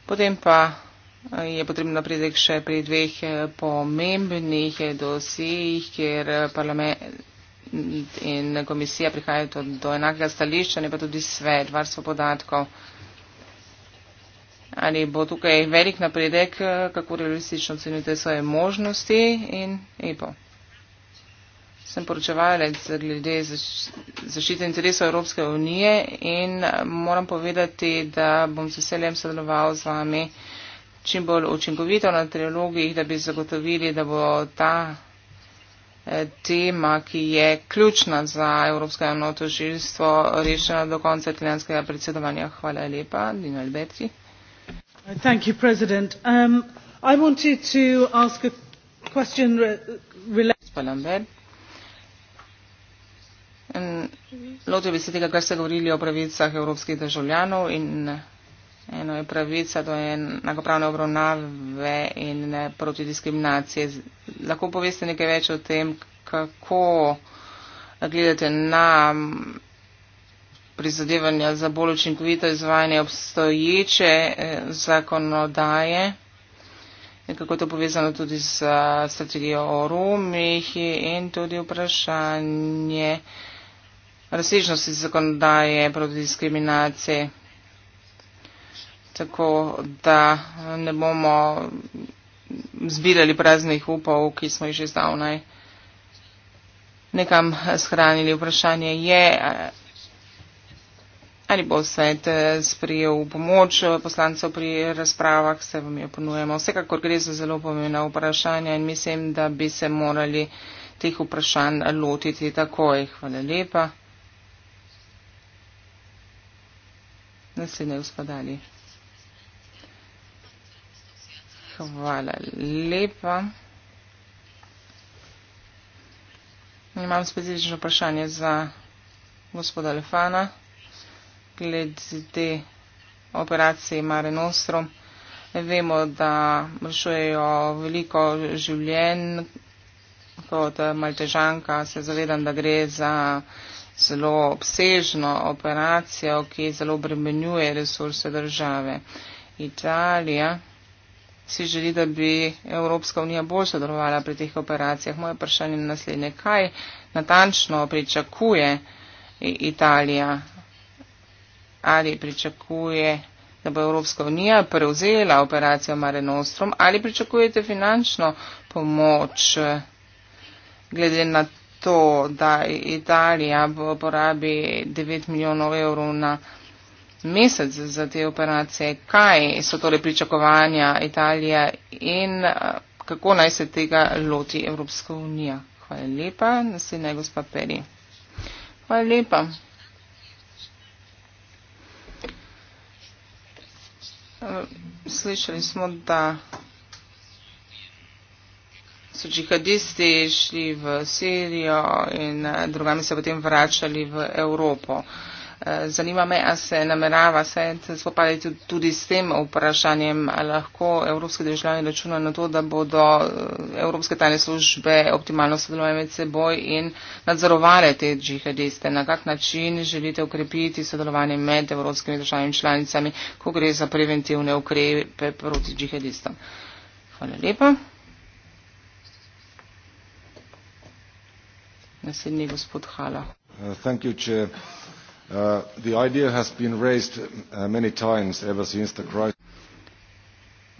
Potem pa eh, je potrebno napredek še pri dveh eh, pomembnih eh, dosijih, kjer parlament in komisija prihajajo do enakega stališča, ne pa tudi svet, varstvo podatkov ali bo tukaj velik napredek, eh, kako realistično cenite svoje možnosti in EPO. Sem poročevalec glede zaščite interesov Evropske unije in moram povedati, da bom se veseljem sodeloval z vami čim bolj učinkovito na trilogih, da bi zagotovili, da bo ta eh, tema, ki je ključna za Evropsko javno toživstvo, rešena do konca italijanskega predsedovanja. Hvala lepa, Dino Alberti. Thank you, President. Um, I wanted to ask a question related. Lotevi bi se tega, kar ste govorili o pravicah evropskih državljanov in eno je pravica do enakopravne obravnave in proti diskriminacije. Lahko poveste nekaj več o tem, kako gledate na prizadevanja za bolj učinkovito izvajanje obstoječe eh, zakonodaje. Nekako je to povezano tudi z eh, strategijo o Romih in tudi vprašanje razsežnosti zakonodaje proti diskriminaciji. Tako da ne bomo zbirali praznih upov, ki smo jih že zdavnaj nekam shranili. Vprašanje je, ali bo svet eh, sprijel pomoč eh, poslancev pri razpravah, se vam jo ponujemo. Vsekakor gre za zelo pomembna vprašanja in mislim, da bi se morali teh vprašanj lotiti takoj. Hvala lepa. Naslednje gospodali. Hvala lepa. Imam specifično vprašanje za gospoda Lefana glede operacije Mare Nostrum. Vemo, da rešujejo veliko življenj kot Maltežanka. Se zavedam, da gre za zelo obsežno operacijo, ki zelo obremenjuje resurse države. Italija si želi, da bi Evropska unija bolj sodelovala pri teh operacijah. Moje vprašanje je naslednje. Kaj natančno pričakuje Italija ali pričakuje, da bo Evropska unija prevzela operacijo Mare Nostrum, ali pričakujete finančno pomoč, eh, glede na to, da Italija porabi 9 milijonov evrov na mesec za te operacije. Kaj so torej pričakovanja Italije in eh, kako naj se tega loti Evropska unija? Hvala lepa, naslednja je gospa Peri. Hvala lepa. Slišali smo, da so džihadisti šli v Sirijo in drugami se potem vračali v Evropo. Zanima me, a se namerava svet spopadati tudi s tem vprašanjem, ali lahko evropske državljani računajo na to, da bodo eh, evropske tajne službe optimalno sodelovali med seboj in nadzorovali te džihadiste. Na kak način želite ukrepiti sodelovanje med evropskimi državami članicami, ko gre za preventivne ukrepe proti džihadistom? Hvala lepa. Naslednji gospod Hala. Uh, Uh, the idea has been raised uh, many times ever since the crisis.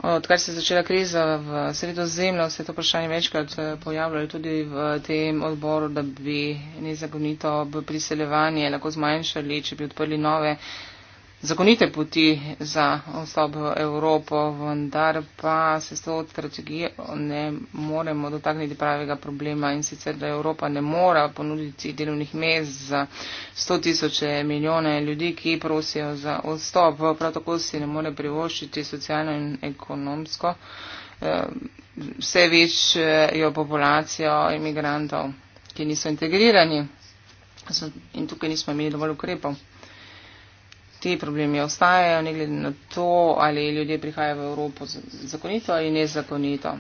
Odkar se je začela kriza v sredozemlju, se je to vprašanje večkrat uh, pojavljalo tudi v tem odboru, da bi nezagonito priseljevanje lahko zmanjšali, če bi odprli nove uh, zakonite poti za vstop v Evropo, vendar pa se s to strategijo ne moremo dotakniti pravega problema in sicer, da Evropa ne mora ponuditi delovnih mest za 100 tisoče milijone ljudi, ki prosijo za vstop. Prav tako si ne more privoščiti socialno in ekonomsko eh, vse večjo populacijo imigrantov, ki niso integrirani. In tukaj nismo imeli dovolj ukrepov ti problemi ostajajo, ne glede na to, ali ljudje prihajajo v Evropo zakonito ali nezakonito.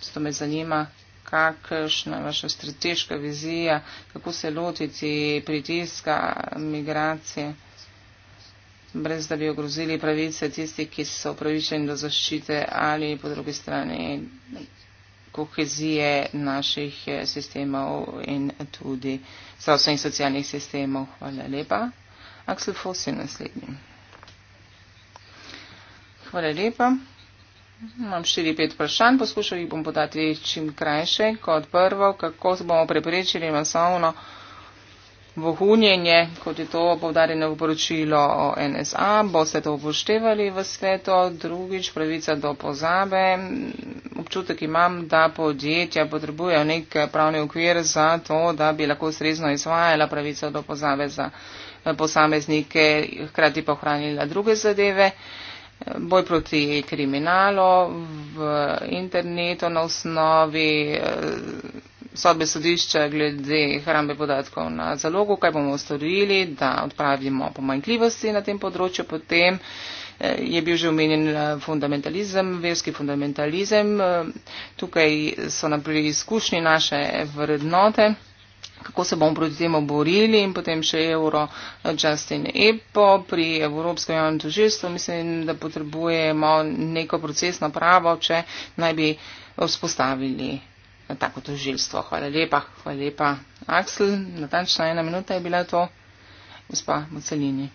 Zato me zanima, kakšna je vaša strateška vizija, kako se lotiti pritiska migracije, brez da bi ogrozili pravice tistih, ki so upravičeni do zaščite ali po drugi strani kohezije naših eh, sistemov in tudi zdravstvenih socialnih sistemov. Hvala lepa. Axel Foss je naslednji. Hvala lepa. Imam 4-5 vprašanj, poskušal jih bom podati čim krajše. Kot prvo, kako se bomo preprečili masovno vohunjenje, kot je to povdarjeno v poročilo o NSA, bo se to upoštevali v svetu, drugič pravica do pozabe. Občutek imam, da podjetja potrebujejo nek pravni okvir za to, da bi lahko srezno izvajala pravico do pozabe za posameznike, hkrati pa ohranila druge zadeve. Boj proti kriminalu v internetu na osnovi eh, sodbe sodišča glede hrambe podatkov na zalogu, kaj bomo storili, da odpravimo pomanjkljivosti na tem področju. Potem eh, je bil že omenjen eh, fundamentalizem, verski fundamentalizem. Tukaj so nam preizkušni naše vrednote kako se bomo proti temu borili in potem še Euro Justin Epo pri Evropskem javnem tožilstvu. Mislim, da potrebujemo neko procesno pravo, če naj bi vzpostavili tako tožilstvo. Hvala lepa, hvala lepa. Aksel, natančna ena minuta je bila to. Gospa Mocelini.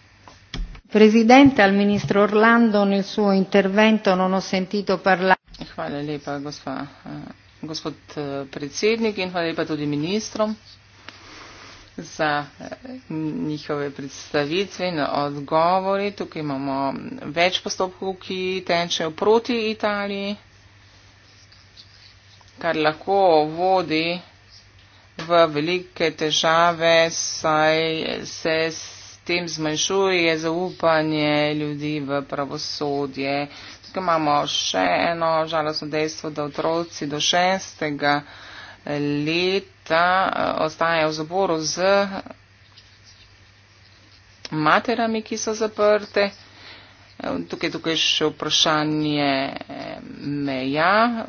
Presidente, al ministro Orlando nel suo intervento non ho sentito parlare. Hvala lepa, gospa, gospod eh, predsednik in hvala lepa tudi ministrom za eh, njihove predstavitve in odgovori. Tukaj imamo več postopkov, ki tečejo proti Italiji, kar lahko vodi v velike težave, saj se s tem zmanjšuje zaupanje ljudi v pravosodje. Tukaj imamo še eno žalostno dejstvo, da otroci do šestega leta eh, ostajajo v zaboru z materami, ki so zaprte. Eh, tukaj, tukaj je še vprašanje eh, meja,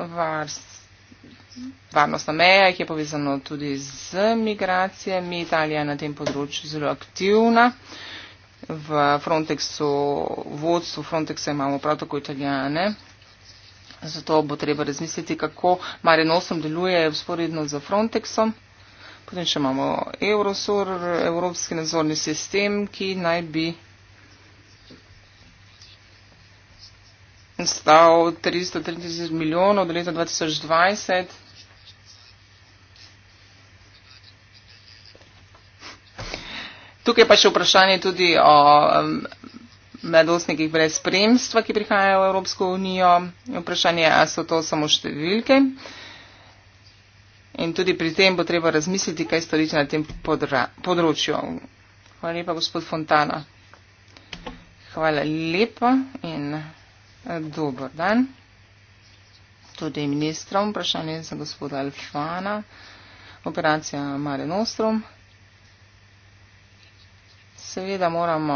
varnostna meja, ki je povezano tudi z migracijami. Italija je na tem področju zelo aktivna. V Frontexu, vodstvu Frontexa imamo prav tako italijane, Zato bo treba razmisliti, kako Marjen 8 deluje usporedno z Frontexom. Potem še imamo Eurosur, Evropski nadzorni sistem, ki naj bi stal 330 milijonov do leta 2020. Tukaj pa še vprašanje tudi o um, mladostnikih brez spremstva, ki prihajajo v Evropsko unijo. Vprašanje je, ali so to samo številke. In tudi pri tem bo treba razmisliti, kaj storiti na tem podra, področju. Hvala lepa, gospod Fontana. Hvala lepa in eh, dober dan. Tudi ministrom, vprašanje za gospoda Alfana, operacija Mare Nostrom. Seveda moramo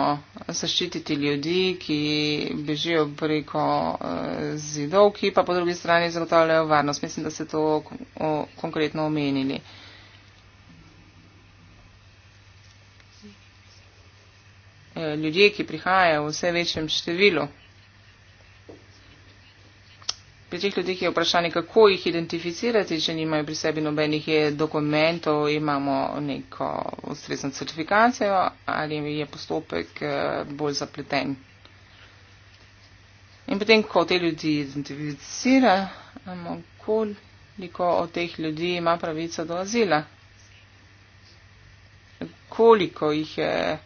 zaščititi ljudi, ki bežijo preko eh, zidov, ki pa po drugi strani zagotavljajo varnost. Mislim, da ste to konkretno omenili. Eh, ljudje, ki prihajajo v vse večjem številu. Pri teh ljudeh je vprašanje, kako jih identificirati, če nimajo pri sebi nobenih dokumentov, imamo neko ustrezno certifikacijo ali je postopek eh, bolj zapleten. In potem, ko te ljudi identificiramo, koliko od teh ljudi ima pravico do azila? Koliko jih je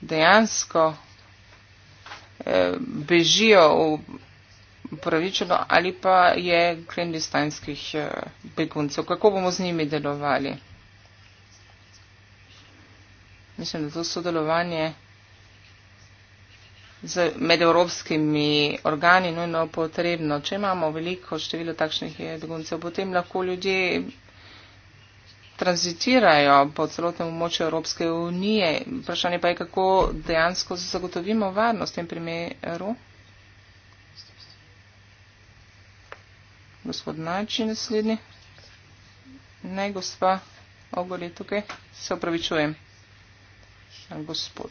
dejansko eh, bežijo v upravičeno ali pa je klandestanskih eh, beguncev. Kako bomo z njimi delovali? Mislim, da to sodelovanje z, med evropskimi organi nujno potrebno. Če imamo veliko število takšnih eh, beguncev, potem lahko ljudje tranzitirajo po celotnem območju Evropske unije. Vprašanje pa je, kako dejansko zagotovimo varnost v tem primeru. gospod Nači naslednji. Ne, gospa Ogor je tukaj. Se opravičujem. Gospod.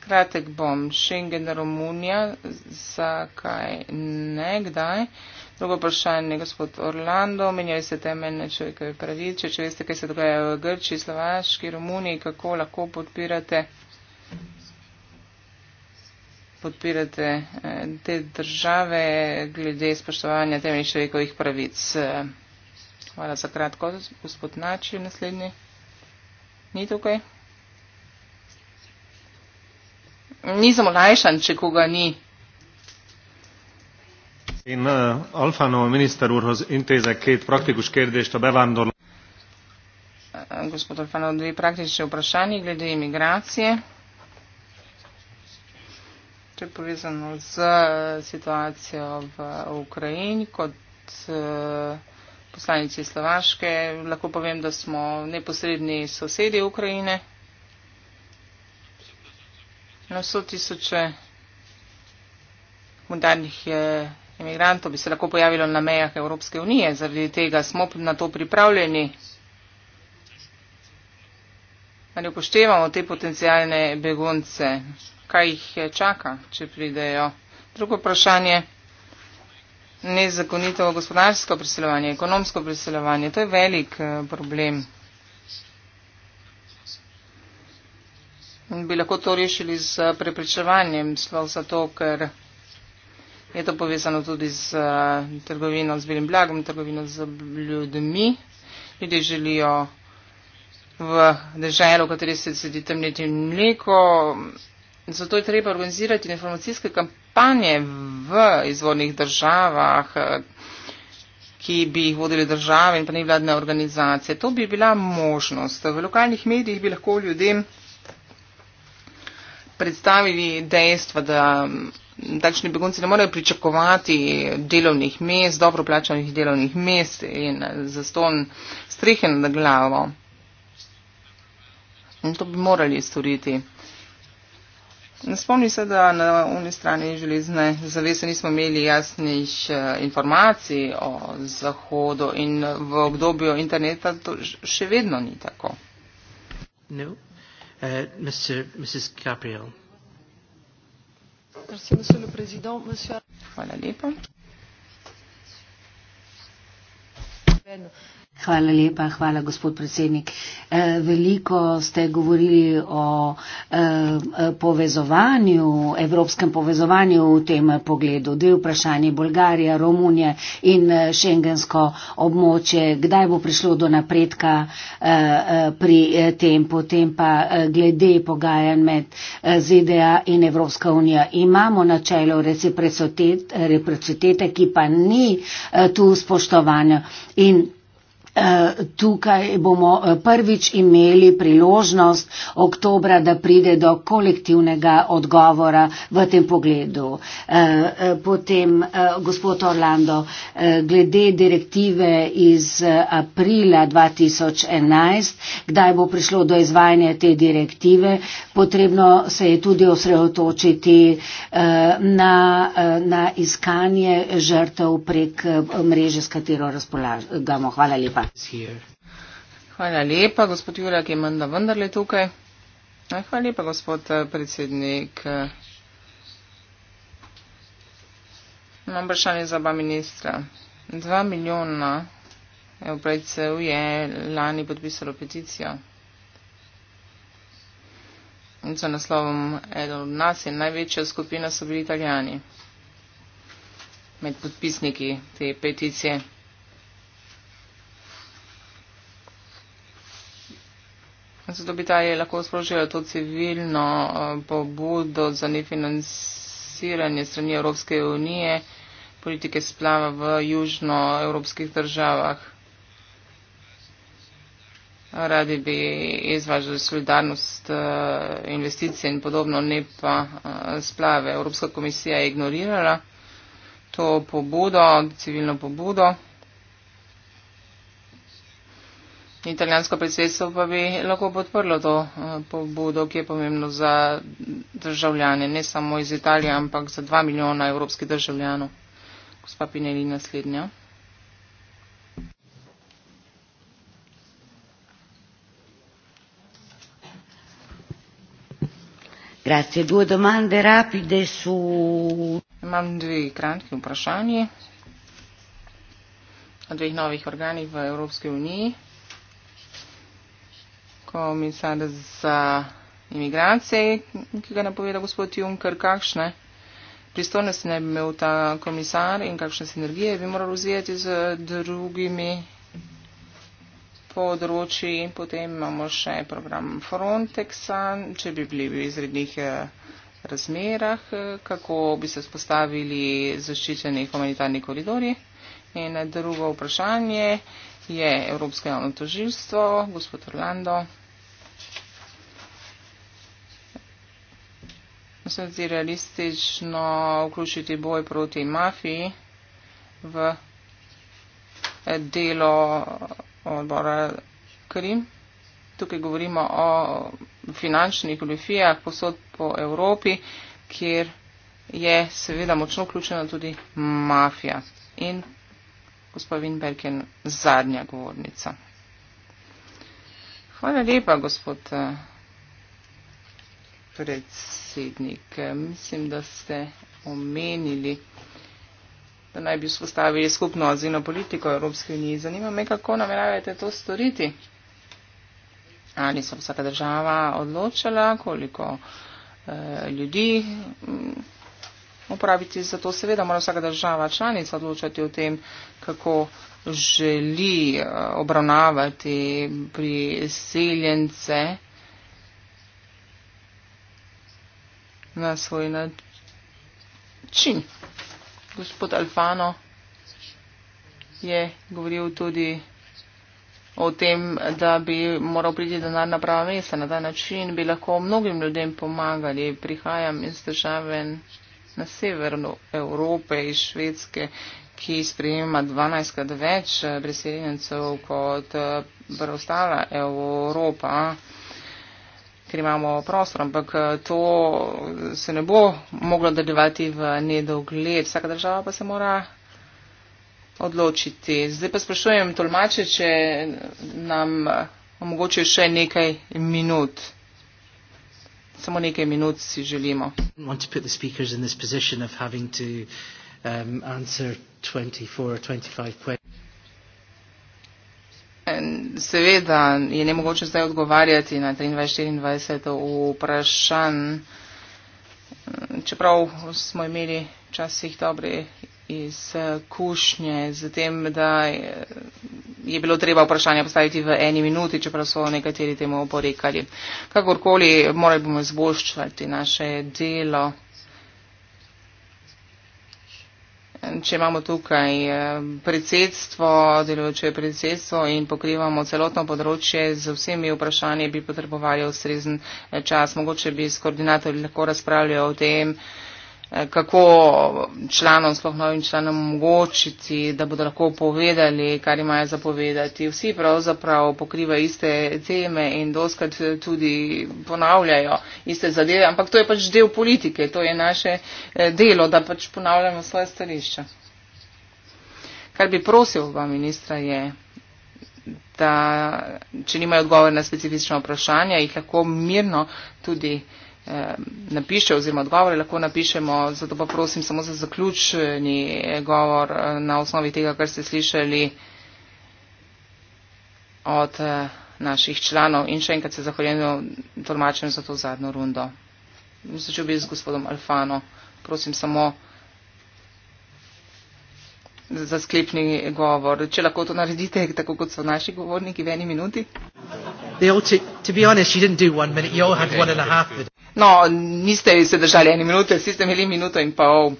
Kratek bom. Schengen, Romunija. Zakaj ne? Kdaj? Drugo vprašanje, gospod Orlando. Menjali ste temeljne človekove pravice. Če veste, kaj se dogaja v Grči, Slovaški, Romuniji, kako lahko podpirate podpirate eh, te države glede spoštovanja temeljnih človekovih pravic. Hvala za kratko. Gospod Nači, naslednji. Ni tukaj? Nisem olajšan, če koga ni. In uh, eh, Alfano, minister Urhoz, inteza, kaj praktikus kérdés, to bevándor. Eh, gospod Alfano, dve praktične vprašanje glede imigracije to je povezano z eh, situacijo v Ukrajini kot eh, poslanici Slovaške. Lahko povem, da smo neposredni sosedi Ukrajine. Na so tisoče humanitarnih imigrantov eh, bi se lahko pojavilo na mejah Evropske unije, zaradi tega smo na to pripravljeni. Ali upoštevamo te potencijalne begunce? kaj jih čaka, če pridejo. Drugo vprašanje, nezakonito gospodarsko priseljevanje, ekonomsko priseljevanje, to je velik eh, problem. Bi lahko to rešili z preprečevanjem, sploh zato, ker je to povezano tudi z eh, trgovino z belim blagom, trgovino z ljudmi. Ljudje želijo v državi, v kateri se sedi temne mleko, In zato je treba organizirati informacijske kampanje v izvornih državah, ki bi jih vodili države in pa ne vladne organizacije. To bi bila možnost. V lokalnih medijih bi lahko ljudem predstavili dejstva, da takšni begunci ne morejo pričakovati delovnih mest, dobro plačanih delovnih mest in zaston strehe nad glavo. In to bi morali storiti. Spomnim se, da na unji strani železne zavese nismo imeli jasnih uh, informacij o zahodu in v obdobju interneta to še vedno ni tako. No. Uh, Mr. Mrs. Gabriel. Merci, monsieur le président. Monsieur... Hvala lepa. Hvala lepa, hvala gospod predsednik. E, veliko ste govorili o e, povezovanju, evropskem povezovanju v tem pogledu. Dve vprašanje, Bolgarija, Romunija in e, šengensko območje. Kdaj bo prišlo do napredka pri tem? Potem pa glede pogajan med ZDA in Evropska unija. Imamo načelo reciprocitete, ki pa ni tu spoštovanja. Eh, tukaj bomo eh, prvič imeli priložnost oktobra, da pride do kolektivnega odgovora v tem pogledu. Eh, potem, gospod Orlando, glede direktive iz aprila 2011, kdaj bo prišlo do izvajanja te direktive, potrebno se je tudi osredotočiti na, na iskanje žrtev prek mreže, s katero razpolagamo. Hvala lepa. Hvala lepa, gospod Jurek je menda vendarle tukaj. Hvala lepa, gospod eh, predsednik. Imam vprašanje za oba ministra. Dva milijona evropejcev je lani podpisalo peticijo. In za naslovom eden od nas in največja skupina so bili italijani med podpisniki te peticije. Zato bi taj lahko sprožila to civilno eh, pobudo za nefinansiranje strani Evropske unije politike splava v južnoevropskih državah. Radi bi izvažali solidarnost, eh, investicije in podobno, ne pa eh, splave. Evropska komisija je ignorirala to pobudo, civilno pobudo. Italijansko predsedstvo pa bi lahko podprlo to eh, pobudo, ki je pomembno za državljane, ne samo iz Italije, ampak za dva milijona evropskih državljanov. Gospa Pineli, naslednja. Grazie, due domande rapide su... Imam dve kratki vprašanje. Na dveh novih organih v Evropski uniji komisar za imigracije, ki ga je napovedal gospod Juncker, kakšne pristojnosti ne bi imel ta komisar in kakšne sinergije bi moral razvijati z drugimi področji. Potem imamo še program Frontexa, če bi bili v izrednih eh, razmerah, eh, kako bi se spostavili zaščiteni humanitarni koridori. In drugo vprašanje je Evropsko javno toživstvo, gospod Orlando. zdi realistično vključiti boj proti mafiji v delo odbora Krim. Tukaj govorimo o finančnih goljofijah posod po Evropi, kjer je seveda močno vključena tudi mafija. In gospod Winberg je zadnja govornica. Hvala lepa, gospod. Eh, predsednik. Mislim, da ste omenili, da naj bi vzpostavili skupno azilno politiko Evropske unije. Zanima me, kako nameravate to storiti. Ali se vsaka država odločila, koliko eh, ljudi mm, uporabiti za to? Seveda mora vsaka država članica odločati o tem, kako želi eh, obravnavati priseljence. Eh, na svoj način. Gospod Alfano je govoril tudi o tem, da bi moral priti denar na prava mesta. Na ta način bi lahko mnogim ljudem pomagali. Prihajam iz države na severno Evrope, iz Švedske, ki sprejema 12 krat več priseljencev kot preostala Evropa ker imamo prostor, ampak eh, to se ne bo moglo nadaljevati v nedogled. Vsaka država pa se mora odločiti. Zdaj pa sprašujem tolmače, če nam omogoče še nekaj minut. Samo nekaj minut si želimo seveda je nemogoče zdaj odgovarjati na 23-24 vprašanj, čeprav smo imeli včasih dobre izkušnje z tem, da je bilo treba vprašanje postaviti v eni minuti, čeprav so nekateri temu oporekali. Kakorkoli, morali bomo izboljšati naše delo. če imamo tukaj eh, predsedstvo, delujoče predsedstvo in pokrivamo celotno področje z vsemi vprašanji, bi potrebovali ustrezen eh, čas. Mogoče bi s koordinatorji lahko razpravljali o tem, kako članom, sploh novim članom omogočiti, da bodo lahko povedali, kar imajo zapovedati. Vsi pravzaprav pokriva iste teme in doskrat tudi ponavljajo iste zadeve, ampak to je pač del politike, to je naše eh, delo, da pač ponavljamo svoje stališča. Kar bi prosil vam, ministra, je, da če nimajo odgovor na specifično vprašanje, jih lahko mirno tudi napiše oziroma odgovore lahko napišemo, zato pa prosim samo za zaključni govor eh, na osnovi tega, kar ste slišali od eh, naših članov. In še enkrat se zahvaljujem tolmačem za to zadnjo rundo. Začel bi z gospodom Alfano. Prosim samo za sklepni govor. Če lahko to naredite, tako kot so naši govorniki v eni minuti. No, niste se držali ene minute, vsi ste imeli minuto in pol,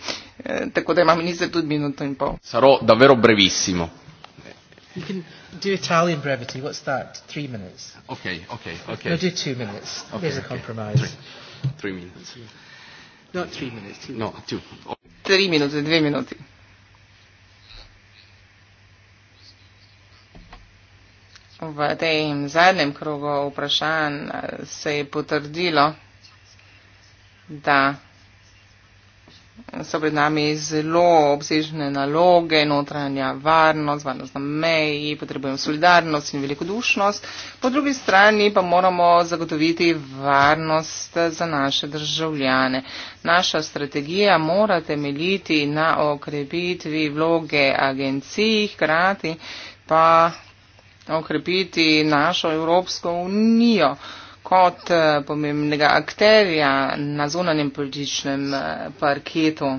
eh, tako da imam niste tudi minuto in pol. Saro, da vero brevissimo. You can do Italian brevity, what's that? Three minutes. Okay, okay, okay. No, do two minutes. Okay, There's a compromise. Okay. Three. three minutes. Not three minutes, two. No, two. Okay. Tri minute, dve minuti. V tem zadnjem krogu vprašanj se je potrdilo, da so pred nami zelo obsežne naloge, notranja varnost, varnost na meji, potrebujemo solidarnost in velikodušnost. Po drugi strani pa moramo zagotoviti varnost za naše državljane. Naša strategija mora temeljiti na okrepitvi vloge agencij, hkrati pa okrepiti našo Evropsko unijo. Uh, kot eh, pomembnega akterja na zunanjem političnem eh, parketu,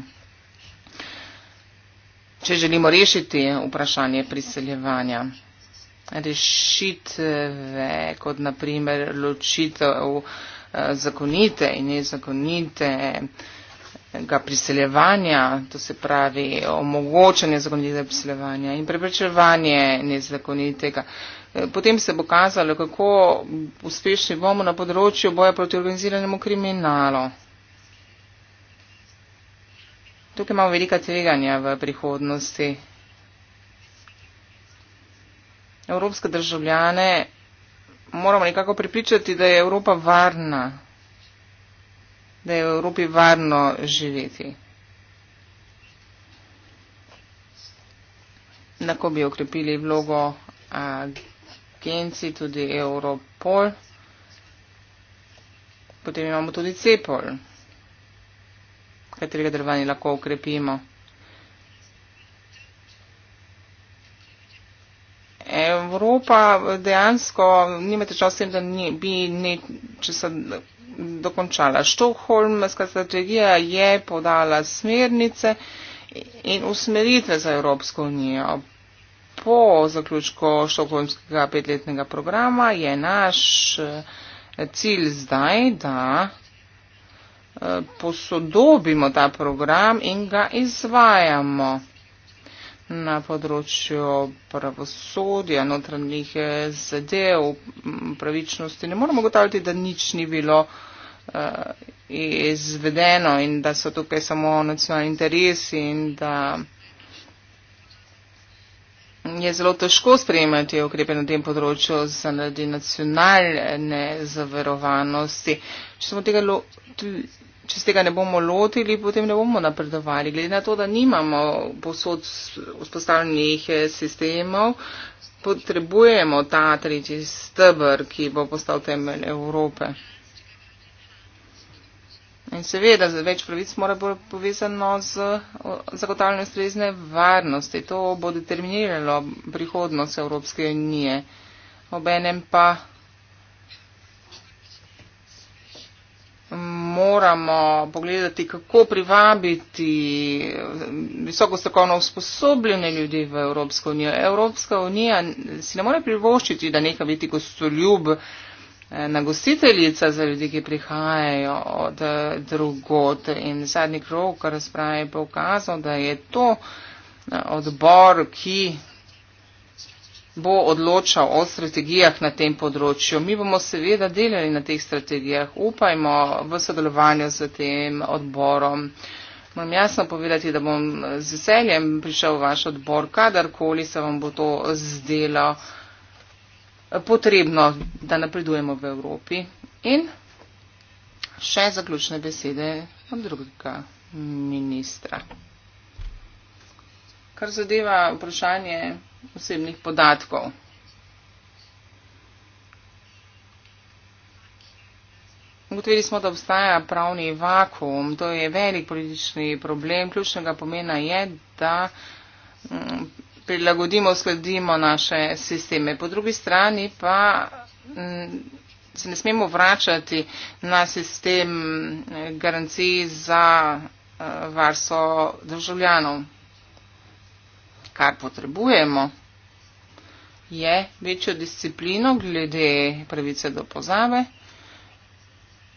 če želimo rešiti vprašanje priseljevanja. Rešitve, kot naprimer ločitev eh, zakonite in nezakonite ga priseljevanja, to se pravi omogočanje zakonitega priseljevanja in preprečevanje nezakonitega priseljevanja Potem se bo kazalo, kako uspešni bomo na področju boja proti organiziranemu kriminalu. Tukaj imamo velika tveganja v prihodnosti. Evropske državljane moramo nekako pripričati, da je Evropa varna, da je v Evropi varno živeti. Tako bi okrepili vlogo. A, agenciji, tudi Europol. Potem imamo tudi Cepol, katerega delovanje lahko ukrepimo. Evropa dejansko nima težav s tem, da ni, bi neče se dokončala. Štokholmska strategija je podala smernice in usmeritve za Evropsko unijo po zaključku šokovskega petletnega programa je naš eh, cilj zdaj, da eh, posodobimo ta program in ga izvajamo na področju pravosodja, notranjih eh, zadev, pravičnosti. Ne moramo gotoviti, da nič ni bilo izvedeno in da so tukaj samo nacionalni interesi in da je zelo težko sprejemati ukrepe na tem področju zaradi nacionalne zavarovanosti. Če se tega ne bomo lotili, potem ne bomo napredovali. Glede na to, da nimamo posod vzpostavljenih eh, sistemov, potrebujemo ta tretji stebr, ki bo postal temelj Evrope. In seveda, več pravic mora biti povezano z zagotavljanjem strezne varnosti. To bo determiniralo prihodnost Evropske unije. Obenem pa moramo pogledati, kako privabiti eh, visoko strokovno usposobljene ljudi v Evropsko unijo. Evropska unija si ne more privoščiti, da neka biti gostoljub. Eh, na gostiteljica za ljudi, ki prihajajo od eh, drugot. In zadnji krok razprave je pokazal, da je to eh, odbor, ki bo odločal o strategijah na tem področju. Mi bomo seveda delali na teh strategijah, upajmo v sodelovanju z tem odborom. Moram jasno povedati, da bom z veseljem prišel v vaš odbor, kadarkoli se vam bo to zdelo potrebno, da napredujemo v Evropi. In še zaključne besede od drugega ministra. Kar zadeva vprašanje osebnih podatkov. Ugotovili smo, da obstaja pravni vakum, to je velik politični problem. Ključnega pomena je, da mm, prilagodimo, uskladimo naše sisteme. Po drugi strani pa mm, se ne smemo vračati na sistem eh, garancij za eh, varso državljanov. Kar potrebujemo je večjo disciplino glede pravice do pozave.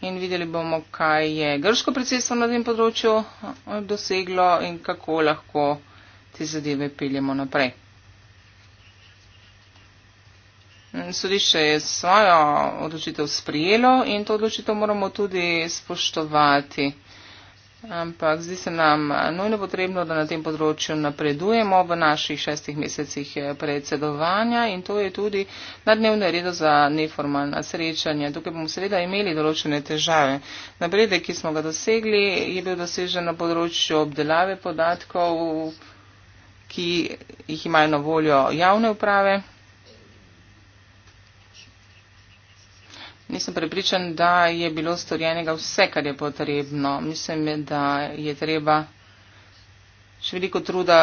In videli bomo, kaj je grško predsedstvo na tem področju eh, doseglo in kako lahko te zadeve peljemo naprej. Sodišče je svojo odločitev sprijelo in to odločitev moramo tudi spoštovati. Ampak zdi se nam nujno potrebno, da na tem področju napredujemo v naših šestih mesecih predsedovanja in to je tudi na dnevne redo za neformalna srečanja. Tukaj bomo seveda imeli določene težave. Napredek, ki smo ga dosegli, je bil dosežen na področju obdelave podatkov ki jih imajo na voljo javne uprave. Nisem prepričan, da je bilo storjenega vse, kar je potrebno. Mislim, da je treba še veliko truda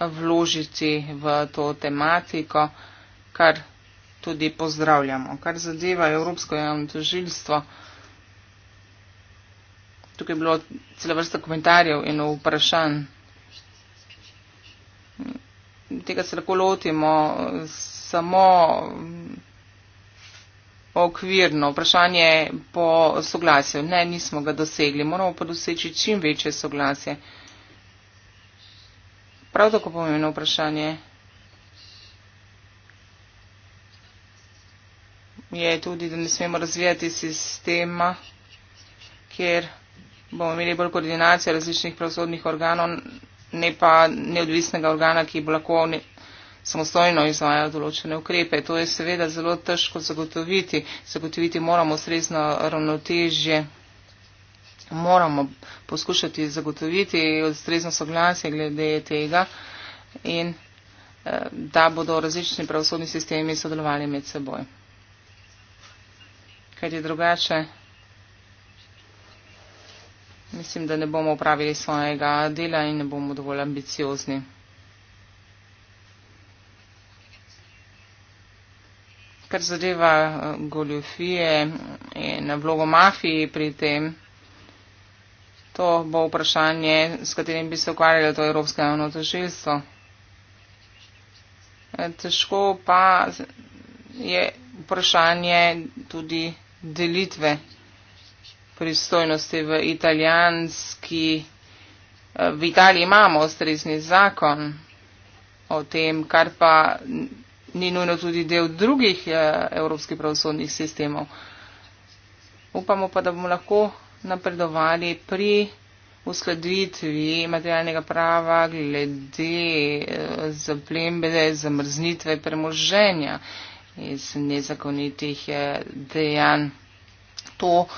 vložiti v to tematiko, kar tudi pozdravljamo. Kar zadeva Evropsko javno tožilstvo, tukaj je bilo cela vrsta komentarjev in vprašanj tega se lahko lotimo eh, samo mm, okvirno. Vprašanje po soglasju. Ne, nismo ga dosegli. Moramo pa doseči čim večje soglasje. Prav tako pomembno vprašanje je tudi, da ne smemo razvijati sistema, kjer bomo imeli bolj koordinacijo različnih pravosodnih organov ne pa neodvisnega organa, ki bo lahko ne, samostojno izvajal določene ukrepe. To je seveda zelo težko zagotoviti. Zagotoviti moramo srezno ravnotežje. Moramo poskušati zagotoviti ustrezno soglasje glede tega in eh, da bodo različni pravosodni sistemi sodelovali med seboj. Ker je drugače, Mislim, da ne bomo upravili svojega dela in ne bomo dovolj ambiciozni. Kar zadeva eh, goljofije in vlogo mafiji pri tem, to bo vprašanje, s katerim bi se ukvarjalo to Evropsko javno tožilstvo. Eh, težko pa je vprašanje tudi delitve pristojnosti v italijanski. Eh, v Italiji imamo ustrezni zakon o tem, kar pa ni nujno tudi del drugih eh, evropskih pravosodnih sistemov. Upamo pa, da bomo lahko napredovali pri uskladitvi materialnega prava glede eh, zaplembe, zamrznitve premoženja iz nezakonitih dejanj. To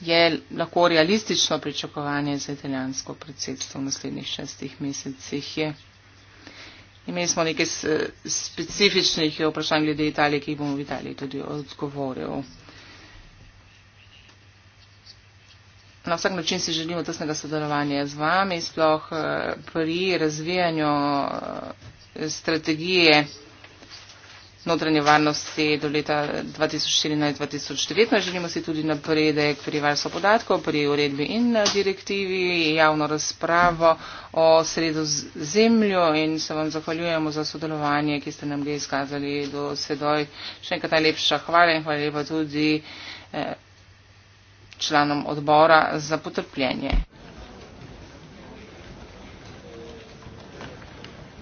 je lahko realistično pričakovanje za italijansko predsedstvo v naslednjih šestih mesecih. Je. Imeli smo nekaj specifičnih vprašanj glede Italije, ki jih bomo v Italiji tudi odgovorili. Na vsak način si želimo tesnega sodelovanja z vami, sploh eh, pri razvijanju eh, strategije notranje varnosti do leta 2014-2019. Želimo si tudi napredek pri varstvu podatkov, pri uredbi in eh, direktivi, javno razpravo o sredozemlju in se vam zahvaljujemo za sodelovanje, ki ste nam ga izkazali do sedaj. Še enkrat najlepša hvala in hvala lepa tudi eh, članom odbora za potrpljenje.